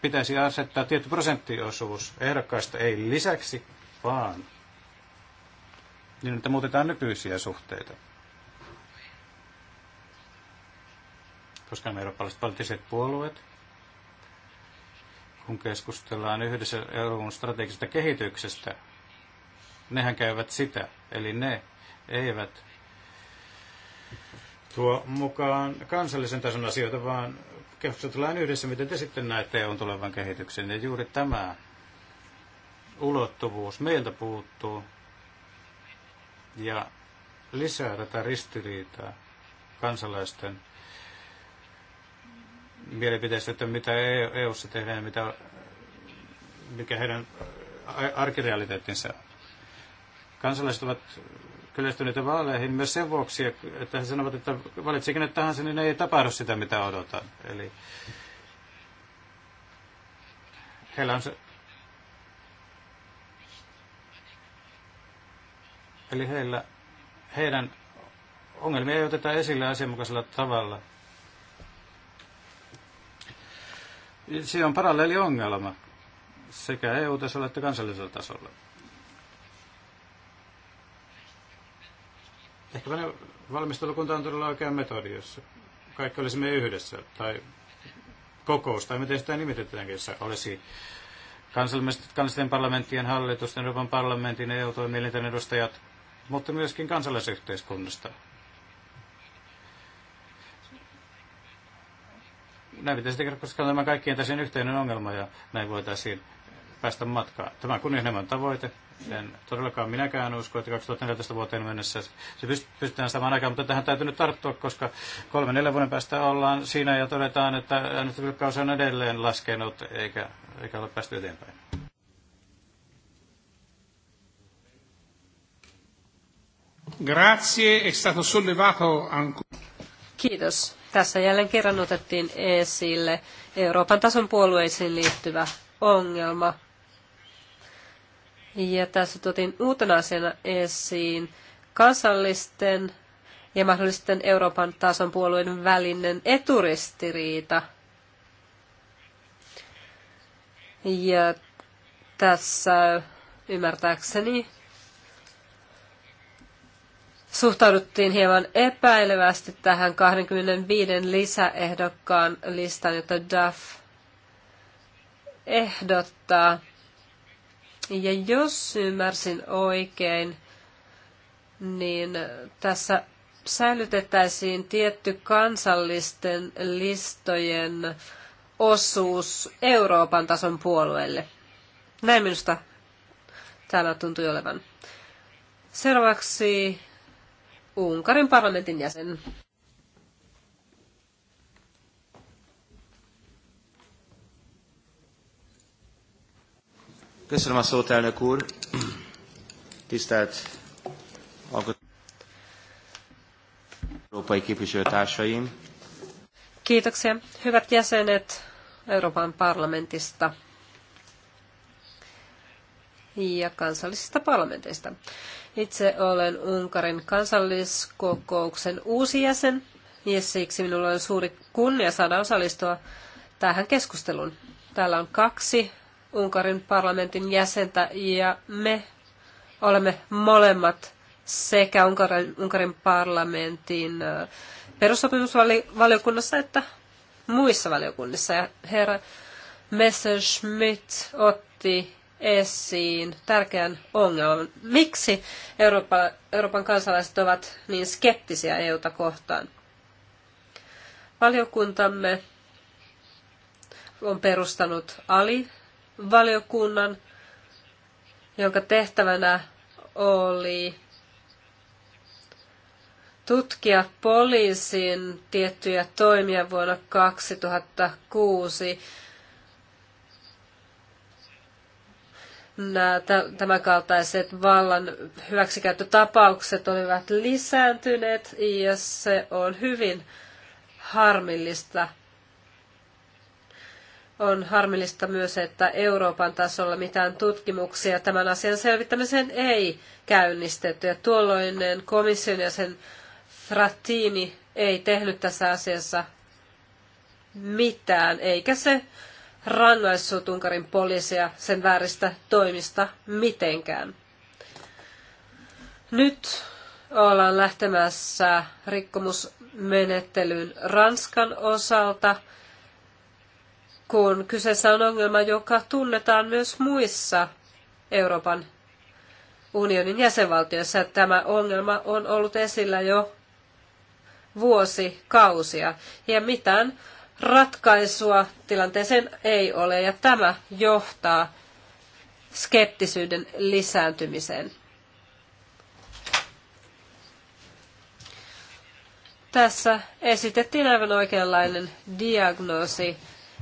[SPEAKER 1] pitäisi asettaa tietty prosenttiosuus ehdokkaista ei lisäksi, vaan niin, että muutetaan nykyisiä suhteita. koska nämä eurooppalaiset poliittiset puolueet, kun keskustellaan yhdessä EUn strategisesta kehityksestä, nehän käyvät sitä, eli ne eivät tuo mukaan kansallisen tason asioita, vaan keskustellaan yhdessä, miten te sitten näette EUn tulevan kehityksen. Ja juuri tämä ulottuvuus meiltä puuttuu ja lisää tätä ristiriitaa kansalaisten mielipiteistä, että mitä EU-ssa e tehdään ja mitä, mikä heidän arkirealiteettinsa on. Kansalaiset ovat kyllästyneitä vaaleihin myös sen vuoksi, että he sanovat, että valitsikin että tahansa, niin ei tapahdu sitä, mitä odotan. Eli heillä on se Eli heillä, heidän ongelmia ei oteta esille asianmukaisella tavalla – se on paralleeli ongelma sekä EU-tasolla että kansallisella tasolla. Ehkä valmistelukunta on todella oikea metodi, jossa kaikki olisimme yhdessä, tai kokous, tai miten sitä nimitetäänkin, jossa olisi kansallisten parlamenttien hallitusten, Euroopan parlamentin EU-toimielinten edustajat, mutta myöskin kansalaisyhteiskunnasta, näin pitäisi tehdä, koska tämä kaikkien täysin yhteinen ongelma ja näin voitaisiin päästä matkaan. Tämä on kunnianhimoinen tavoite. En todellakaan minäkään usko, että 2014 vuoteen mennessä se pystytään samaan aikaan, mutta tähän täytyy nyt tarttua, koska kolme neljä vuoden päästä ollaan siinä ja todetaan, että äänestysvilkkaus on edelleen laskenut eikä, eikä ole päästy eteenpäin. Grazie, è stato sollevato anche.
[SPEAKER 2] Kiitos. Tässä jälleen kerran otettiin esille Euroopan tason puolueisiin liittyvä ongelma. Ja tässä tuotiin uutena asiana esiin kansallisten ja mahdollisten Euroopan tason puolueiden välinen eturistiriita. Ja tässä ymmärtääkseni suhtauduttiin hieman epäilevästi tähän 25 lisäehdokkaan listaan, jota Duff ehdottaa. Ja jos ymmärsin oikein, niin tässä säilytettäisiin tietty kansallisten listojen osuus Euroopan tason puolueelle. Näin minusta täällä tuntui olevan. Seuraavaksi Unkarin parlamentin jäsen.
[SPEAKER 3] Köszönöm a szót, elnök úr. Tisztelt európai képviselőtársaim!
[SPEAKER 2] Kiitoksia. Hyvät jäsenet Euroopan parlamentista ja kansallisista parlamenteista. Itse olen Unkarin kansalliskokouksen uusi jäsen ja siksi minulla on suuri kunnia saada osallistua tähän keskusteluun. Täällä on kaksi Unkarin parlamentin jäsentä ja me olemme molemmat sekä Unkarin, Unkarin parlamentin perussopimusvaliokunnassa että muissa valiokunnissa. Ja herra Messerschmidt otti esiin tärkeän ongelman. Miksi Eurooppa, Euroopan kansalaiset ovat niin skeptisiä EUta kohtaan? Valiokuntamme on perustanut alivaliokunnan, jonka tehtävänä oli tutkia poliisin tiettyjä toimia vuonna 2006 nämä tämänkaltaiset vallan hyväksikäyttötapaukset olivat lisääntyneet ja se on hyvin harmillista. On harmillista myös, että Euroopan tasolla mitään tutkimuksia tämän asian selvittämiseen ei käynnistetty. Ja tuolloinen komission ja sen Frattini ei tehnyt tässä asiassa mitään, eikä se rangaissut Unkarin poliisia sen vääristä toimista mitenkään. Nyt ollaan lähtemässä rikkomusmenettelyyn Ranskan osalta, kun kyseessä on ongelma, joka tunnetaan myös muissa Euroopan unionin jäsenvaltioissa. Tämä ongelma on ollut esillä jo vuosikausia ja mitään ratkaisua tilanteeseen ei ole ja tämä johtaa skeptisyyden lisääntymiseen. Tässä esitettiin aivan oikeanlainen diagnoosi,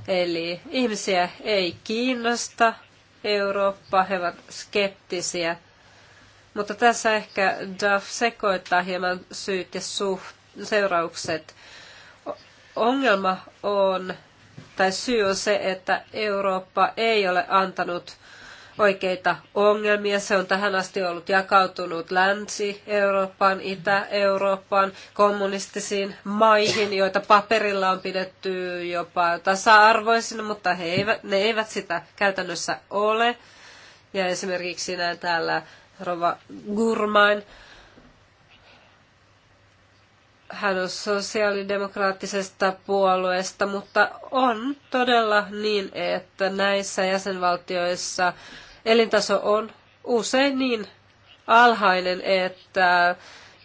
[SPEAKER 2] eli ihmisiä ei kiinnosta Eurooppa, he ovat skeptisiä. Mutta tässä ehkä Duff sekoittaa hieman syyt ja suht, seuraukset. Ongelma on, tai syy on se, että Eurooppa ei ole antanut oikeita ongelmia. Se on tähän asti ollut jakautunut Länsi-Eurooppaan, Itä-Eurooppaan, kommunistisiin maihin, joita paperilla on pidetty jopa tasa-arvoisina, mutta he eivät, ne eivät sitä käytännössä ole. Ja esimerkiksi näin täällä Rova Gurmain hän on sosiaalidemokraattisesta puolueesta, mutta on todella niin, että näissä jäsenvaltioissa elintaso on usein niin alhainen, että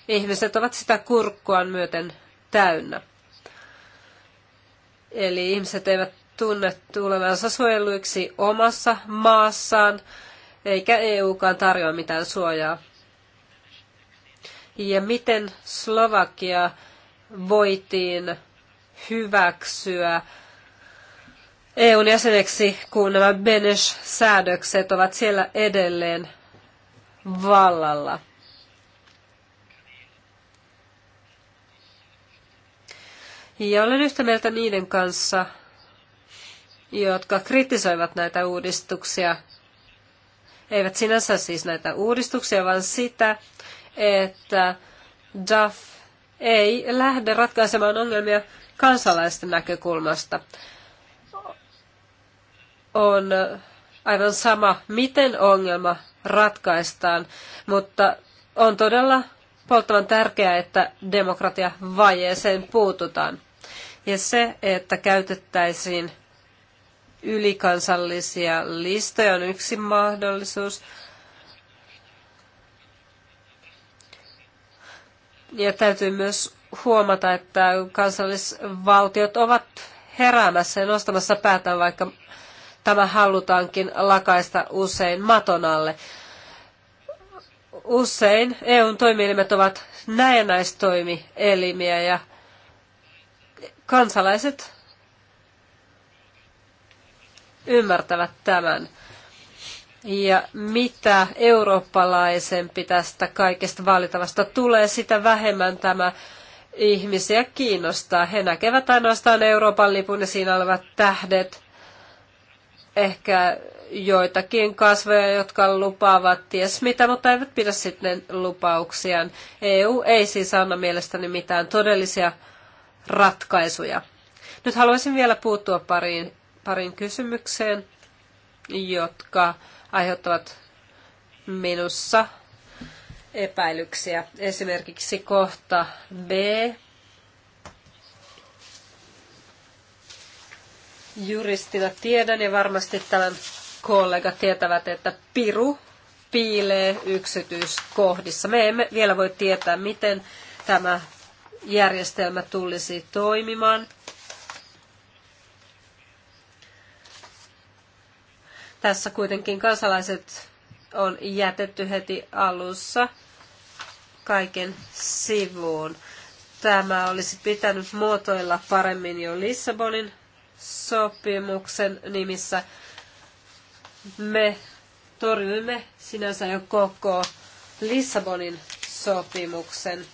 [SPEAKER 2] ihmiset ovat sitä kurkkuaan myöten täynnä. Eli ihmiset eivät tunne tulevansa suojeluiksi omassa maassaan, eikä EUkaan tarjoa mitään suojaa ja miten Slovakia voitiin hyväksyä EUn jäseneksi, kun nämä Benes-säädökset ovat siellä edelleen vallalla. Ja olen yhtä mieltä niiden kanssa, jotka kritisoivat näitä uudistuksia. Eivät sinänsä siis näitä uudistuksia, vaan sitä, että DAF ei lähde ratkaisemaan ongelmia kansalaisten näkökulmasta. On aivan sama, miten ongelma ratkaistaan, mutta on todella polttavan tärkeää, että demokratia vajeeseen puututaan. Ja se, että käytettäisiin ylikansallisia listoja on yksi mahdollisuus, Ja täytyy myös huomata, että kansallisvaltiot ovat heräämässä ja nostamassa päätään, vaikka tämä halutaankin lakaista usein maton alle. Usein EUn toimielimet ovat näennäistoimielimiä ja kansalaiset ymmärtävät tämän. Ja mitä eurooppalaisempi tästä kaikesta valitavasta tulee, sitä vähemmän tämä ihmisiä kiinnostaa. He näkevät ainoastaan Euroopan lipun ja siinä olevat tähdet, ehkä joitakin kasveja, jotka lupaavat ties mitä, mutta eivät pidä sitten lupauksiaan. EU ei siis anna mielestäni mitään todellisia ratkaisuja. Nyt haluaisin vielä puuttua pariin, pariin kysymykseen, jotka aiheuttavat minussa epäilyksiä. Esimerkiksi kohta B. Juristina tiedän ja varmasti tämän kollega tietävät, että piru piilee yksityiskohdissa. Me emme vielä voi tietää, miten tämä järjestelmä tulisi toimimaan. Tässä kuitenkin kansalaiset on jätetty heti alussa kaiken sivuun. Tämä olisi pitänyt muotoilla paremmin jo Lissabonin sopimuksen nimissä. Me torjuimme sinänsä jo koko Lissabonin sopimuksen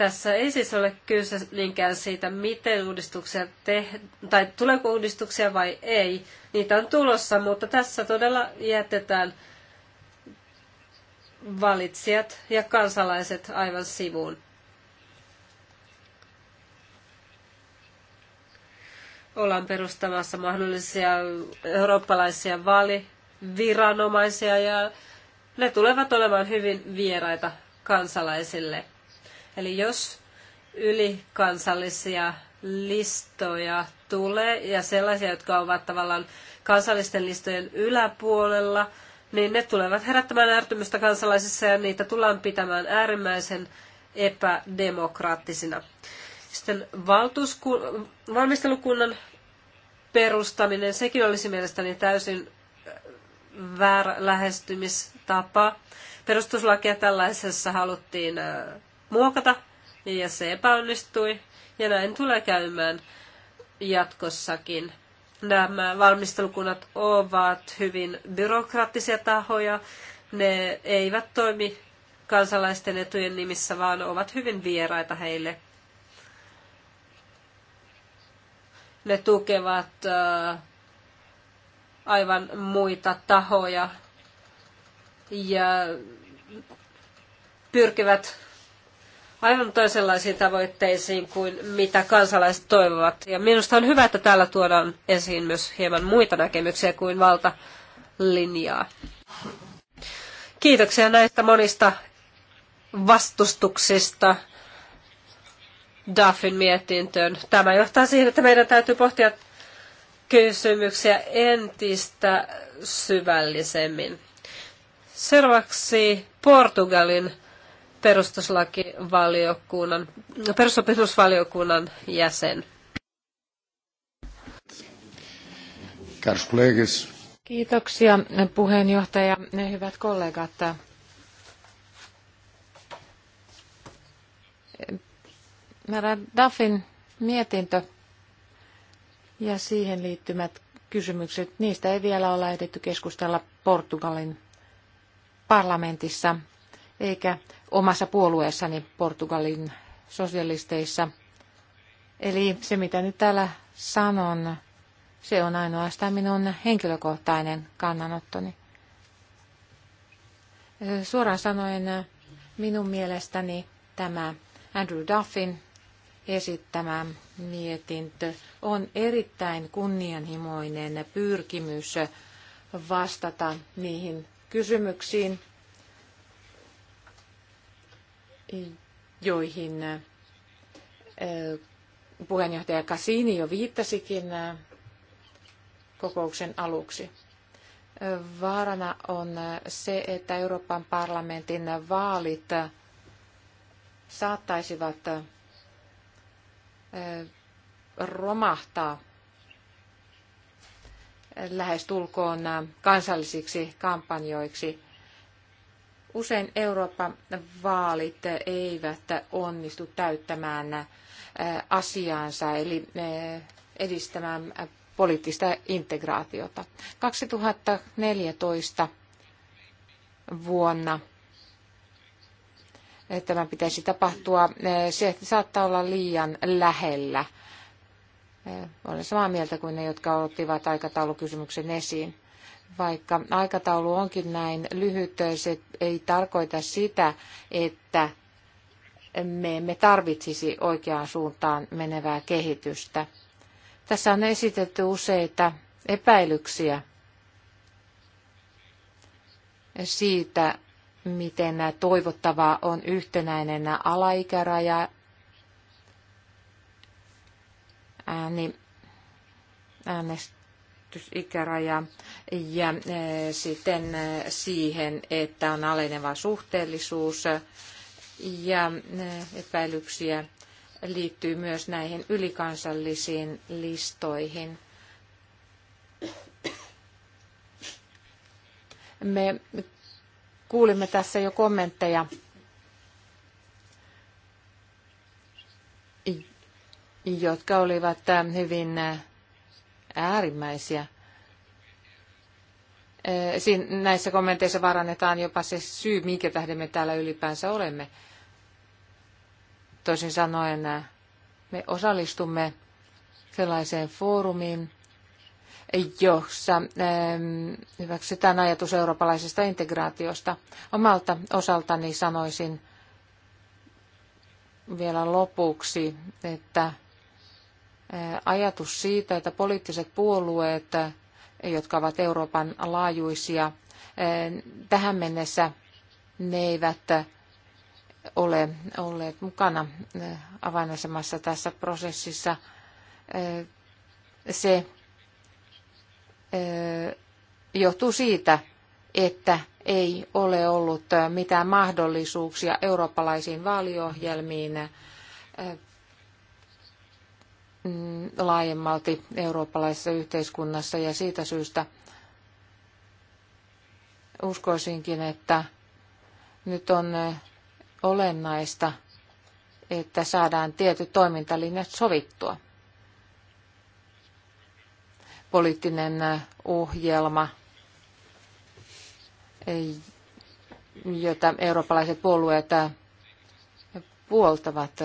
[SPEAKER 2] Tässä ei siis ole kyse niinkään siitä, miten uudistuksia tehdään, tai tuleeko uudistuksia vai ei. Niitä on tulossa, mutta tässä todella jätetään valitsijat ja kansalaiset aivan sivuun. Ollaan perustamassa mahdollisia eurooppalaisia vaaliviranomaisia ja ne tulevat olemaan hyvin vieraita kansalaisille – Eli jos ylikansallisia listoja tulee ja sellaisia, jotka ovat tavallaan kansallisten listojen yläpuolella, niin ne tulevat herättämään ärtymystä kansalaisissa ja niitä tullaan pitämään äärimmäisen epädemokraattisina. Sitten valtuusku- valmistelukunnan perustaminen, sekin olisi mielestäni täysin äh, väärä lähestymistapa. Perustuslakia tällaisessa haluttiin äh, muokata, ja se epäonnistui, ja näin tulee käymään jatkossakin. Nämä valmistelukunnat ovat hyvin byrokraattisia tahoja, ne eivät toimi kansalaisten etujen nimissä, vaan ovat hyvin vieraita heille. Ne tukevat äh, aivan muita tahoja ja pyrkivät aivan toisenlaisiin tavoitteisiin kuin mitä kansalaiset toivovat. Ja minusta on hyvä, että täällä tuodaan esiin myös hieman muita näkemyksiä kuin valtalinjaa. Kiitoksia näistä monista vastustuksista Duffin mietintöön. Tämä johtaa siihen, että meidän täytyy pohtia kysymyksiä entistä syvällisemmin. Seuraavaksi Portugalin perustuslakivaliokunnan, perusopetusvaliokunnan jäsen.
[SPEAKER 4] Kiitoksia puheenjohtaja ja hyvät kollegat. Mä Duffin mietintö ja siihen liittymät kysymykset, niistä ei vielä olla ehditty keskustella Portugalin parlamentissa eikä omassa puolueessani Portugalin sosialisteissa. Eli se, mitä nyt täällä sanon, se on ainoastaan minun henkilökohtainen kannanottoni. Suoraan sanoen minun mielestäni tämä Andrew Duffin esittämä mietintö on erittäin kunnianhimoinen pyrkimys vastata niihin kysymyksiin, joihin puheenjohtaja Cassini jo viittasikin kokouksen aluksi. Vaarana on se, että Euroopan parlamentin vaalit saattaisivat romahtaa lähestulkoon kansallisiksi kampanjoiksi Usein Euroopan vaalit eivät onnistu täyttämään asiaansa, eli edistämään poliittista integraatiota. 2014 vuonna tämä pitäisi tapahtua. Se saattaa olla liian lähellä. Olen samaa mieltä kuin ne, jotka ottivat aikataulukysymyksen esiin. Vaikka aikataulu onkin näin lyhyt, se ei tarkoita sitä, että me emme tarvitsisi oikeaan suuntaan menevää kehitystä. Tässä on esitetty useita epäilyksiä siitä, miten toivottavaa on yhtenäinen alaikäraja. Ääni, äänest, äänestysikäraja ja sitten siihen, että on aleneva suhteellisuus ja epäilyksiä liittyy myös näihin ylikansallisiin listoihin. Me kuulimme tässä jo kommentteja jotka olivat hyvin äärimmäisiä. Eh, siin, näissä kommenteissa varannetaan jopa se syy, minkä tähden me täällä ylipäänsä olemme. Toisin sanoen eh, me osallistumme sellaiseen foorumiin, jossa hyväksytään ajatus eurooppalaisesta integraatiosta. Omalta osaltani sanoisin vielä lopuksi, että ajatus siitä, että poliittiset puolueet, jotka ovat Euroopan laajuisia, tähän mennessä ne eivät ole olleet mukana avainasemassa tässä prosessissa. Se eh, johtuu siitä, että ei ole ollut mitään mahdollisuuksia eurooppalaisiin vaaliohjelmiin eh, Mm, laajemmalti eurooppalaisessa yhteiskunnassa ja siitä syystä uskoisinkin, että nyt on olennaista, että saadaan tietyt toimintalinjat sovittua. Poliittinen ohjelma, jota eurooppalaiset puolueet puoltavat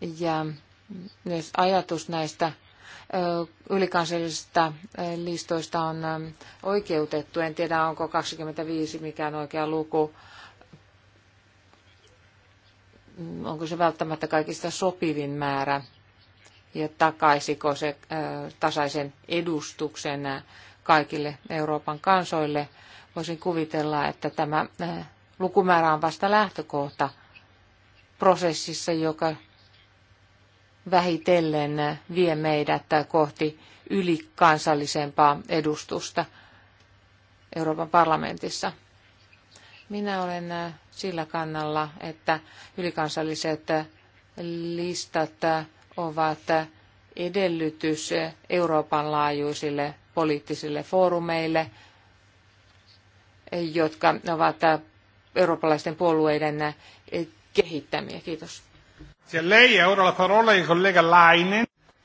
[SPEAKER 4] ja myös ajatus näistä ylikansallisista listoista on oikeutettu. En tiedä, onko 25 mikään oikea luku. Mm, onko se välttämättä kaikista sopivin määrä ja takaisiko se tasaisen edustuksen kaikille Euroopan kansoille. Voisin kuvitella, että tämä lukumäärä on vasta lähtökohta prosessissa, joka vähitellen vie meidät kohti ylikansallisempaa edustusta Euroopan parlamentissa. Minä olen sillä kannalla, että ylikansalliset listat ovat edellytys Euroopan laajuisille poliittisille foorumeille, jotka ovat eurooppalaisten puolueiden kehittämiä. Kiitos. E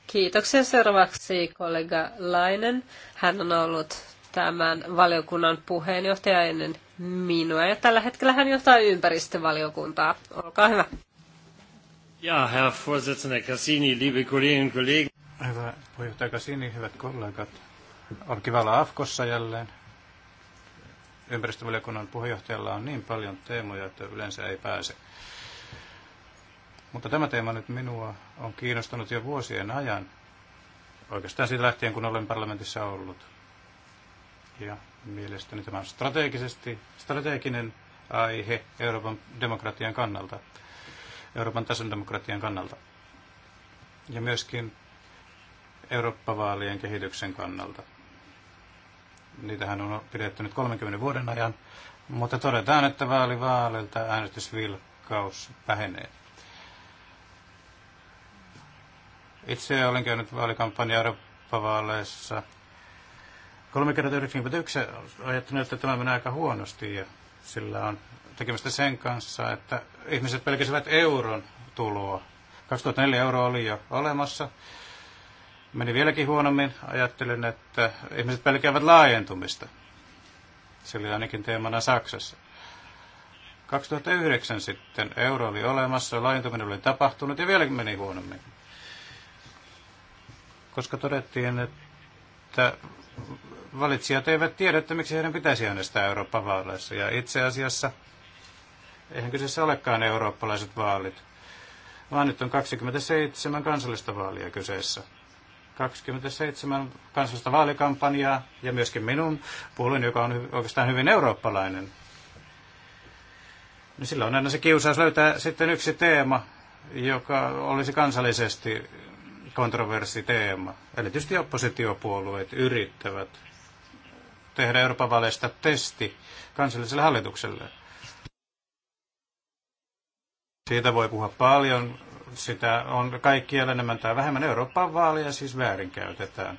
[SPEAKER 2] Kiitoksia seuraavaksi kollega Lainen. Hän on ollut tämän valiokunnan puheenjohtaja ennen minua ja tällä hetkellä hän johtaa ympäristövaliokuntaa. Olkaa hyvä.
[SPEAKER 4] Ja,
[SPEAKER 1] Herr Vorsitzende Cassini, liebe Kolleginnen und Kollegen. Hyvä puheenjohtaja Cassini, hyvät kollegat. On olla Afkossa jälleen. Ympäristövaliokunnan puheenjohtajalla on niin paljon teemoja, että yleensä ei pääse mutta tämä teema nyt minua on kiinnostanut jo vuosien ajan, oikeastaan siitä lähtien, kun olen parlamentissa ollut. Ja mielestäni tämä on strategisesti, strateginen aihe Euroopan demokratian kannalta, Euroopan tason demokratian kannalta. Ja myöskin Eurooppa-vaalien kehityksen kannalta. Niitähän on pidetty nyt 30 vuoden ajan, mutta todetaan, että vaali vaalilta äänestysvilkkaus vähenee. Itse olen käynyt vaalikampanja Eurooppa-vaaleissa. Kolme kertaa 91 ajattelin, että tämä menee aika huonosti ja sillä on tekemistä sen kanssa, että ihmiset pelkäsivät euron tuloa. 2004 euro oli jo olemassa. Meni vieläkin huonommin. Ajattelin, että ihmiset pelkäävät laajentumista. Se oli ainakin teemana Saksassa. 2009 sitten euro oli olemassa, laajentuminen oli tapahtunut ja vieläkin meni huonommin koska todettiin, että valitsijat eivät tiedä, että miksi heidän pitäisi äänestää Euroopan vaaleissa. Ja itse asiassa eihän kyseessä olekaan eurooppalaiset vaalit, vaan nyt on 27 kansallista vaalia kyseessä. 27 kansallista vaalikampanjaa ja myöskin minun puolueeni, joka on oikeastaan hyvin eurooppalainen. Niin silloin on aina se kiusaus löytää sitten yksi teema, joka olisi kansallisesti kontroversiteema. Eli tietysti oppositiopuolueet yrittävät tehdä Euroopan vaaleista testi kansalliselle hallitukselle. Siitä voi puhua paljon. Sitä on kaikkialla enemmän tai vähemmän Euroopan vaaleja siis väärinkäytetään.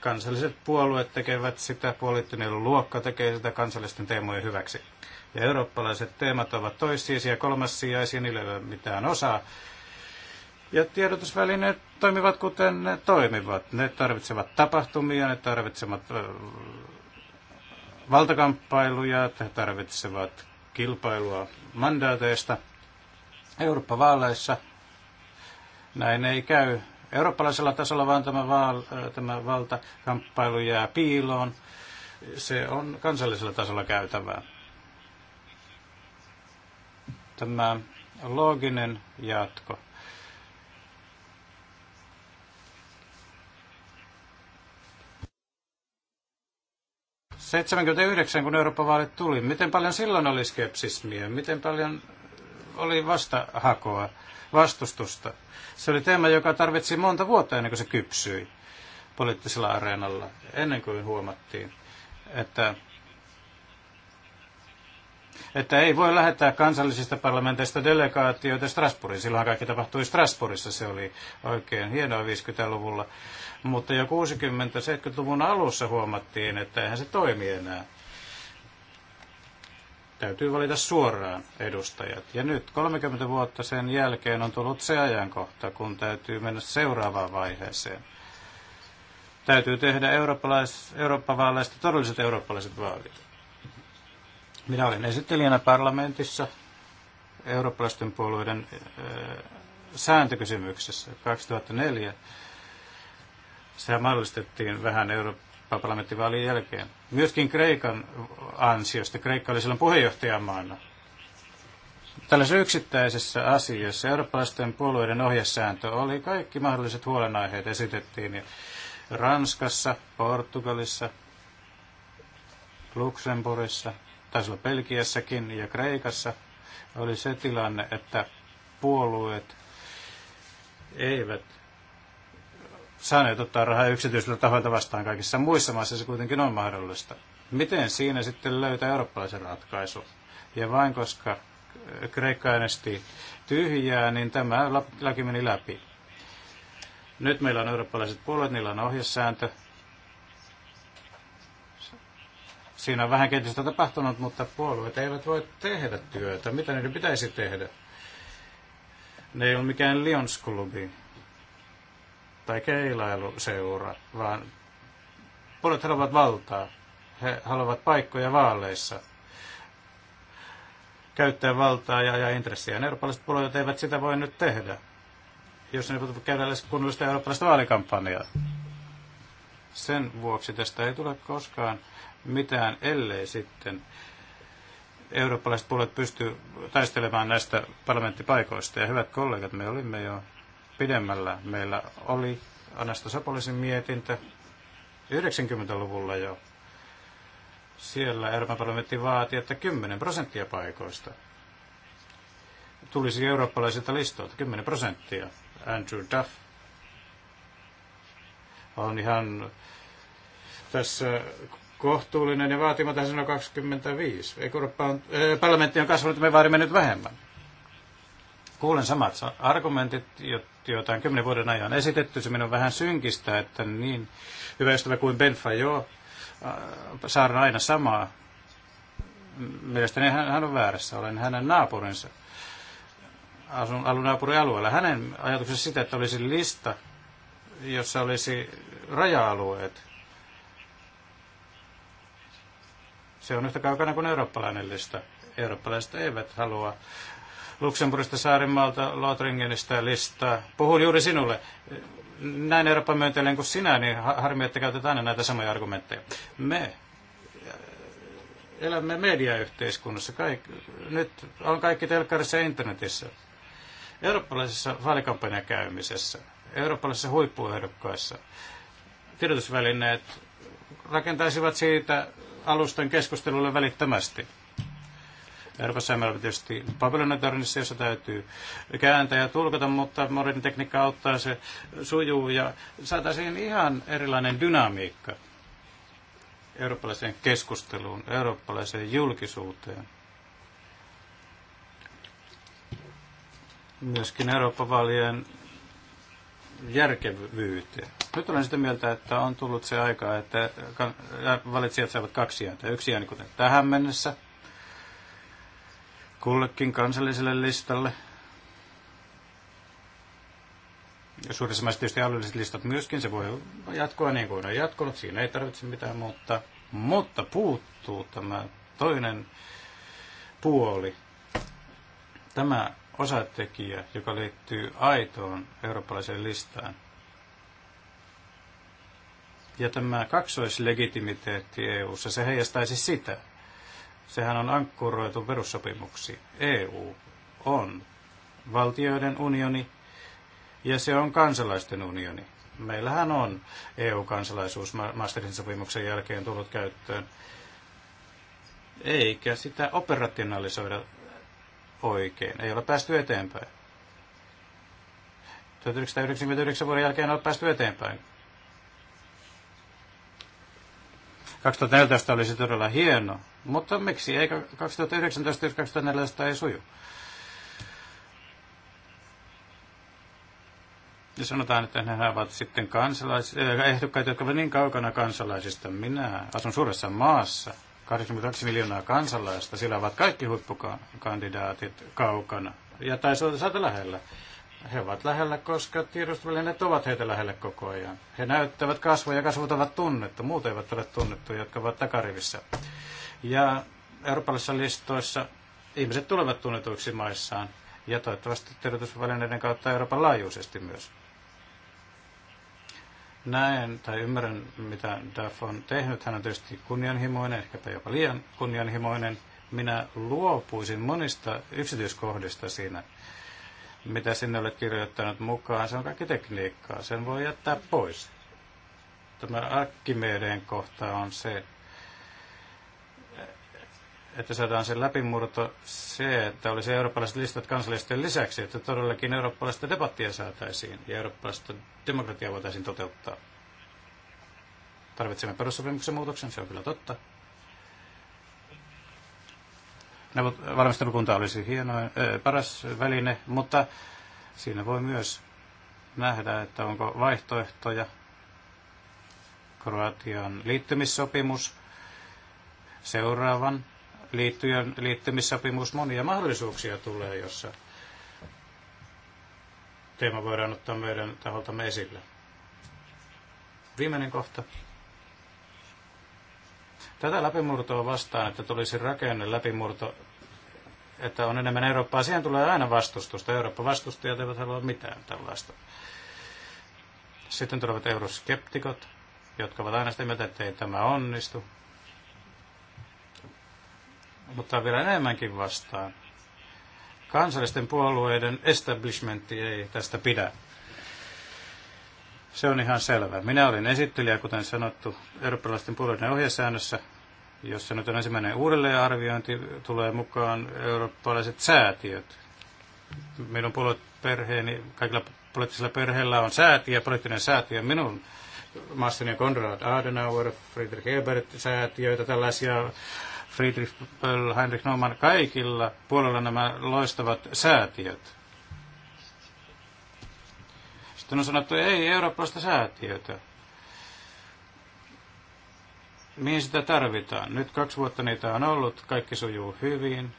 [SPEAKER 1] Kansalliset puolueet tekevät sitä, poliittinen luokka tekee sitä kansallisten teemojen hyväksi. Ja eurooppalaiset teemat ovat toissijaisia, kolmassijaisia, niillä ei ole mitään osaa ja tiedotusvälineet toimivat kuten ne toimivat. Ne tarvitsevat tapahtumia, ne tarvitsevat valtakamppailuja, ne tarvitsevat kilpailua mandaateista Eurooppa-vaaleissa. Näin ei käy eurooppalaisella tasolla, vaan tämä, vaal, tämä valtakamppailu jää piiloon. Se on kansallisella tasolla käytävää. Tämä looginen jatko 79, kun Euroopan vaalit tuli, miten paljon silloin oli skepsismiä, miten paljon oli vastahakoa, vastustusta. Se oli teema, joka tarvitsi monta vuotta ennen kuin se kypsyi poliittisella areenalla, ennen kuin huomattiin, että että ei voi lähettää kansallisista parlamenteista delegaatioita Strasbourgiin. Silloin kaikki tapahtui Strasbourgissa, se oli oikein hienoa 50-luvulla. Mutta jo 60-70-luvun alussa huomattiin, että eihän se toimi enää. Täytyy valita suoraan edustajat. Ja nyt 30 vuotta sen jälkeen on tullut se ajankohta, kun täytyy mennä seuraavaan vaiheeseen. Täytyy tehdä eurooppalais, eurooppavaaleista todelliset eurooppalaiset vaalit minä olin esittelijänä parlamentissa eurooppalaisten puolueiden sääntökysymyksessä 2004. Sehän mahdollistettiin vähän Euroopan parlamenttivaalien jälkeen. Myöskin Kreikan ansiosta. Kreikka oli silloin puheenjohtajamaana. Tällaisessa yksittäisessä asiassa eurooppalaisten puolueiden ohjesääntö oli kaikki mahdolliset huolenaiheet esitettiin. Ja Ranskassa, Portugalissa, Luxemburgissa, taisi olla Belgiassakin ja Kreikassa, oli se tilanne, että puolueet eivät saaneet ottaa rahaa yksityisiltä tahoilta vastaan kaikissa muissa maissa, se kuitenkin on mahdollista. Miten siinä sitten löytää eurooppalaisen ratkaisu? Ja vain koska Kreikka äänesti tyhjää, niin tämä laki meni läpi. Nyt meillä on eurooppalaiset puolueet, niillä on ohjesääntö, Siinä on vähän kehitystä tapahtunut, mutta puolueet eivät voi tehdä työtä. Mitä niiden pitäisi tehdä? Ne ei ole mikään Lions-klubi tai keilailuseura, vaan puolueet haluavat valtaa. He haluavat paikkoja vaaleissa käyttää valtaa ja, ja intressiä. Eurooppalaiset puolueet eivät sitä voi nyt tehdä, jos ne voivat käydä edes kunnollista eurooppalaista vaalikampanjaa. Sen vuoksi tästä ei tule koskaan mitään, ellei sitten eurooppalaiset puolet pysty taistelemaan näistä parlamenttipaikoista. Ja hyvät kollegat, me olimme jo pidemmällä. Meillä oli Anasta Sapolisin mietintö 90-luvulla jo. Siellä Euroopan parlamentti vaati, että 10 prosenttia paikoista tulisi eurooppalaisilta listoilta. 10 prosenttia. Andrew Duff on ihan tässä kohtuullinen ja vaatimaton sanoi 25. Eurooppa on, ää, eh, parlamentti on kasvanut, me vaadimme nyt vähemmän. Kuulen samat argumentit, joita on kymmenen vuoden ajan esitetty. Se minun vähän synkistä, että niin hyvä ystävä kuin Ben Fajo äh, saarna aina samaa. Mielestäni hän, hän on väärässä. Olen hänen naapurinsa. Asun alunaapurialueella. Hänen ajatuksensa sitä, että olisi lista, jossa olisi raja-alueet Se on yhtä kaukana kuin eurooppalainen lista. Eurooppalaiset eivät halua Luxemburgista, Saarimaalta, Lotringenistä listaa. Puhun juuri sinulle. Näin Euroopan myönteinen kuin sinä, niin harmi, että käytetään aina näitä samoja argumentteja. Me äh, elämme mediayhteiskunnassa. Kaik, nyt on kaikki telkkarissa ja internetissä. Eurooppalaisessa vaalikampanjan käymisessä, eurooppalaisissa huippuehdokkaissa, tiedotusvälineet rakentaisivat siitä alustan keskustelulle välittömästi. Euroopassa on tietysti papelinetarinnissa, jossa täytyy kääntää ja tulkata, mutta moderni tekniikka auttaa, se sujuu ja saataisiin ihan erilainen dynamiikka eurooppalaiseen keskusteluun, eurooppalaiseen julkisuuteen. Myöskin Eurooppa-vaalien järkevyyteen. Nyt olen sitä mieltä, että on tullut se aika, että valitsijat saavat kaksi ääntä. Yksi ääni kuten tähän mennessä kullekin kansalliselle listalle. Ja suurissa maissa tietysti alueelliset listat myöskin, se voi jatkoa niin kuin on jatkunut, siinä ei tarvitse mitään mutta Mutta puuttuu tämä toinen puoli, tämä osatekijä, joka liittyy aitoon eurooppalaiseen listaan – ja tämä kaksoislegitimiteetti EU:ssa, se heijastaisi sitä. Sehän on ankkuroitu perussopimuksi. EU on valtioiden unioni ja se on kansalaisten unioni. Meillähän on EU-kansalaisuus Maastrichtin sopimuksen jälkeen tullut käyttöön, eikä sitä operationalisoida oikein. Ei ole päästy eteenpäin. 1999 vuoden jälkeen ei ole päästy eteenpäin 2014 olisi todella hieno, mutta miksi ei 2019, jos 2014 ei suju? Ja sanotaan, että he ovat sitten kansalais, äh, ehdokkaita, jotka ovat niin kaukana kansalaisista. Minä asun suuressa maassa, 82 miljoonaa kansalaista, sillä ovat kaikki huippukandidaatit kaukana. Ja olla saata lähellä. He ovat lähellä, koska tiedostovälineet ovat heitä lähellä koko ajan. He näyttävät kasvoja ja kasvot ovat tunnettu. Muut eivät ole tunnettu, jotka ovat takarivissä. Ja eurooppalaisissa listoissa ihmiset tulevat tunnetuiksi maissaan ja toivottavasti tiedotusvälineiden kautta Euroopan laajuisesti myös. Näen tai ymmärrän, mitä Duff on tehnyt. Hän on tietysti kunnianhimoinen, ehkäpä jopa liian kunnianhimoinen. Minä luopuisin monista yksityiskohdista siinä mitä sinne olet kirjoittanut mukaan, se on kaikki tekniikkaa. Sen voi jättää pois. Tämä Akkimedeen kohta on se, että saadaan se läpimurto se, että olisi eurooppalaiset listat kansallisten lisäksi, että todellakin eurooppalaista debattia saataisiin ja eurooppalaista demokratiaa voitaisiin toteuttaa. Tarvitsemme perussopimuksen muutoksen, se on kyllä totta valmistelukunta olisi hieno, äh, paras väline, mutta siinä voi myös nähdä, että onko vaihtoehtoja. Kroatian liittymissopimus, seuraavan liittyjän liittymissopimus, monia mahdollisuuksia tulee, jossa teema voidaan ottaa meidän taholtamme esille. Viimeinen kohta. Tätä läpimurtoa vastaan, että tulisi rakenne läpimurto että on enemmän Eurooppaa, siihen tulee aina vastustusta. Eurooppa vastustajat eivät halua mitään tällaista. Sitten tulevat euroskeptikot, jotka ovat aina sitä mieltä, että ei tämä onnistu. Mutta vielä enemmänkin vastaan. Kansallisten puolueiden establishmentti ei tästä pidä. Se on ihan selvä. Minä olin esittelijä, kuten sanottu, eurooppalaisten puolueiden ohjesäännössä jossa nyt on ensimmäinen uudelleenarviointi, tulee mukaan eurooppalaiset säätiöt. Minun perheeni, kaikilla poliittisilla perheillä on säätiö, poliittinen säätiö. Minun maassani on Konrad Adenauer, Friedrich Ebert-säätiöitä, tällaisia Friedrich Böll, Heinrich Naumann, kaikilla puolella nämä loistavat säätiöt. Sitten on sanottu, ei eurooppalaista säätiötä mihin sitä tarvitaan. Nyt kaksi vuotta niitä on ollut, kaikki sujuu hyvin.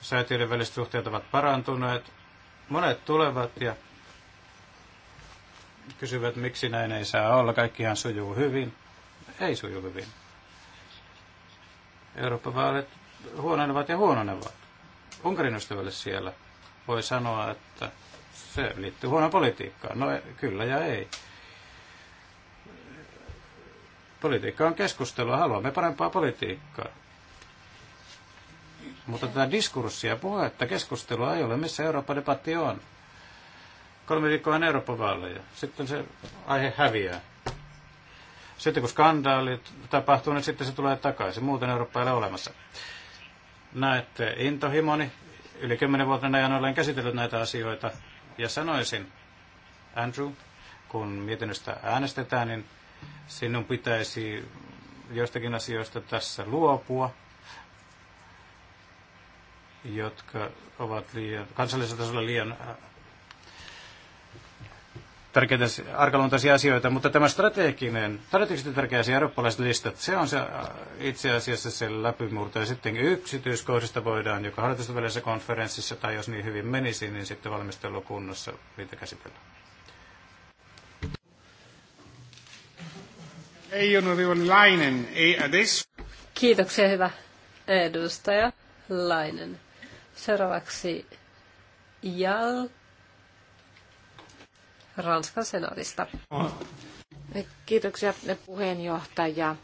[SPEAKER 1] Säätiöiden väliset suhteet ovat parantuneet. Monet tulevat ja kysyvät, miksi näin ei saa olla. Kaikkihan sujuu hyvin. Ei suju hyvin. Euroopan vaalit huononevat ja huononevat. Unkarin ystävälle siellä voi sanoa, että se liittyy huonoon politiikkaan. No kyllä ja ei. Politiikka on keskustelua, haluamme parempaa politiikkaa. Mutta tätä diskurssia, puhetta, keskustelua ei ole, missä Euroopan debatti on. Kolme viikkoa on Euroopan vaaleja. Sitten se aihe häviää. Sitten kun skandaali tapahtuu, niin sitten se tulee takaisin. Muuten Eurooppa ei ole olemassa. Näette intohimoni. Yli kymmenen vuotta ajan olen käsitellyt näitä asioita. Ja sanoisin, Andrew, kun mietinnöstä äänestetään, niin Sinun pitäisi joistakin asioista tässä luopua, jotka ovat liian, kansallisella tasolla liian äh, tärkeitä arkaluontaisia asioita, mutta tämä strateginen, strategisesti tärkeä asia, eurooppalaiset listat, se on se äh, itse asiassa se läpimurto. Ja sitten yksityiskohdista voidaan, joka hallitusten välisessä konferenssissa tai jos niin hyvin menisi, niin sitten valmistelukunnassa niitä käsitellään. Ei Lainen, ei
[SPEAKER 2] Kiitoksia, hyvä edustaja Lainen. Seuraavaksi Jal
[SPEAKER 4] Ranskan senaatista. Kiitoksia puheenjohtaja.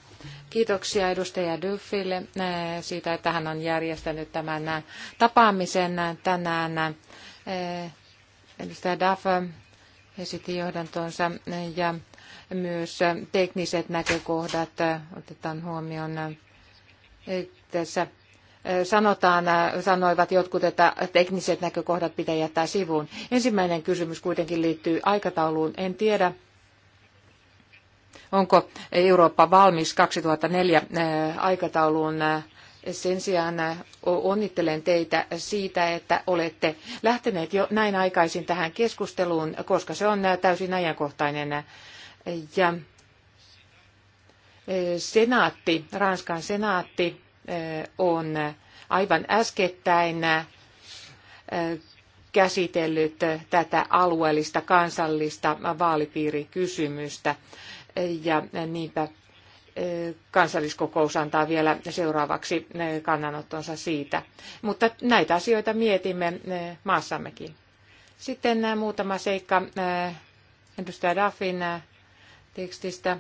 [SPEAKER 4] Kiitoksia edustaja Dyffille eh, siitä, että hän on järjestänyt tämän eh, tapaamisen tänään. Eh, edustaja Duff esitti johdantonsa ja myös tekniset näkökohdat otetaan huomioon. Tässä sanotaan, sanoivat jotkut, että tekniset näkökohdat pitää jättää sivuun. Ensimmäinen kysymys kuitenkin liittyy aikatauluun. En tiedä, onko Eurooppa valmis 2004 aikatauluun. Sen sijaan onnittelen teitä siitä, että olette lähteneet jo näin aikaisin tähän keskusteluun, koska se on täysin ajankohtainen ja eh, senaatti, Ranskan senaatti eh, on aivan äskettäin eh, käsitellyt tätä alueellista kansallista vaalipiirikysymystä. Ja niinpä kansalliskokous antaa vielä seuraavaksi kannanottonsa siitä. Mutta näitä asioita mietimme maassammekin. Sitten muutama seikka edustaja Daffin tekstistä.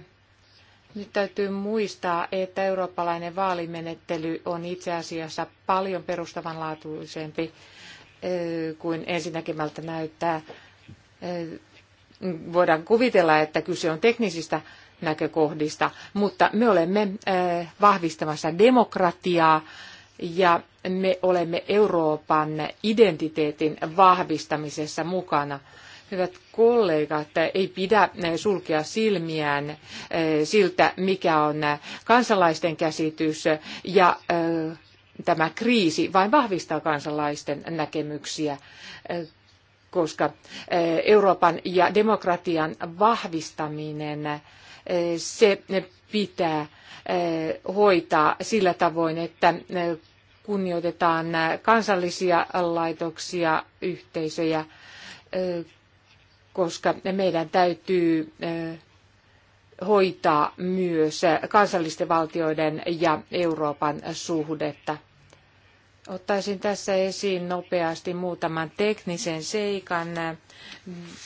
[SPEAKER 4] Nyt täytyy muistaa, että eurooppalainen vaalimenettely on itse asiassa paljon perustavanlaatuisempi kuin ensinnäkemältä näyttää. Voidaan kuvitella, että kyse on teknisistä näkökohdista, mutta me olemme vahvistamassa demokratiaa ja me olemme Euroopan identiteetin vahvistamisessa mukana – Hyvät kollegat, ei pidä eh, sulkea silmiään eh, siltä, mikä on eh, kansalaisten käsitys ja tämä kriisi vain vahvistaa kansalaisten näkemyksiä, koska Euroopan ja demokratian vahvistaminen se pitää hoitaa sillä tavoin, että kunnioitetaan kansallisia laitoksia, yhteisöjä, koska meidän täytyy hoitaa myös kansallisten valtioiden ja Euroopan suhdetta. Ottaisin tässä esiin nopeasti muutaman teknisen seikan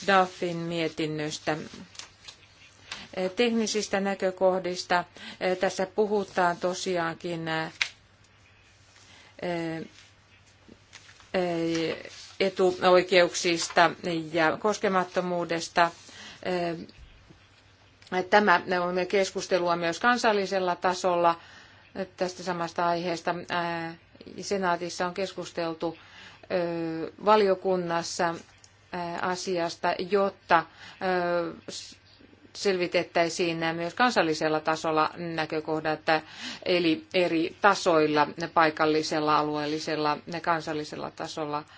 [SPEAKER 4] DAFin mietinnöstä. Teknisistä näkökohdista tässä puhutaan tosiaankin etuoikeuksista ja koskemattomuudesta. Tämä on keskustelua myös kansallisella tasolla tästä samasta aiheesta. Senaatissa on keskusteltu valiokunnassa asiasta, jotta selvitettäisiin myös kansallisella tasolla näkökohdat, eli eri tasoilla, paikallisella, alueellisella ja kansallisella tasolla –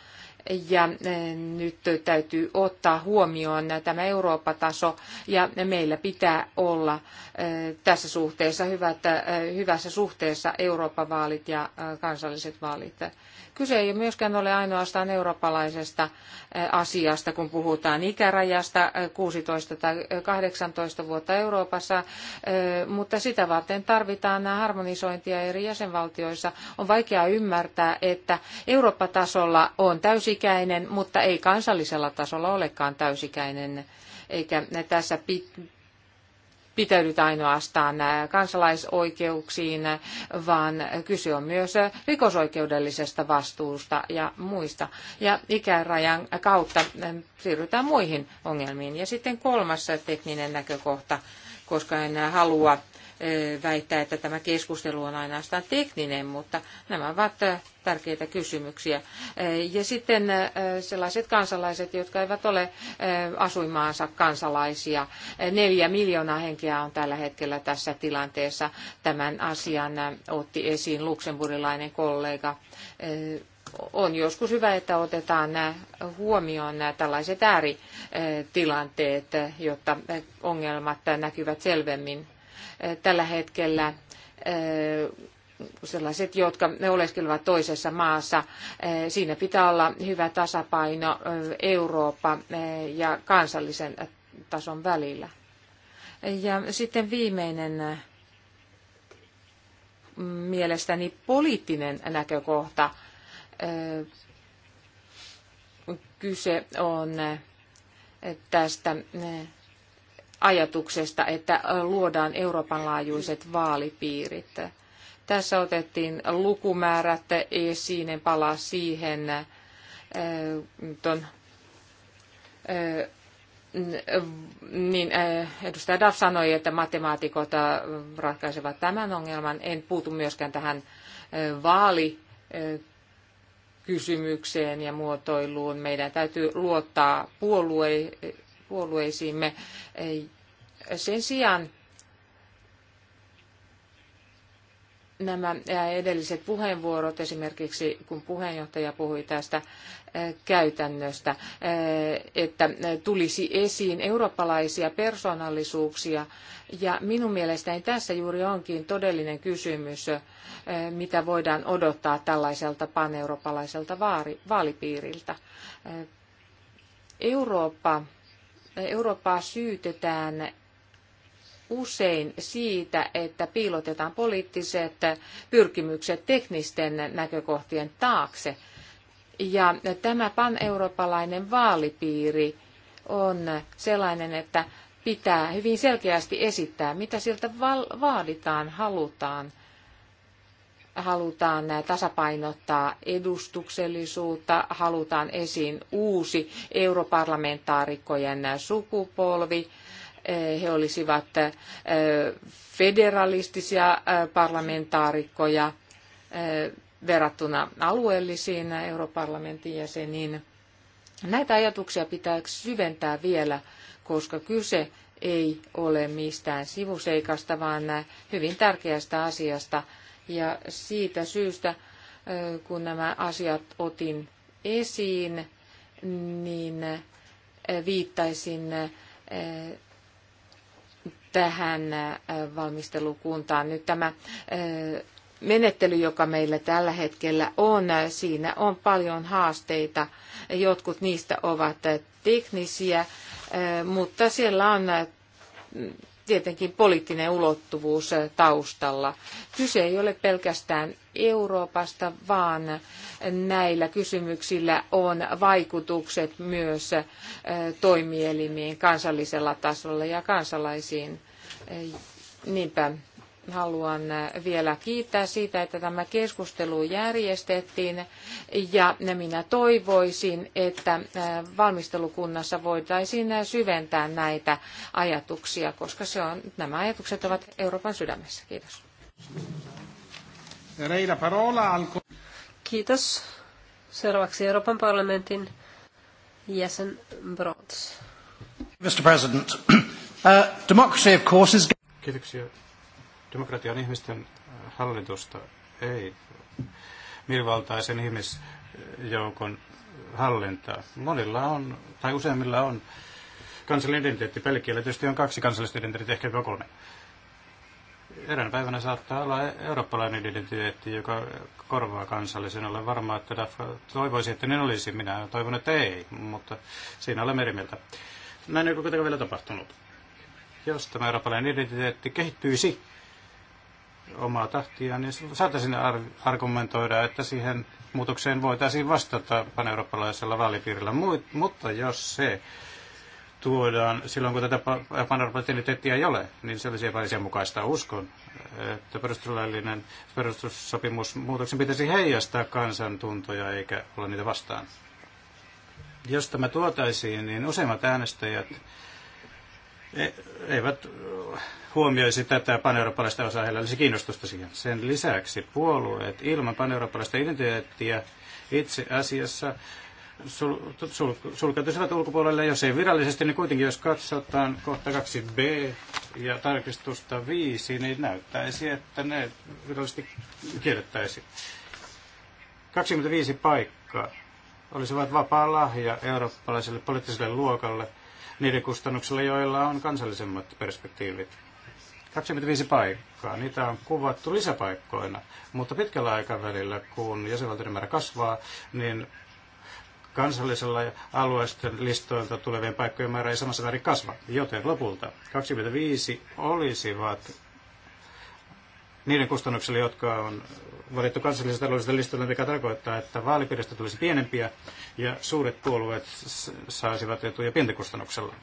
[SPEAKER 4] ja eh, nyt täytyy ottaa huomioon tämä Eurooppa-taso ja meillä pitää olla eh, tässä suhteessa hyvät, eh, hyvässä suhteessa Euroopan vaalit ja kansalliset vaalit. Kyse ei myöskään ole ainoastaan eurooppalaisesta asiasta, kun puhutaan ikärajasta 16 tai 18 vuotta Euroopassa, mutta sitä varten tarvitaan harmonisointia eri jäsenvaltioissa. On vaikea ymmärtää, että Eurooppa-tasolla on täysi täysikäinen, mutta ei kansallisella tasolla olekaan täysikäinen, eikä tässä pitäydyt ainoastaan kansalaisoikeuksiin, vaan kyse on myös rikosoikeudellisesta vastuusta ja muista. Ja ikärajan kautta siirrytään muihin ongelmiin. Ja sitten kolmas tekninen näkökohta, koska en halua väittää, että tämä keskustelu on ainoastaan tekninen, mutta nämä ovat tärkeitä kysymyksiä. Ja sitten sellaiset kansalaiset, jotka eivät ole asuimaansa kansalaisia. Neljä miljoonaa henkeä on tällä hetkellä tässä tilanteessa. Tämän asian otti esiin luksemburilainen kollega on joskus hyvä, että otetaan huomioon nämä tällaiset ääritilanteet, jotta ongelmat näkyvät selvemmin. Eh, tällä hetkellä eh, sellaiset, jotka ne oleskelevat toisessa maassa. Eh, siinä pitää olla hyvä tasapaino Eurooppa ja kansallisen tason välillä. Ja sitten viimeinen mm, mielestäni poliittinen näkökohta. Kyse on tästä ajatuksesta, että luodaan Euroopan laajuiset vaalipiirit. Tässä otettiin lukumäärät esiin, en palaa siihen. Ton, niin edustaja Duff sanoi, että matemaatikot ratkaisevat tämän ongelman. En puutu myöskään tähän vaalikysymykseen ja muotoiluun. Meidän täytyy luottaa puolue, puolueisiimme sen sijaan nämä edelliset puheenvuorot, esimerkiksi kun puheenjohtaja puhui tästä käytännöstä, että tulisi esiin eurooppalaisia persoonallisuuksia. Ja minun mielestäni tässä juuri onkin todellinen kysymys, mitä voidaan odottaa tällaiselta paneurooppalaiselta vaalipiiriltä. Eurooppa, Eurooppaa syytetään usein siitä, että piilotetaan poliittiset pyrkimykset teknisten näkökohtien taakse. Ja tämä paneurooppalainen vaalipiiri on sellainen, että pitää hyvin selkeästi esittää, mitä siltä vaaditaan, halutaan. Halutaan tasapainottaa edustuksellisuutta, halutaan esiin uusi europarlamentaarikkojen sukupolvi, Eh, he olisivat eh, federalistisia eh, parlamentaarikkoja verrattuna alueellisiin europarlamentin jäseniin. Näitä ajatuksia pitää syventää vielä, koska kyse ei ole mistään sivuseikasta, vaan hyvin tärkeästä asiasta. Ja siitä syystä, kun nämä asiat otin esiin, niin viittaisin tähän äh, valmistelukuntaan. Nyt tämä äh, menettely, joka meillä tällä hetkellä on, äh, siinä on paljon haasteita. Jotkut niistä ovat teknisiä, mutta siellä on tietenkin poliittinen ulottuvuus eh, taustalla. Kyse ei ole pelkästään Euroopasta, vaan näillä kysymyksillä on vaikutukset myös eh, toimielimiin kansallisella tasolla ja kansalaisiin. Eh, niinpä haluan äh, vielä kiittää siitä, että tämä keskustelu järjestettiin ja minä toivoisin, että äh, valmistelukunnassa voitaisiin äh, syventää näitä ajatuksia, koska se on, nämä ajatukset ovat Euroopan sydämessä. Kiitos.
[SPEAKER 2] Kiitos. Seuraavaksi Euroopan parlamentin jäsen Brods.
[SPEAKER 1] Mr. President, uh, democracy of course is... Kiitoksia Demokratia on ihmisten äh, hallitusta, ei mielivaltaisen ihmisjoukon äh, hallintaa. Monilla on, tai useimmilla on, kansallinen identiteetti. Belgialla tietysti on kaksi kansallista identiteettiä, ehkä jopa kolme. Eräänä päivänä saattaa olla e- eurooppalainen identiteetti, joka korvaa kansallisen. Olen varma, että Dafra toivoisi, että niin olisi. Minä toivon, että ei, mutta siinä olen eri mieltä. Näin ei kuitenkaan vielä tapahtunut. Jos tämä eurooppalainen identiteetti kehittyisi, omaa tahtia, niin saataisiin argumentoida, että siihen muutokseen voitaisiin vastata paneurooppalaisella vaalipiirillä. Mutta jos se tuodaan silloin, kun tätä paneurooppalaisella ei ole, niin se olisi mukaista Uskon, että perustuslaillinen perustussopimusmuutoksen muutoksen pitäisi heijastaa kansantuntoja eikä olla niitä vastaan. Jos tämä tuotaisiin, niin useimmat äänestäjät E, eivät huomioisi tätä paneurooppalaista osaa, heillä olisi kiinnostusta siihen. Sen lisäksi puolueet ilman paneurooppalaista identiteettiä itse asiassa sul, sul, sulkeutuisivat ulkopuolelle, jos ei virallisesti, niin kuitenkin jos katsotaan kohta 2b ja tarkistusta 5, niin näyttäisi, että ne virallisesti kiellettäisi. 25 paikkaa olisivat vapaa lahja eurooppalaiselle poliittiselle luokalle – niiden kustannuksella, joilla on kansallisemmat perspektiivit. 25 paikkaa, niitä on kuvattu lisäpaikkoina, mutta pitkällä aikavälillä, kun jäsenvaltioiden määrä kasvaa, niin kansallisella ja alueisten listoilta tulevien paikkojen määrä ei samassa määrin kasva, joten lopulta 25 olisivat niiden kustannuksella, jotka on valittu kansalliset taloudelliset listat mikä tarkoittaa, että vaalipiiristä tulisi pienempiä ja suuret puolueet saisivat etuja pientikustannuksella.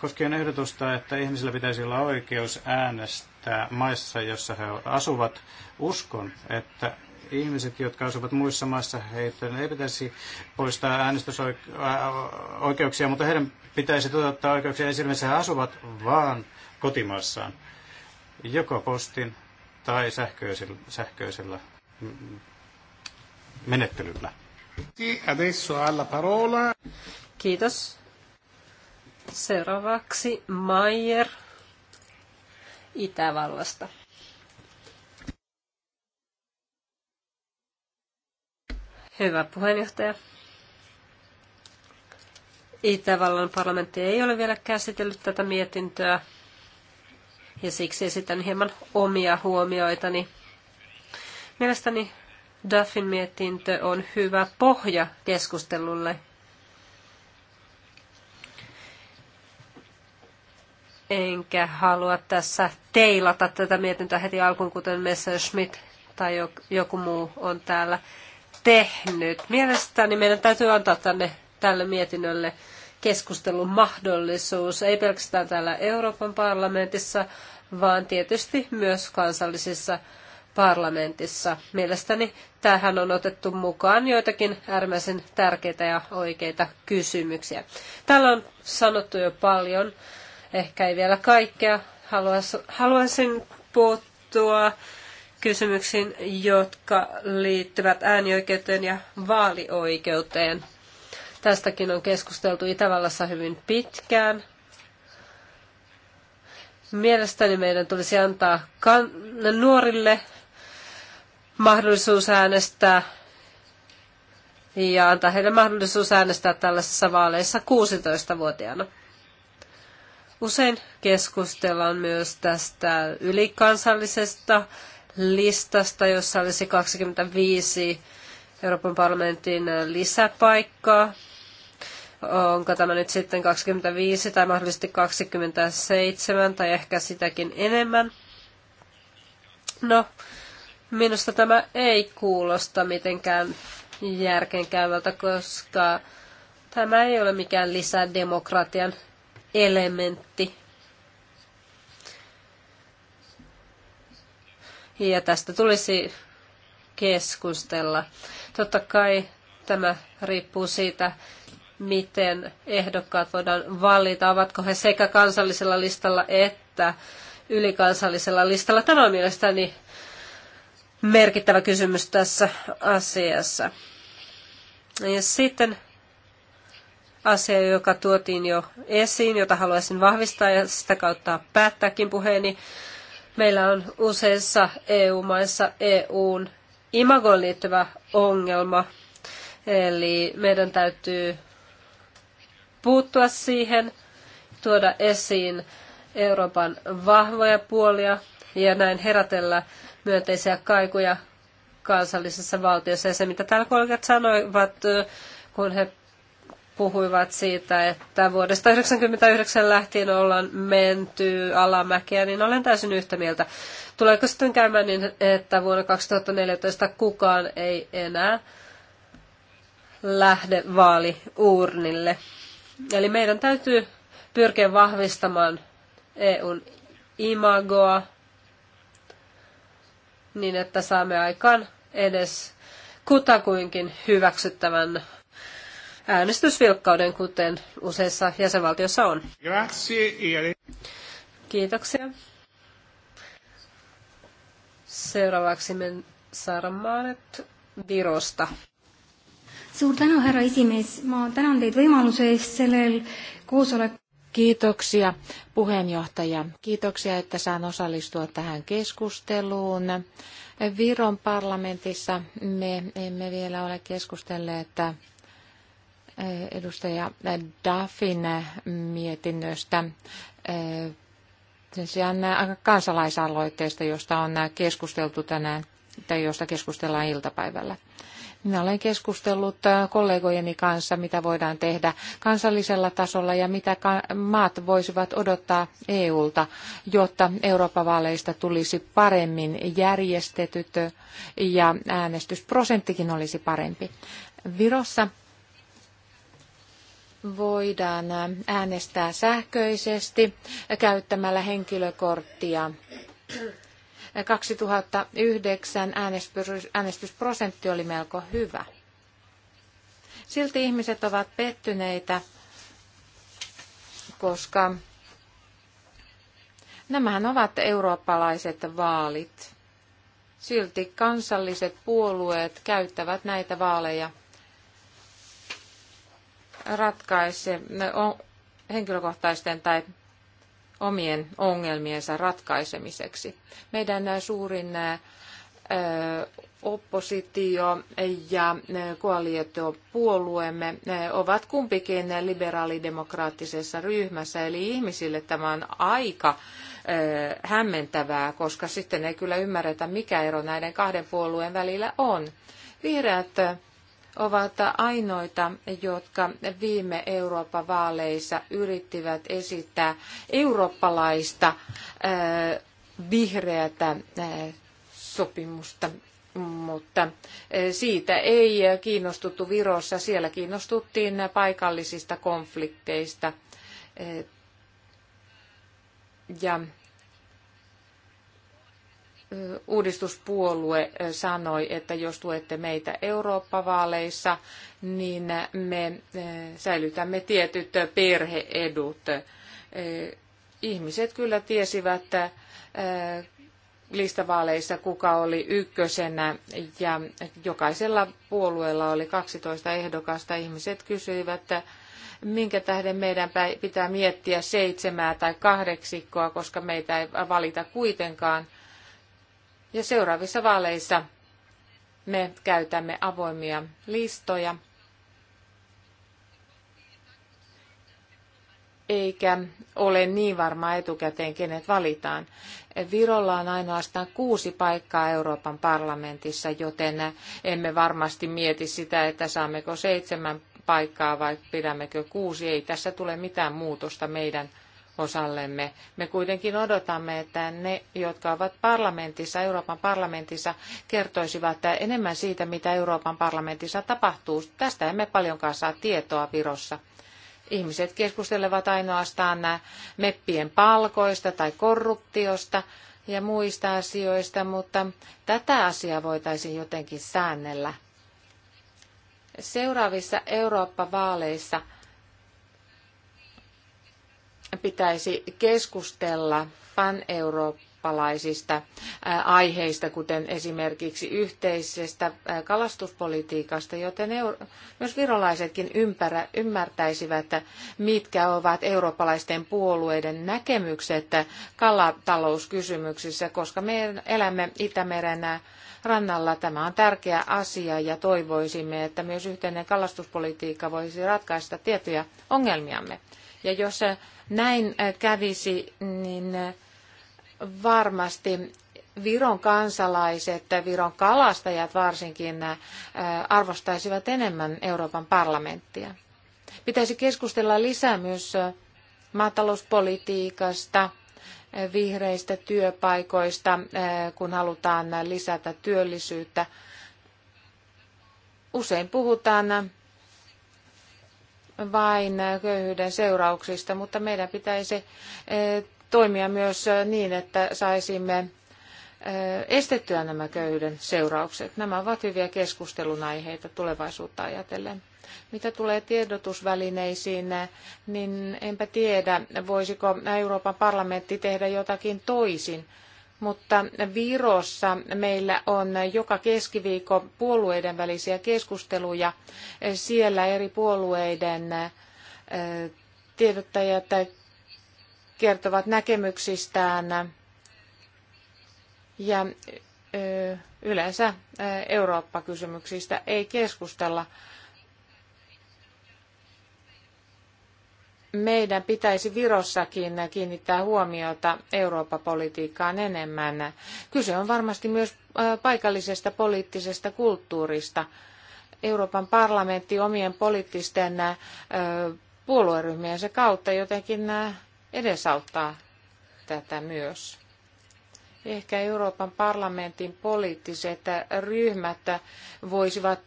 [SPEAKER 1] Koskien ehdotusta, että ihmisillä pitäisi olla oikeus äänestää maissa, jossa he asuvat, uskon, että ihmiset, jotka asuvat muissa maissa, heitä ei pitäisi poistaa äänestysoikeuksia, mutta heidän pitäisi toteuttaa oikeuksia esimerkiksi missä he asuvat, vaan kotimaassaan. Joko postin tai sähköisellä, sähköisellä mm,
[SPEAKER 2] menettelyllä. Adesso alla parola. Kiitos. Seuraavaksi Mayer Itävallasta. Hyvä puheenjohtaja. Itävallan parlamentti ei ole vielä käsitellyt tätä mietintöä, ja siksi esitän hieman omia huomioitani. Mielestäni Duffin mietintö on hyvä pohja keskustelulle. Enkä halua tässä teilata tätä mietintöä heti alkuun, kuten Messerschmitt tai joku muu on täällä tehnyt. Mielestäni meidän täytyy antaa tänne tälle mietinnölle keskustelun mahdollisuus, ei pelkästään täällä Euroopan parlamentissa, vaan tietysti myös kansallisissa parlamentissa. Mielestäni tähän on otettu mukaan joitakin äärimmäisen tärkeitä ja oikeita kysymyksiä. Täällä on sanottu jo paljon, ehkä ei vielä kaikkea. Haluaisin puuttua kysymyksiin, jotka liittyvät äänioikeuteen ja vaalioikeuteen. Tästäkin on keskusteltu Itävallassa hyvin pitkään. Mielestäni meidän tulisi antaa nuorille mahdollisuus äänestää ja antaa heille mahdollisuus äänestää tällaisissa vaaleissa 16-vuotiaana. Usein keskustellaan myös tästä ylikansallisesta listasta, jossa olisi 25 Euroopan parlamentin lisäpaikka Onko tämä nyt sitten 25 tai mahdollisesti 27 tai ehkä sitäkin enemmän? No, minusta tämä ei kuulosta mitenkään järkenkäyvältä, koska tämä ei ole mikään lisädemokratian elementti. Ja tästä tulisi keskustella. Totta kai tämä riippuu siitä, miten ehdokkaat voidaan valita, ovatko he sekä kansallisella listalla että ylikansallisella listalla. Tämä on mielestäni merkittävä kysymys tässä asiassa. Ja sitten asia, joka tuotiin jo esiin, jota haluaisin vahvistaa ja sitä kautta päättääkin puheeni. Meillä on useissa EU-maissa EUn imagoon liittyvä ongelma. Eli meidän täytyy puuttua siihen, tuoda esiin Euroopan vahvoja puolia ja näin herätellä myönteisiä kaikuja kansallisessa valtiossa. Ja se, mitä täällä kollegat sanoivat, kun he puhuivat siitä, että vuodesta 1999 lähtien ollaan menty alamäkeä, niin olen täysin yhtä mieltä. Tuleeko sitten käymään niin, että vuonna 2014 kukaan ei enää lähde vaaliuurnille? Eli meidän täytyy pyrkiä vahvistamaan EUn imagoa niin, että saamme aikaan edes kutakuinkin hyväksyttävän äänestysvilkkauden, kuten useissa jäsenvaltiossa on. Grazie. Kiitoksia. Seuraavaksi men Sarmaanet Virosta.
[SPEAKER 4] Suur tänu, herra esimies. Ma tänan teid võimaluse eest sellel koosolekul. Kiitoksia puheenjohtaja. Kiitoksia, että saan osallistua tähän keskusteluun. Viron parlamentissa me emme vielä ole keskustelleet että edustaja Daffin mietinnöstä. Eh, sen sijaan kansalaisaloitteesta, josta on keskusteltu tänään tai josta keskustellaan iltapäivällä. Minä olen keskustellut kollegojeni kanssa, mitä voidaan tehdä kansallisella tasolla ja mitä maat voisivat odottaa EUlta, jotta Euroopan vaaleista tulisi paremmin järjestetyt ja äänestysprosenttikin olisi parempi. Virossa voidaan äänestää sähköisesti käyttämällä henkilökorttia. 2009 äänestysprosentti oli melko hyvä. Silti ihmiset ovat pettyneitä, koska nämähän ovat eurooppalaiset vaalit. Silti kansalliset puolueet käyttävät näitä vaaleja ratkaise henkilökohtaisten tai omien ongelmiensa ratkaisemiseksi. Meidän äh, suurin äh, äh, oppositio ja koalitiopuolueemme ovat kumpikin liberaalidemokraattisessa ryhmässä, eli ihmisille tämä on aika hämmentävää, koska sitten ei kyllä ymmärretä, mikä ero näiden kahden puolueen välillä on. Vihreät ovat ainoita, jotka viime Euroopan vaaleissa yrittivät esittää eurooppalaista vihreätä sopimusta, mutta siitä ei kiinnostuttu Virossa. Siellä kiinnostuttiin paikallisista konflikteista. Ja uudistuspuolue sanoi, että jos tuette meitä Eurooppa-vaaleissa, niin me säilytämme tietyt perheedut. Ihmiset kyllä tiesivät listavaaleissa, kuka oli ykkösenä, ja jokaisella puolueella oli 12 ehdokasta. Ihmiset kysyivät, että minkä tähden meidän pitää miettiä seitsemää tai kahdeksikkoa, koska meitä ei valita kuitenkaan – ja seuraavissa vaaleissa me käytämme avoimia listoja, eikä ole niin varma etukäteen, kenet valitaan. Virolla on ainoastaan kuusi paikkaa Euroopan parlamentissa, joten emme varmasti mieti sitä, että saammeko seitsemän paikkaa vai pidämmekö kuusi. Ei tässä tule mitään muutosta meidän osallemme. Me kuitenkin odotamme, että ne, jotka ovat parlamentissa, Euroopan parlamentissa, kertoisivat enemmän siitä, mitä Euroopan parlamentissa tapahtuu. Tästä emme paljonkaan saa tietoa Virossa. Ihmiset keskustelevat ainoastaan nämä meppien palkoista tai korruptiosta ja muista asioista, mutta tätä asiaa voitaisiin jotenkin säännellä. Seuraavissa Eurooppa-vaaleissa – pitäisi keskustella pan-eurooppalaisista aiheista, kuten esimerkiksi yhteisestä kalastuspolitiikasta, joten myös virolaisetkin ymmärtäisivät, mitkä ovat eurooppalaisten puolueiden näkemykset kalatalouskysymyksissä, koska me elämme Itämeren rannalla. Tämä on tärkeä asia ja toivoisimme, että myös yhteinen kalastuspolitiikka voisi ratkaista tiettyjä ongelmiamme. Ja jos näin kävisi, niin varmasti Viron kansalaiset, Viron kalastajat varsinkin, arvostaisivat enemmän Euroopan parlamenttia. Pitäisi keskustella lisää myös maatalouspolitiikasta, vihreistä työpaikoista, kun halutaan lisätä työllisyyttä. Usein puhutaan vain köyhyyden seurauksista, mutta meidän pitäisi eh, toimia myös eh, niin, että saisimme eh, estettyä nämä köyhyyden seuraukset. Nämä ovat hyviä keskustelunaiheita tulevaisuutta ajatellen. Mitä tulee tiedotusvälineisiin, niin enpä tiedä, voisiko Euroopan parlamentti tehdä jotakin toisin mutta Virossa meillä on joka keskiviikko puolueiden välisiä keskusteluja. Siellä eri puolueiden tiedottajat kertovat näkemyksistään ja yleensä Eurooppa-kysymyksistä ei keskustella meidän pitäisi Virossakin kiinnittää huomiota Eurooppa-politiikkaan enemmän. Kyse on varmasti myös paikallisesta poliittisesta kulttuurista. Euroopan parlamentti omien poliittisten puolueryhmiensä kautta jotenkin edesauttaa tätä myös. Ehkä Euroopan parlamentin poliittiset ryhmät voisivat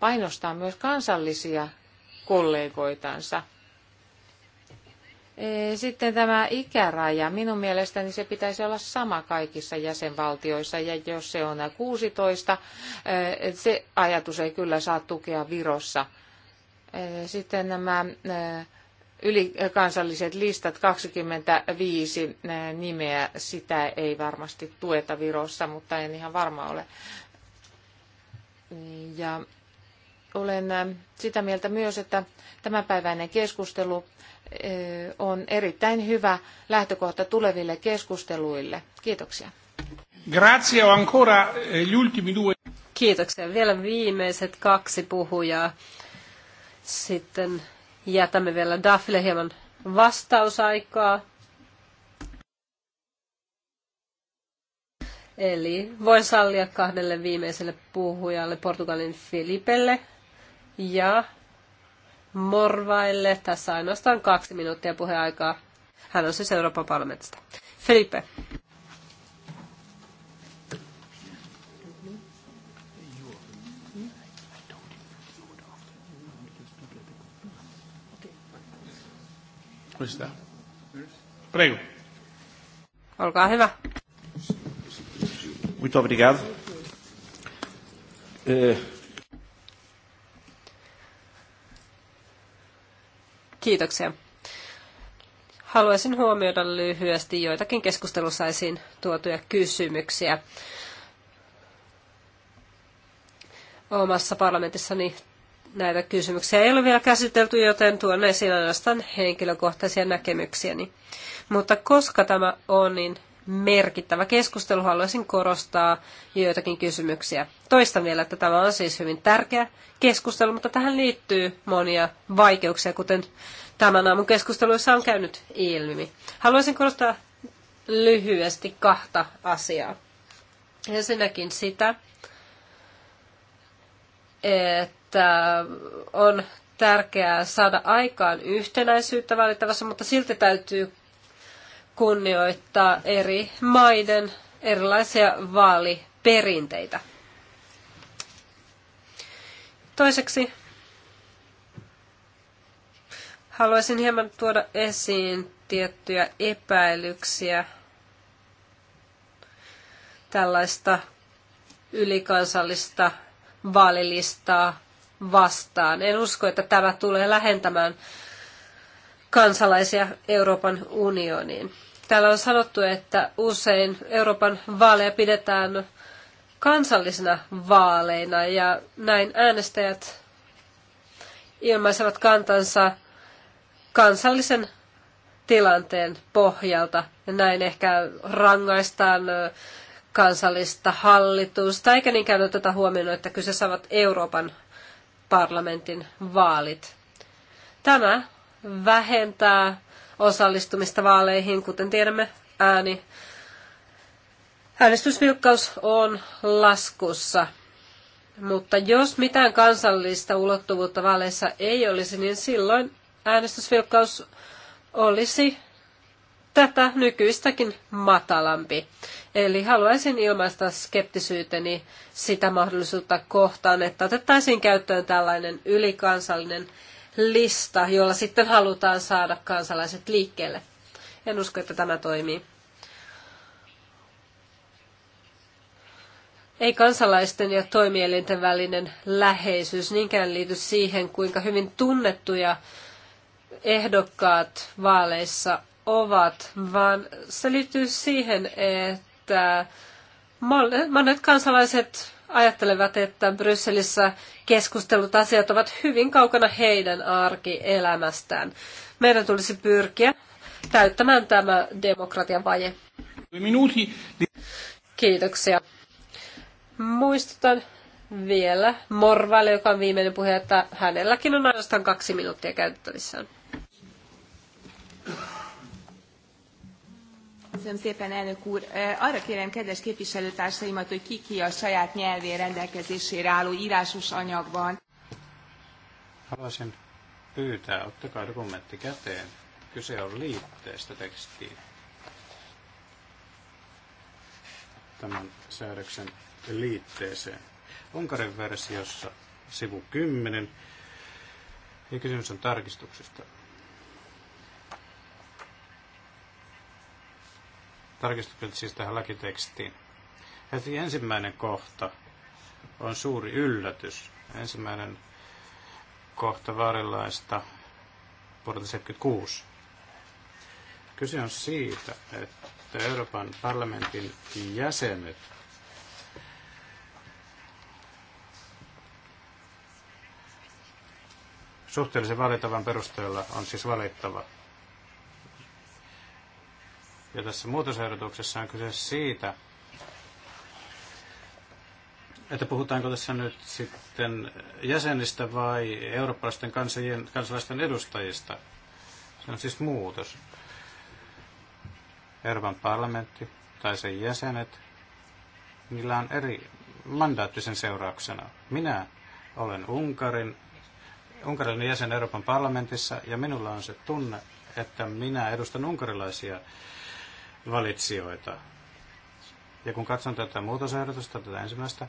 [SPEAKER 4] painostaa myös kansallisia kollegoitansa sitten tämä ikäraja. Minun mielestäni se pitäisi olla sama kaikissa jäsenvaltioissa ja jos se on 16, se ajatus ei kyllä saa tukea Virossa. Sitten nämä ylikansalliset listat 25 nimeä, sitä ei varmasti tueta Virossa, mutta en ihan varma ole. Ja olen äh, sitä mieltä myös, että tämänpäiväinen keskustelu äh, on erittäin hyvä lähtökohta tuleville keskusteluille. Kiitoksia.
[SPEAKER 2] Grazie ancora eh, gli ultimi due. Kiitoksia. Vielä viimeiset kaksi puhujaa. Sitten jätämme vielä Daffille hieman vastausaikaa. Eli voin sallia kahdelle viimeiselle puhujalle Portugalin Filipelle ja Morvaille tässä ainoastaan kaksi minuuttia puheaikaa. Hän on siis Euroopan parlamentista. Felipe. Prego. Olkaa hyvä.
[SPEAKER 1] Muito obrigado. Eh,
[SPEAKER 2] Kiitoksia. Haluaisin huomioida lyhyesti joitakin keskustelussa esiin tuotuja kysymyksiä. Omassa parlamentissani näitä kysymyksiä ei ole vielä käsitelty, joten tuon esiin ainoastaan henkilökohtaisia näkemyksiäni. Mutta koska tämä on niin merkittävä keskustelu. Haluaisin korostaa joitakin kysymyksiä. Toista vielä, että tämä on siis hyvin tärkeä keskustelu, mutta tähän liittyy monia vaikeuksia, kuten tämän aamun keskusteluissa on käynyt ilmi. Haluaisin korostaa lyhyesti kahta asiaa. Ensinnäkin sitä, että on tärkeää saada aikaan yhtenäisyyttä valittavassa, mutta silti täytyy kunnioittaa eri maiden erilaisia vaaliperinteitä. Toiseksi haluaisin hieman tuoda esiin tiettyjä epäilyksiä tällaista ylikansallista vaalilistaa vastaan. En usko, että tämä tulee lähentämään kansalaisia Euroopan unioniin. Täällä on sanottu, että usein Euroopan vaaleja pidetään kansallisina vaaleina ja näin äänestäjät ilmaisevat kantansa kansallisen tilanteen pohjalta. Ja näin ehkä rangaistaan kansallista hallitusta, eikä niinkään oteta huomioon, että kyseessä ovat Euroopan parlamentin vaalit. Tämä vähentää osallistumista vaaleihin. Kuten tiedämme, ääni, äänestysvilkkaus on laskussa. Mutta jos mitään kansallista ulottuvuutta vaaleissa ei olisi, niin silloin äänestysvilkkaus olisi tätä nykyistäkin matalampi. Eli haluaisin ilmaista skeptisyyteni sitä mahdollisuutta kohtaan, että otettaisiin käyttöön tällainen ylikansallinen lista, jolla sitten halutaan saada kansalaiset liikkeelle. En usko, että tämä toimii. Ei kansalaisten ja toimielinten välinen läheisyys niinkään liity siihen, kuinka hyvin tunnettuja ehdokkaat vaaleissa ovat, vaan se liittyy siihen, että monet kansalaiset ajattelevat, että Brysselissä keskustelut asiat ovat hyvin kaukana heidän arkielämästään. Meidän tulisi pyrkiä täyttämään tämä demokratian vaje. Kiitoksia. Muistutan vielä Morvalle, joka on viimeinen puhe, että hänelläkin on ainoastaan kaksi minuuttia käytettävissään.
[SPEAKER 4] Köszönöm szépen, elnök úr. Arra kérem kedves képviselőtársaimat, hogy ki ki a saját nyelvén rendelkezésére álló írásos anyagban.
[SPEAKER 1] Haluaisin pyytää, ottakaa dokumentti käteen. Kyse on liitteestä tekstiin. Tämän säädöksen liitteeseen. Unkarin versiossa sivu 10. Ja kysymys on tarkistuksesta tarkistukset siis tähän lakitekstiin. Heti ensimmäinen kohta on suuri yllätys. Ensimmäinen kohta vaarilaista vuodelta 76. Kyse on siitä, että Euroopan parlamentin jäsenet suhteellisen valitavan perusteella on siis valittava ja tässä muutosehdotuksessa on kyse siitä, että puhutaanko tässä nyt sitten jäsenistä vai eurooppalaisten kansien, kansalaisten edustajista. Se on siis muutos. Euroopan parlamentti tai sen jäsenet, niillä on eri mandaattisen seurauksena. Minä olen Unkarin, unkarilainen jäsen Euroopan parlamentissa ja minulla on se tunne, että minä edustan unkarilaisia valitsijoita. Ja kun katson tätä muutosehdotusta, tätä ensimmäistä,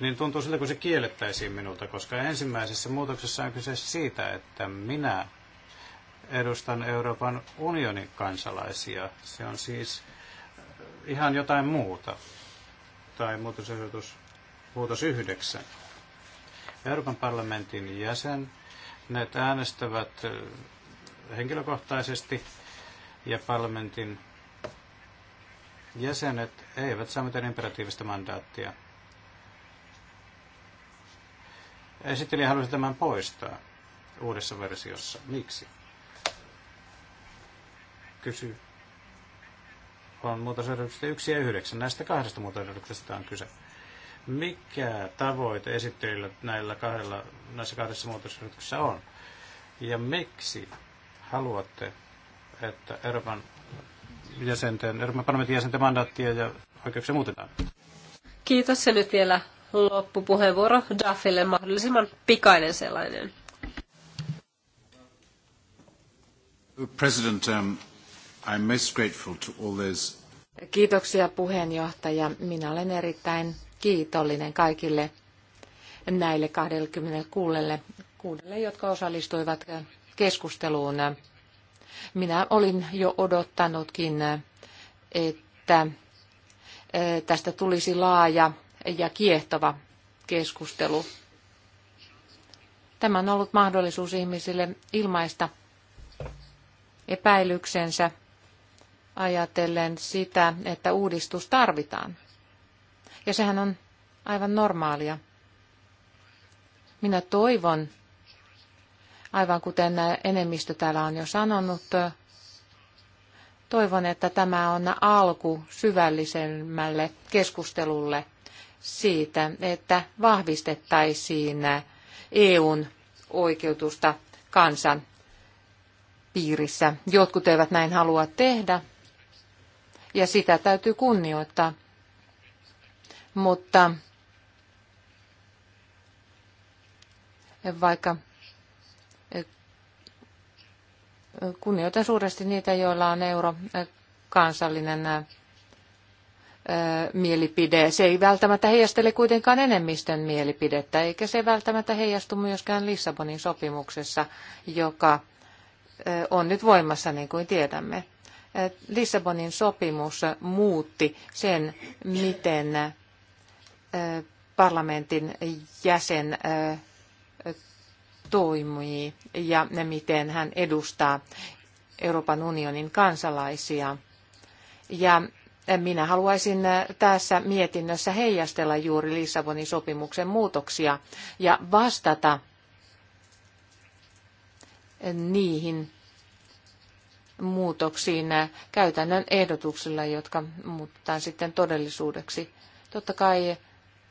[SPEAKER 1] niin tuntuu siltä, kun se kiellettäisiin minulta, koska ensimmäisessä muutoksessa on kyse siitä, että minä edustan Euroopan unionin kansalaisia. Se on siis ihan jotain muuta. Tai muutosehdotus, muutos yhdeksän. Euroopan parlamentin jäsen, ne äänestävät henkilökohtaisesti ja parlamentin jäsenet eivät saa mitään imperatiivista mandaattia. Esittelijä halusi tämän poistaa uudessa versiossa. Miksi? Kysy. On muutosehdotuksista yksi ja yhdeksän. Näistä kahdesta muutosehdotuksesta on kyse. Mikä tavoite esittelijällä näillä kahdella, näissä kahdessa muutosehdotuksessa on? Ja miksi haluatte että Euroopan jäsenten, Euroopan parlamentin jäsenten mandaattia ja oikeuksia muutetaan.
[SPEAKER 2] Kiitos ja nyt vielä loppupuheenvuoro Daffille mahdollisimman pikainen sellainen.
[SPEAKER 1] President, um, I'm most grateful to all
[SPEAKER 2] those...
[SPEAKER 4] Kiitoksia puheenjohtaja. Minä olen erittäin kiitollinen kaikille näille 26 kuulelle jotka osallistuivat keskusteluun. Minä olin jo odottanutkin, että eh, tästä tulisi laaja ja kiehtova keskustelu. Tämä on ollut mahdollisuus ihmisille ilmaista epäilyksensä ajatellen sitä, että uudistus tarvitaan. Ja sehän on aivan normaalia. Minä toivon, Aivan kuten enemmistö täällä on jo sanonut, toivon, että tämä on alku syvällisemmälle keskustelulle siitä, että vahvistettaisiin EUn oikeutusta kansan piirissä. Jotkut eivät näin halua tehdä, ja sitä täytyy kunnioittaa. Mutta vaikka Kunnioitan suuresti niitä, joilla on euro kansallinen mielipide. Se ei välttämättä heijastele kuitenkaan enemmistön mielipidettä, eikä se välttämättä heijastu myöskään Lissabonin sopimuksessa, joka on nyt voimassa, niin kuin tiedämme. Lissabonin sopimus muutti sen, miten parlamentin jäsen toimii ja miten hän edustaa Euroopan unionin kansalaisia. Ja minä haluaisin tässä mietinnössä heijastella juuri Lissabonin sopimuksen muutoksia ja vastata niihin muutoksiin käytännön ehdotuksilla, jotka muutetaan sitten todellisuudeksi. Totta kai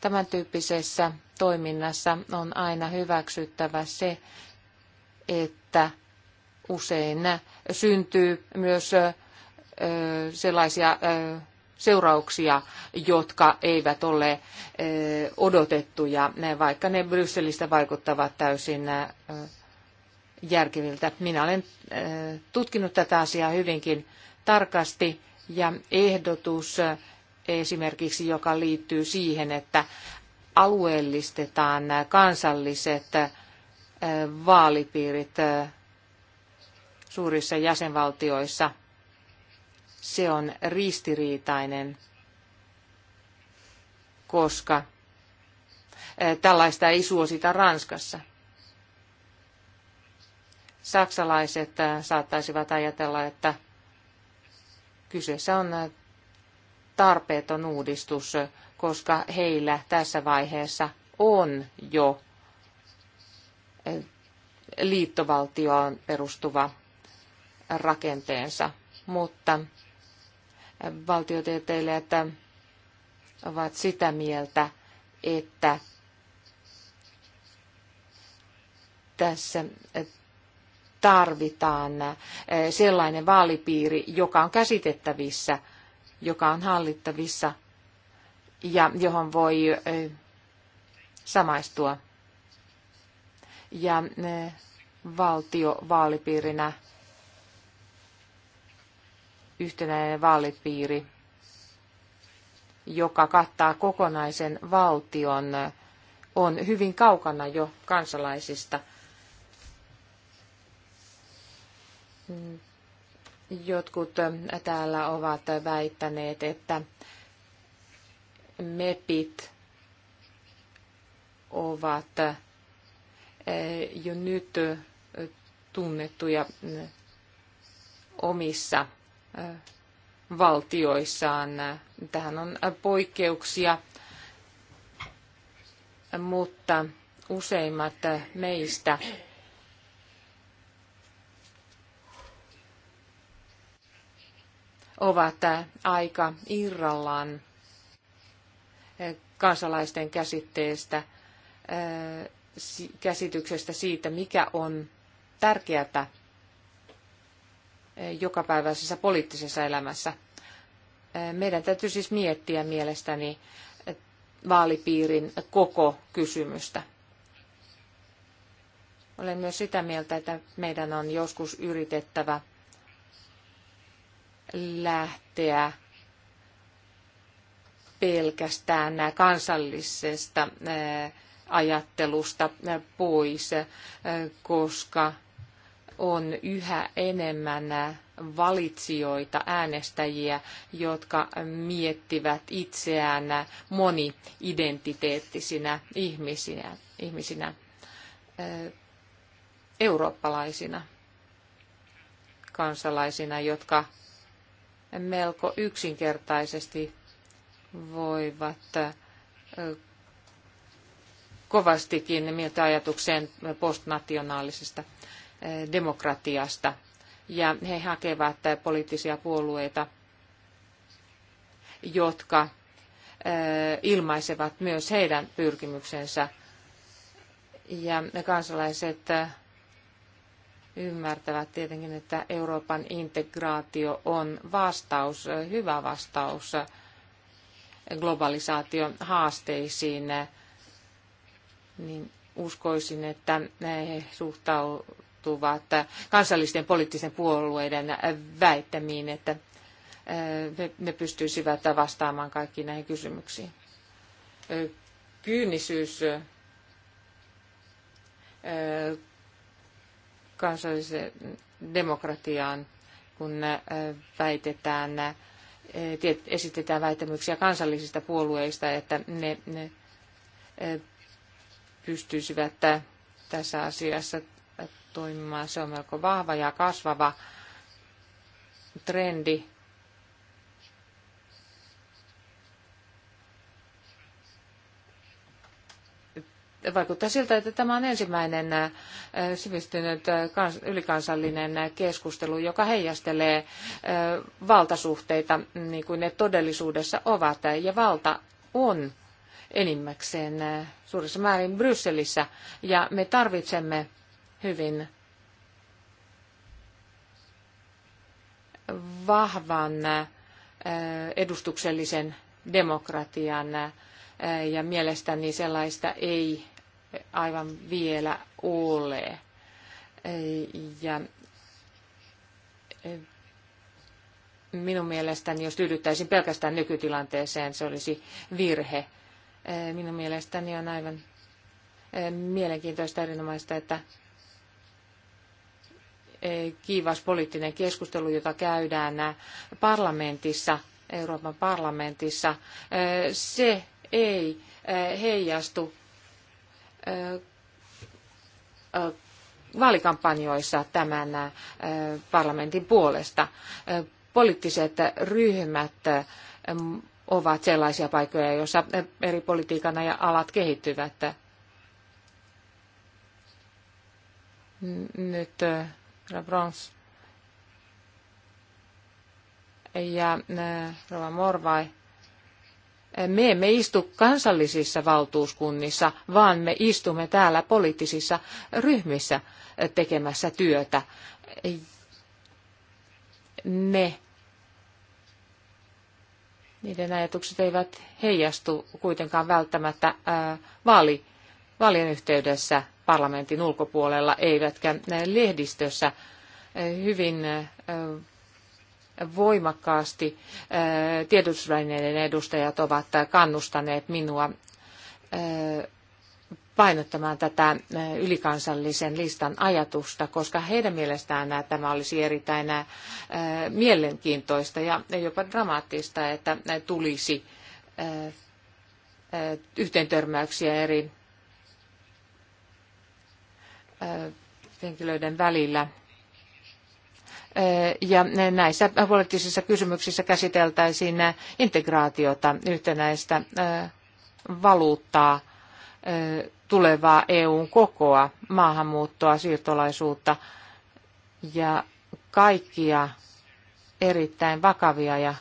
[SPEAKER 4] tämän tyyppisessä toiminnassa on aina hyväksyttävä se, että usein syntyy myös sellaisia seurauksia, jotka eivät ole odotettuja, vaikka ne Brysselistä vaikuttavat täysin järkeviltä. Minä olen tutkinut tätä asiaa hyvinkin tarkasti ja ehdotus esimerkiksi, joka liittyy siihen, että alueellistetaan kansalliset vaalipiirit suurissa jäsenvaltioissa. Se on ristiriitainen, koska tällaista ei suosita Ranskassa. Saksalaiset saattaisivat ajatella, että kyseessä on tarpeeton uudistus koska heillä tässä vaiheessa on jo eh, liittovaltioon perustuva rakenteensa, mutta eh, valtiotieteilijät ovat sitä mieltä, että tässä eh, tarvitaan sellainen vaalipiiri, joka on käsitettävissä, joka on hallittavissa ja johon voi samaistua. Ja valtio vaalipiirinä yhtenäinen vaalipiiri, joka kattaa kokonaisen valtion, on hyvin kaukana jo kansalaisista. Jotkut täällä ovat väittäneet, että MEPit ovat eh, jo nyt eh, tunnettuja eh, omissa valtioissaan. Tähän on poikkeuksia, mutta useimmat meistä ovat aika irrallaan kansalaisten käsitteestä, käsityksestä siitä, mikä on tärkeätä jokapäiväisessä poliittisessa elämässä. Meidän täytyy siis miettiä mielestäni vaalipiirin koko kysymystä. Olen myös sitä mieltä, että meidän on joskus yritettävä lähteä pelkästään kansallisesta ajattelusta pois, koska on yhä enemmän valitsijoita, äänestäjiä, jotka miettivät itseään moni-identiteettisinä ihmisinä, ihmisinä eurooppalaisina kansalaisina, jotka melko yksinkertaisesti voivat kovastikin mieltä ajatukseen postnationaalisesta demokratiasta. Ja he hakevat poliittisia puolueita, jotka ilmaisevat myös heidän pyrkimyksensä. Ja kansalaiset ymmärtävät tietenkin, että Euroopan integraatio on vastaus, hyvä vastaus globalisaation haasteisiin, niin uskoisin, että he suhtautuvat kansallisten poliittisten puolueiden väittämiin, että ne pystyisivät vastaamaan kaikkiin näihin kysymyksiin. Kyynisyys kansalliseen demokratiaan, kun väitetään esitetään väitämyksiä kansallisista puolueista, että ne, ne pystyisivät tässä asiassa toimimaan. Se on melko vahva ja kasvava trendi vaikuttaa siltä, että tämä on ensimmäinen äh, sivistynyt äh, ylikansallinen keskustelu, joka heijastelee äh, valtasuhteita niin kuin ne todellisuudessa ovat. Ja valta on enimmäkseen suurissa määrin Brysselissä ja me tarvitsemme hyvin vahvan edustuksellisen demokratian ja mielestäni sellaista ei aivan vielä ole. Ja minun mielestäni, jos tyydyttäisin pelkästään nykytilanteeseen, se olisi virhe. Minun mielestäni on aivan mielenkiintoista erinomaista, että kiivas poliittinen keskustelu, jota käydään parlamentissa, Euroopan parlamentissa, se ei heijastu vaalikampanjoissa tämän parlamentin puolesta. Poliittiset ryhmät ovat sellaisia paikkoja, joissa eri politiikan ja alat kehittyvät. Nyt Brons ja Rova Morvai me emme istu kansallisissa valtuuskunnissa, vaan me istumme täällä poliittisissa ryhmissä tekemässä työtä. Ne, niiden ajatukset eivät heijastu kuitenkaan välttämättä vaali, vaalien yhteydessä parlamentin ulkopuolella, eivätkä lehdistössä. Hyvin voimakkaasti tiedotusvälineiden edustajat ovat kannustaneet minua painottamaan tätä ylikansallisen listan ajatusta, koska heidän mielestään tämä olisi erittäin mielenkiintoista ja jopa dramaattista, että tulisi yhteentörmäyksiä eri henkilöiden välillä – ja näissä poliittisissa kysymyksissä käsiteltäisiin integraatiota yhtenäistä valuuttaa, tulevaa EUn kokoa, maahanmuuttoa, siirtolaisuutta ja kaikkia erittäin vakavia ja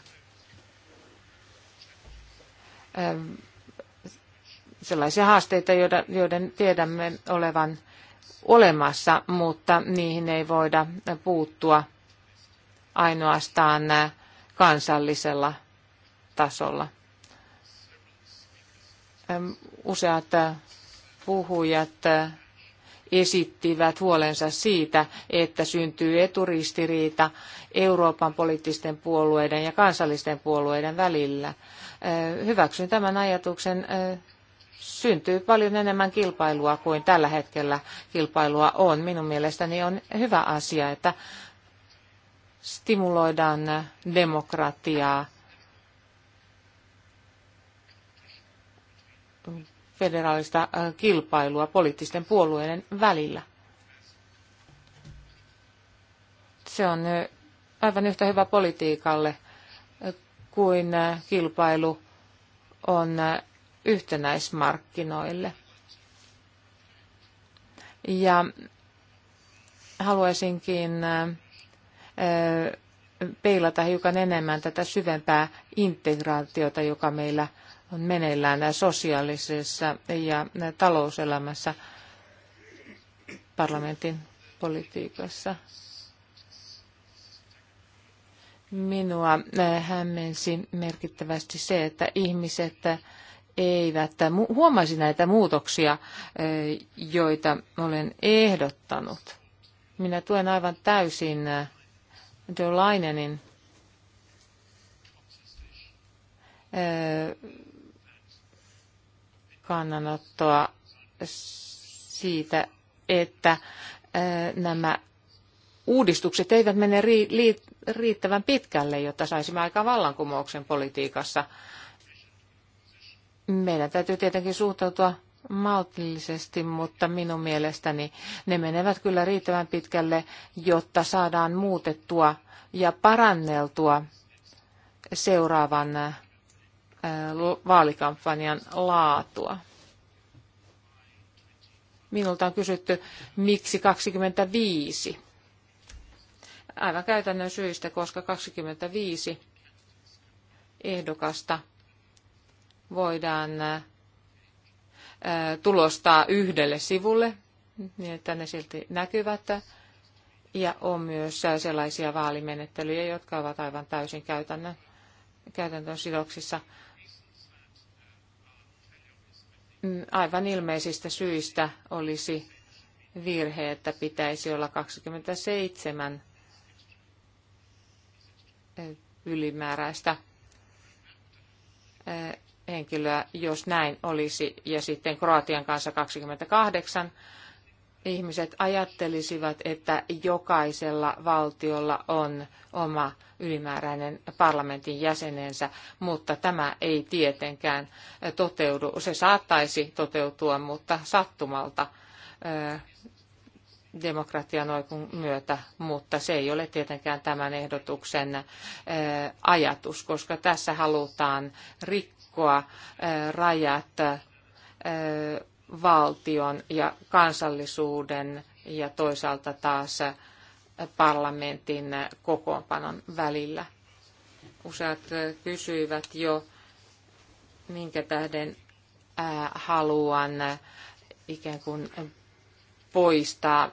[SPEAKER 4] sellaisia haasteita, joiden tiedämme olevan olemassa, mutta niihin ei voida puuttua ainoastaan kansallisella tasolla. Useat äh, puhujat äh, esittivät huolensa siitä, että syntyy eturistiriita Euroopan poliittisten puolueiden ja kansallisten puolueiden välillä. Äh, hyväksyn tämän ajatuksen. Syntyy paljon enemmän kilpailua kuin tällä hetkellä kilpailua on. Minun mielestäni on hyvä asia, että stimuloidaan demokratiaa federaalista äh, kilpailua poliittisten puolueiden välillä. Se on äh, aivan yhtä hyvä politiikalle äh, kuin kilpailu on yhtenäismarkkinoille. Ja haluaisinkin peilata hiukan enemmän tätä syvempää integraatiota, joka meillä on meneillään sosiaalisessa ja talouselämässä parlamentin politiikassa. Minua hämmensi merkittävästi se, että ihmiset eivät huomaisi näitä muutoksia, joita olen ehdottanut. Minä tuen aivan täysin Joe Lainenin kannanottoa siitä, että nämä uudistukset eivät mene riittävän pitkälle, jotta saisimme aikaan vallankumouksen politiikassa. Meidän täytyy tietenkin suhtautua maltillisesti, mutta minun mielestäni ne menevät kyllä riittävän pitkälle, jotta saadaan muutettua ja paranneltua seuraavan äh, vaalikampanjan laatua. Minulta on kysytty, miksi 25? Aivan käytännön syistä, koska 25 ehdokasta voidaan äh, tulostaa yhdelle sivulle, niin että ne silti näkyvät. Ja on myös sellaisia vaalimenettelyjä, jotka ovat aivan täysin käytännön, käytännön sidoksissa mm, aivan ilmeisistä syistä olisi virhe, että pitäisi olla 27 ylimääräistä henkilöä, jos näin olisi, ja sitten Kroatian kanssa 28 ihmiset ajattelisivat, että jokaisella valtiolla on oma ylimääräinen parlamentin jäsenensä, mutta tämä ei tietenkään toteudu. Se saattaisi toteutua, mutta sattumalta demokratianoikun myötä, mutta se ei ole tietenkään tämän ehdotuksen ajatus, koska tässä halutaan rikkoa rikkoa rajat valtion ja kansallisuuden ja toisaalta taas parlamentin kokoonpanon välillä. Useat kysyivät jo, minkä tähden haluan ikään kuin poistaa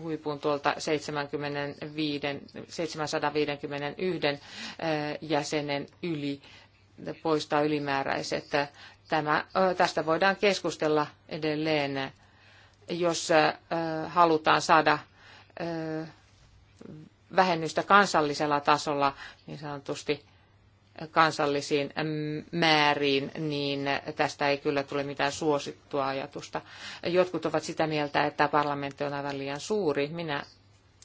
[SPEAKER 4] huipun tuolta 75, 751 jäsenen yli poistaa ylimääräiset. Tämä, tästä voidaan keskustella edelleen, jos halutaan saada vähennystä kansallisella tasolla niin sanotusti kansallisiin määriin, niin tästä ei kyllä tule mitään suosittua ajatusta. Jotkut ovat sitä mieltä, että parlamentti on aivan liian suuri. Minä,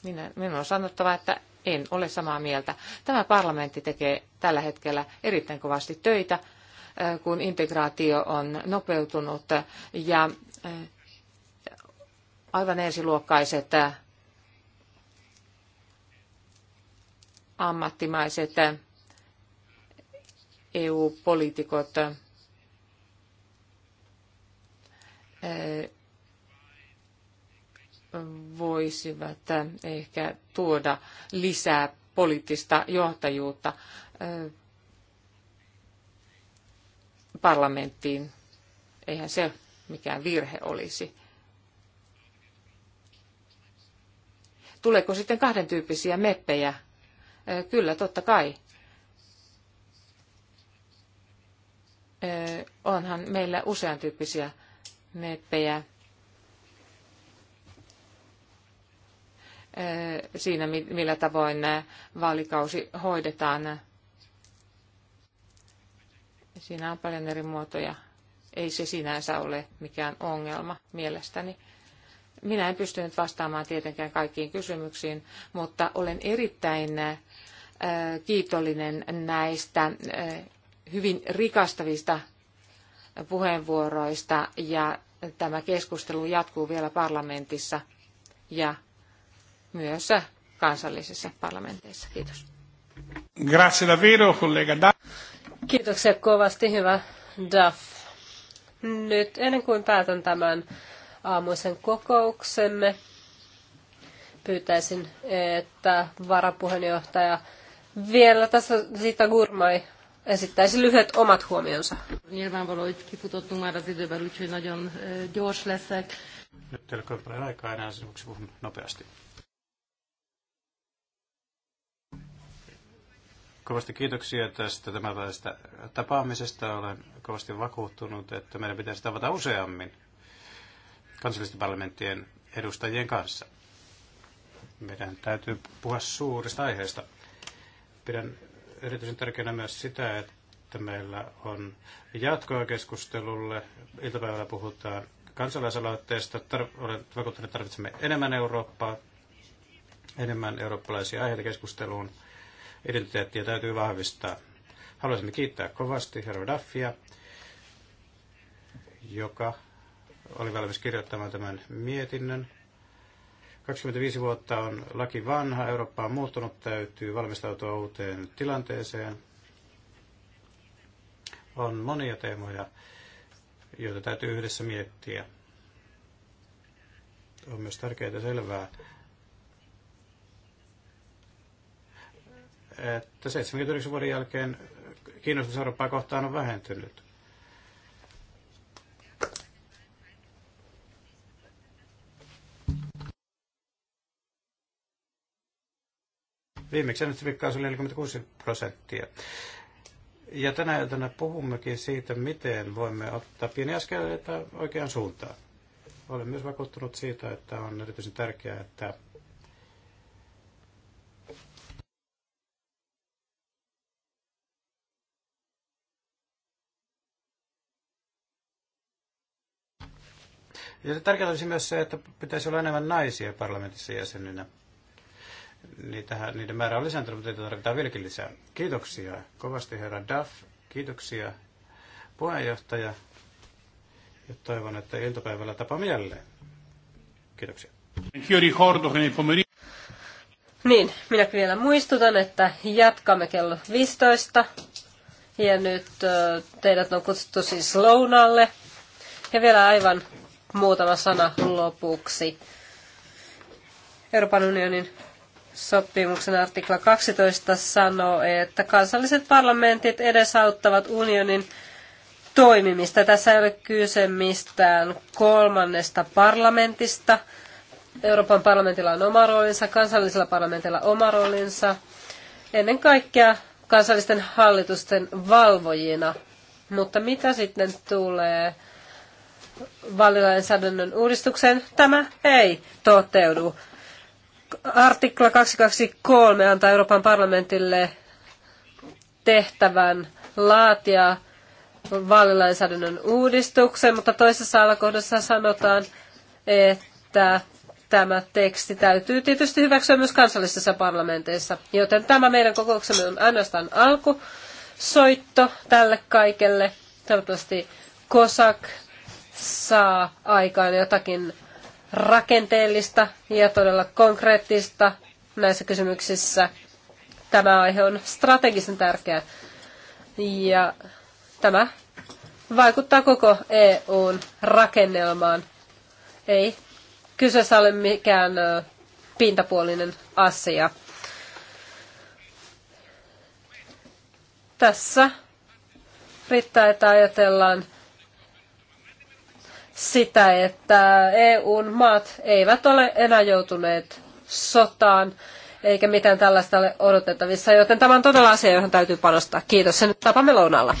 [SPEAKER 4] minä, minun on sanottava, että en ole samaa mieltä. Tämä parlamentti tekee tällä hetkellä erittäin kovasti töitä, kun integraatio on nopeutunut ja aivan ensiluokkaiset ammattimaiset EU-poliitikot voisivat äh, ehkä tuoda lisää poliittista johtajuutta äh, parlamenttiin. Eihän se mikään virhe olisi. Tuleeko sitten kahden tyyppisiä meppejä? Äh, kyllä, totta kai. Onhan meillä usean tyyppisiä meppejä Eh, siinä, millä tavoin eh, vaalikausi hoidetaan. Siinä on paljon eri muotoja. Ei se sinänsä ole mikään ongelma mielestäni. Minä en pystynyt vastaamaan tietenkään kaikkiin kysymyksiin, mutta olen erittäin eh, kiitollinen näistä hyvin rikastavista puheenvuoroista ja tämä keskustelu jatkuu vielä parlamentissa ja myös kansallisissa parlamenteissa. Kiitos.
[SPEAKER 1] Grazie davvero, collega
[SPEAKER 3] Duff.
[SPEAKER 2] Kiitoksia kovasti, hyvä Duff. Nyt ennen kuin päätän tämän aamuisen kokouksemme, pyytäisin, että varapuheenjohtaja vielä tässä Zita Gurmai esittäisi lyhyet omat huomionsa.
[SPEAKER 1] Nyt teillä on aikaa enää, siksi puhun nopeasti. Kovasti kiitoksia tästä tämänpäiväisestä tapaamisesta. Olen kovasti vakuuttunut, että meidän pitäisi tavata useammin kansallisten parlamenttien edustajien kanssa. Meidän täytyy puhua suurista aiheista. Pidän erityisen tärkeänä myös sitä, että meillä on jatkoa keskustelulle. Iltapäivällä puhutaan kansalaisaloitteesta. Tar- olen vakuuttunut, että tarvitsemme enemmän Eurooppaa, enemmän eurooppalaisia aiheita keskusteluun identiteettiä täytyy vahvistaa. Haluaisimme kiittää kovasti herra Daffia, joka oli valmis kirjoittamaan tämän mietinnön. 25 vuotta on laki vanha, Eurooppa on muuttunut, täytyy valmistautua uuteen tilanteeseen. On monia teemoja, joita täytyy yhdessä miettiä. On myös tärkeää selvää, että 79 vuoden jälkeen kiinnostus Eurooppaa kohtaan on vähentynyt. Viimeksi äänestysrikkaus oli 46 prosenttia. Ja tänä iltana puhummekin siitä, miten voimme ottaa pieni askeleita oikeaan suuntaan. Olen myös vakuuttunut siitä, että on erityisen tärkeää, että Ja tärkeää olisi myös se, että pitäisi olla enemmän naisia parlamentissa jäseninä. Niitähän, niiden määrä on lisääntynyt, mutta niitä tarvitaan vieläkin lisää. Kiitoksia kovasti herra Duff. Kiitoksia puheenjohtaja. Ja toivon, että iltapäivällä tapa jälleen. Kiitoksia.
[SPEAKER 2] Niin, minä vielä muistutan, että jatkamme kello 15. Ja nyt teidät on kutsuttu siis lounalle. Ja vielä aivan muutama sana lopuksi. Euroopan unionin sopimuksen artikla 12 sanoo, että kansalliset parlamentit edesauttavat unionin toimimista. Tässä ei ole kyse mistään kolmannesta parlamentista. Euroopan parlamentilla on oma roolinsa, kansallisella parlamentilla oma roolinsa. Ennen kaikkea kansallisten hallitusten valvojina. Mutta mitä sitten tulee vaalilainsäädännön uudistuksen, tämä ei toteudu. Artikla 223 antaa Euroopan parlamentille tehtävän laatia vaalilainsäädännön uudistuksen, mutta toisessa alakohdassa sanotaan, että tämä teksti täytyy tietysti hyväksyä myös kansallisissa parlamenteissa. Joten tämä meidän kokouksemme on ainoastaan alku soitto tälle kaikelle. Toivottavasti COSAC saa aikaan jotakin rakenteellista ja todella konkreettista näissä kysymyksissä. Tämä aihe on strategisen tärkeä ja tämä vaikuttaa koko EUn rakennelmaan. Ei kyseessä ole mikään pintapuolinen asia. Tässä riittää, että ajatellaan sitä, että EUn maat eivät ole enää joutuneet sotaan, eikä mitään tällaista ole odotettavissa, joten tämä on todella asia, johon täytyy panostaa. Kiitos ja nyt tapamme lounalla.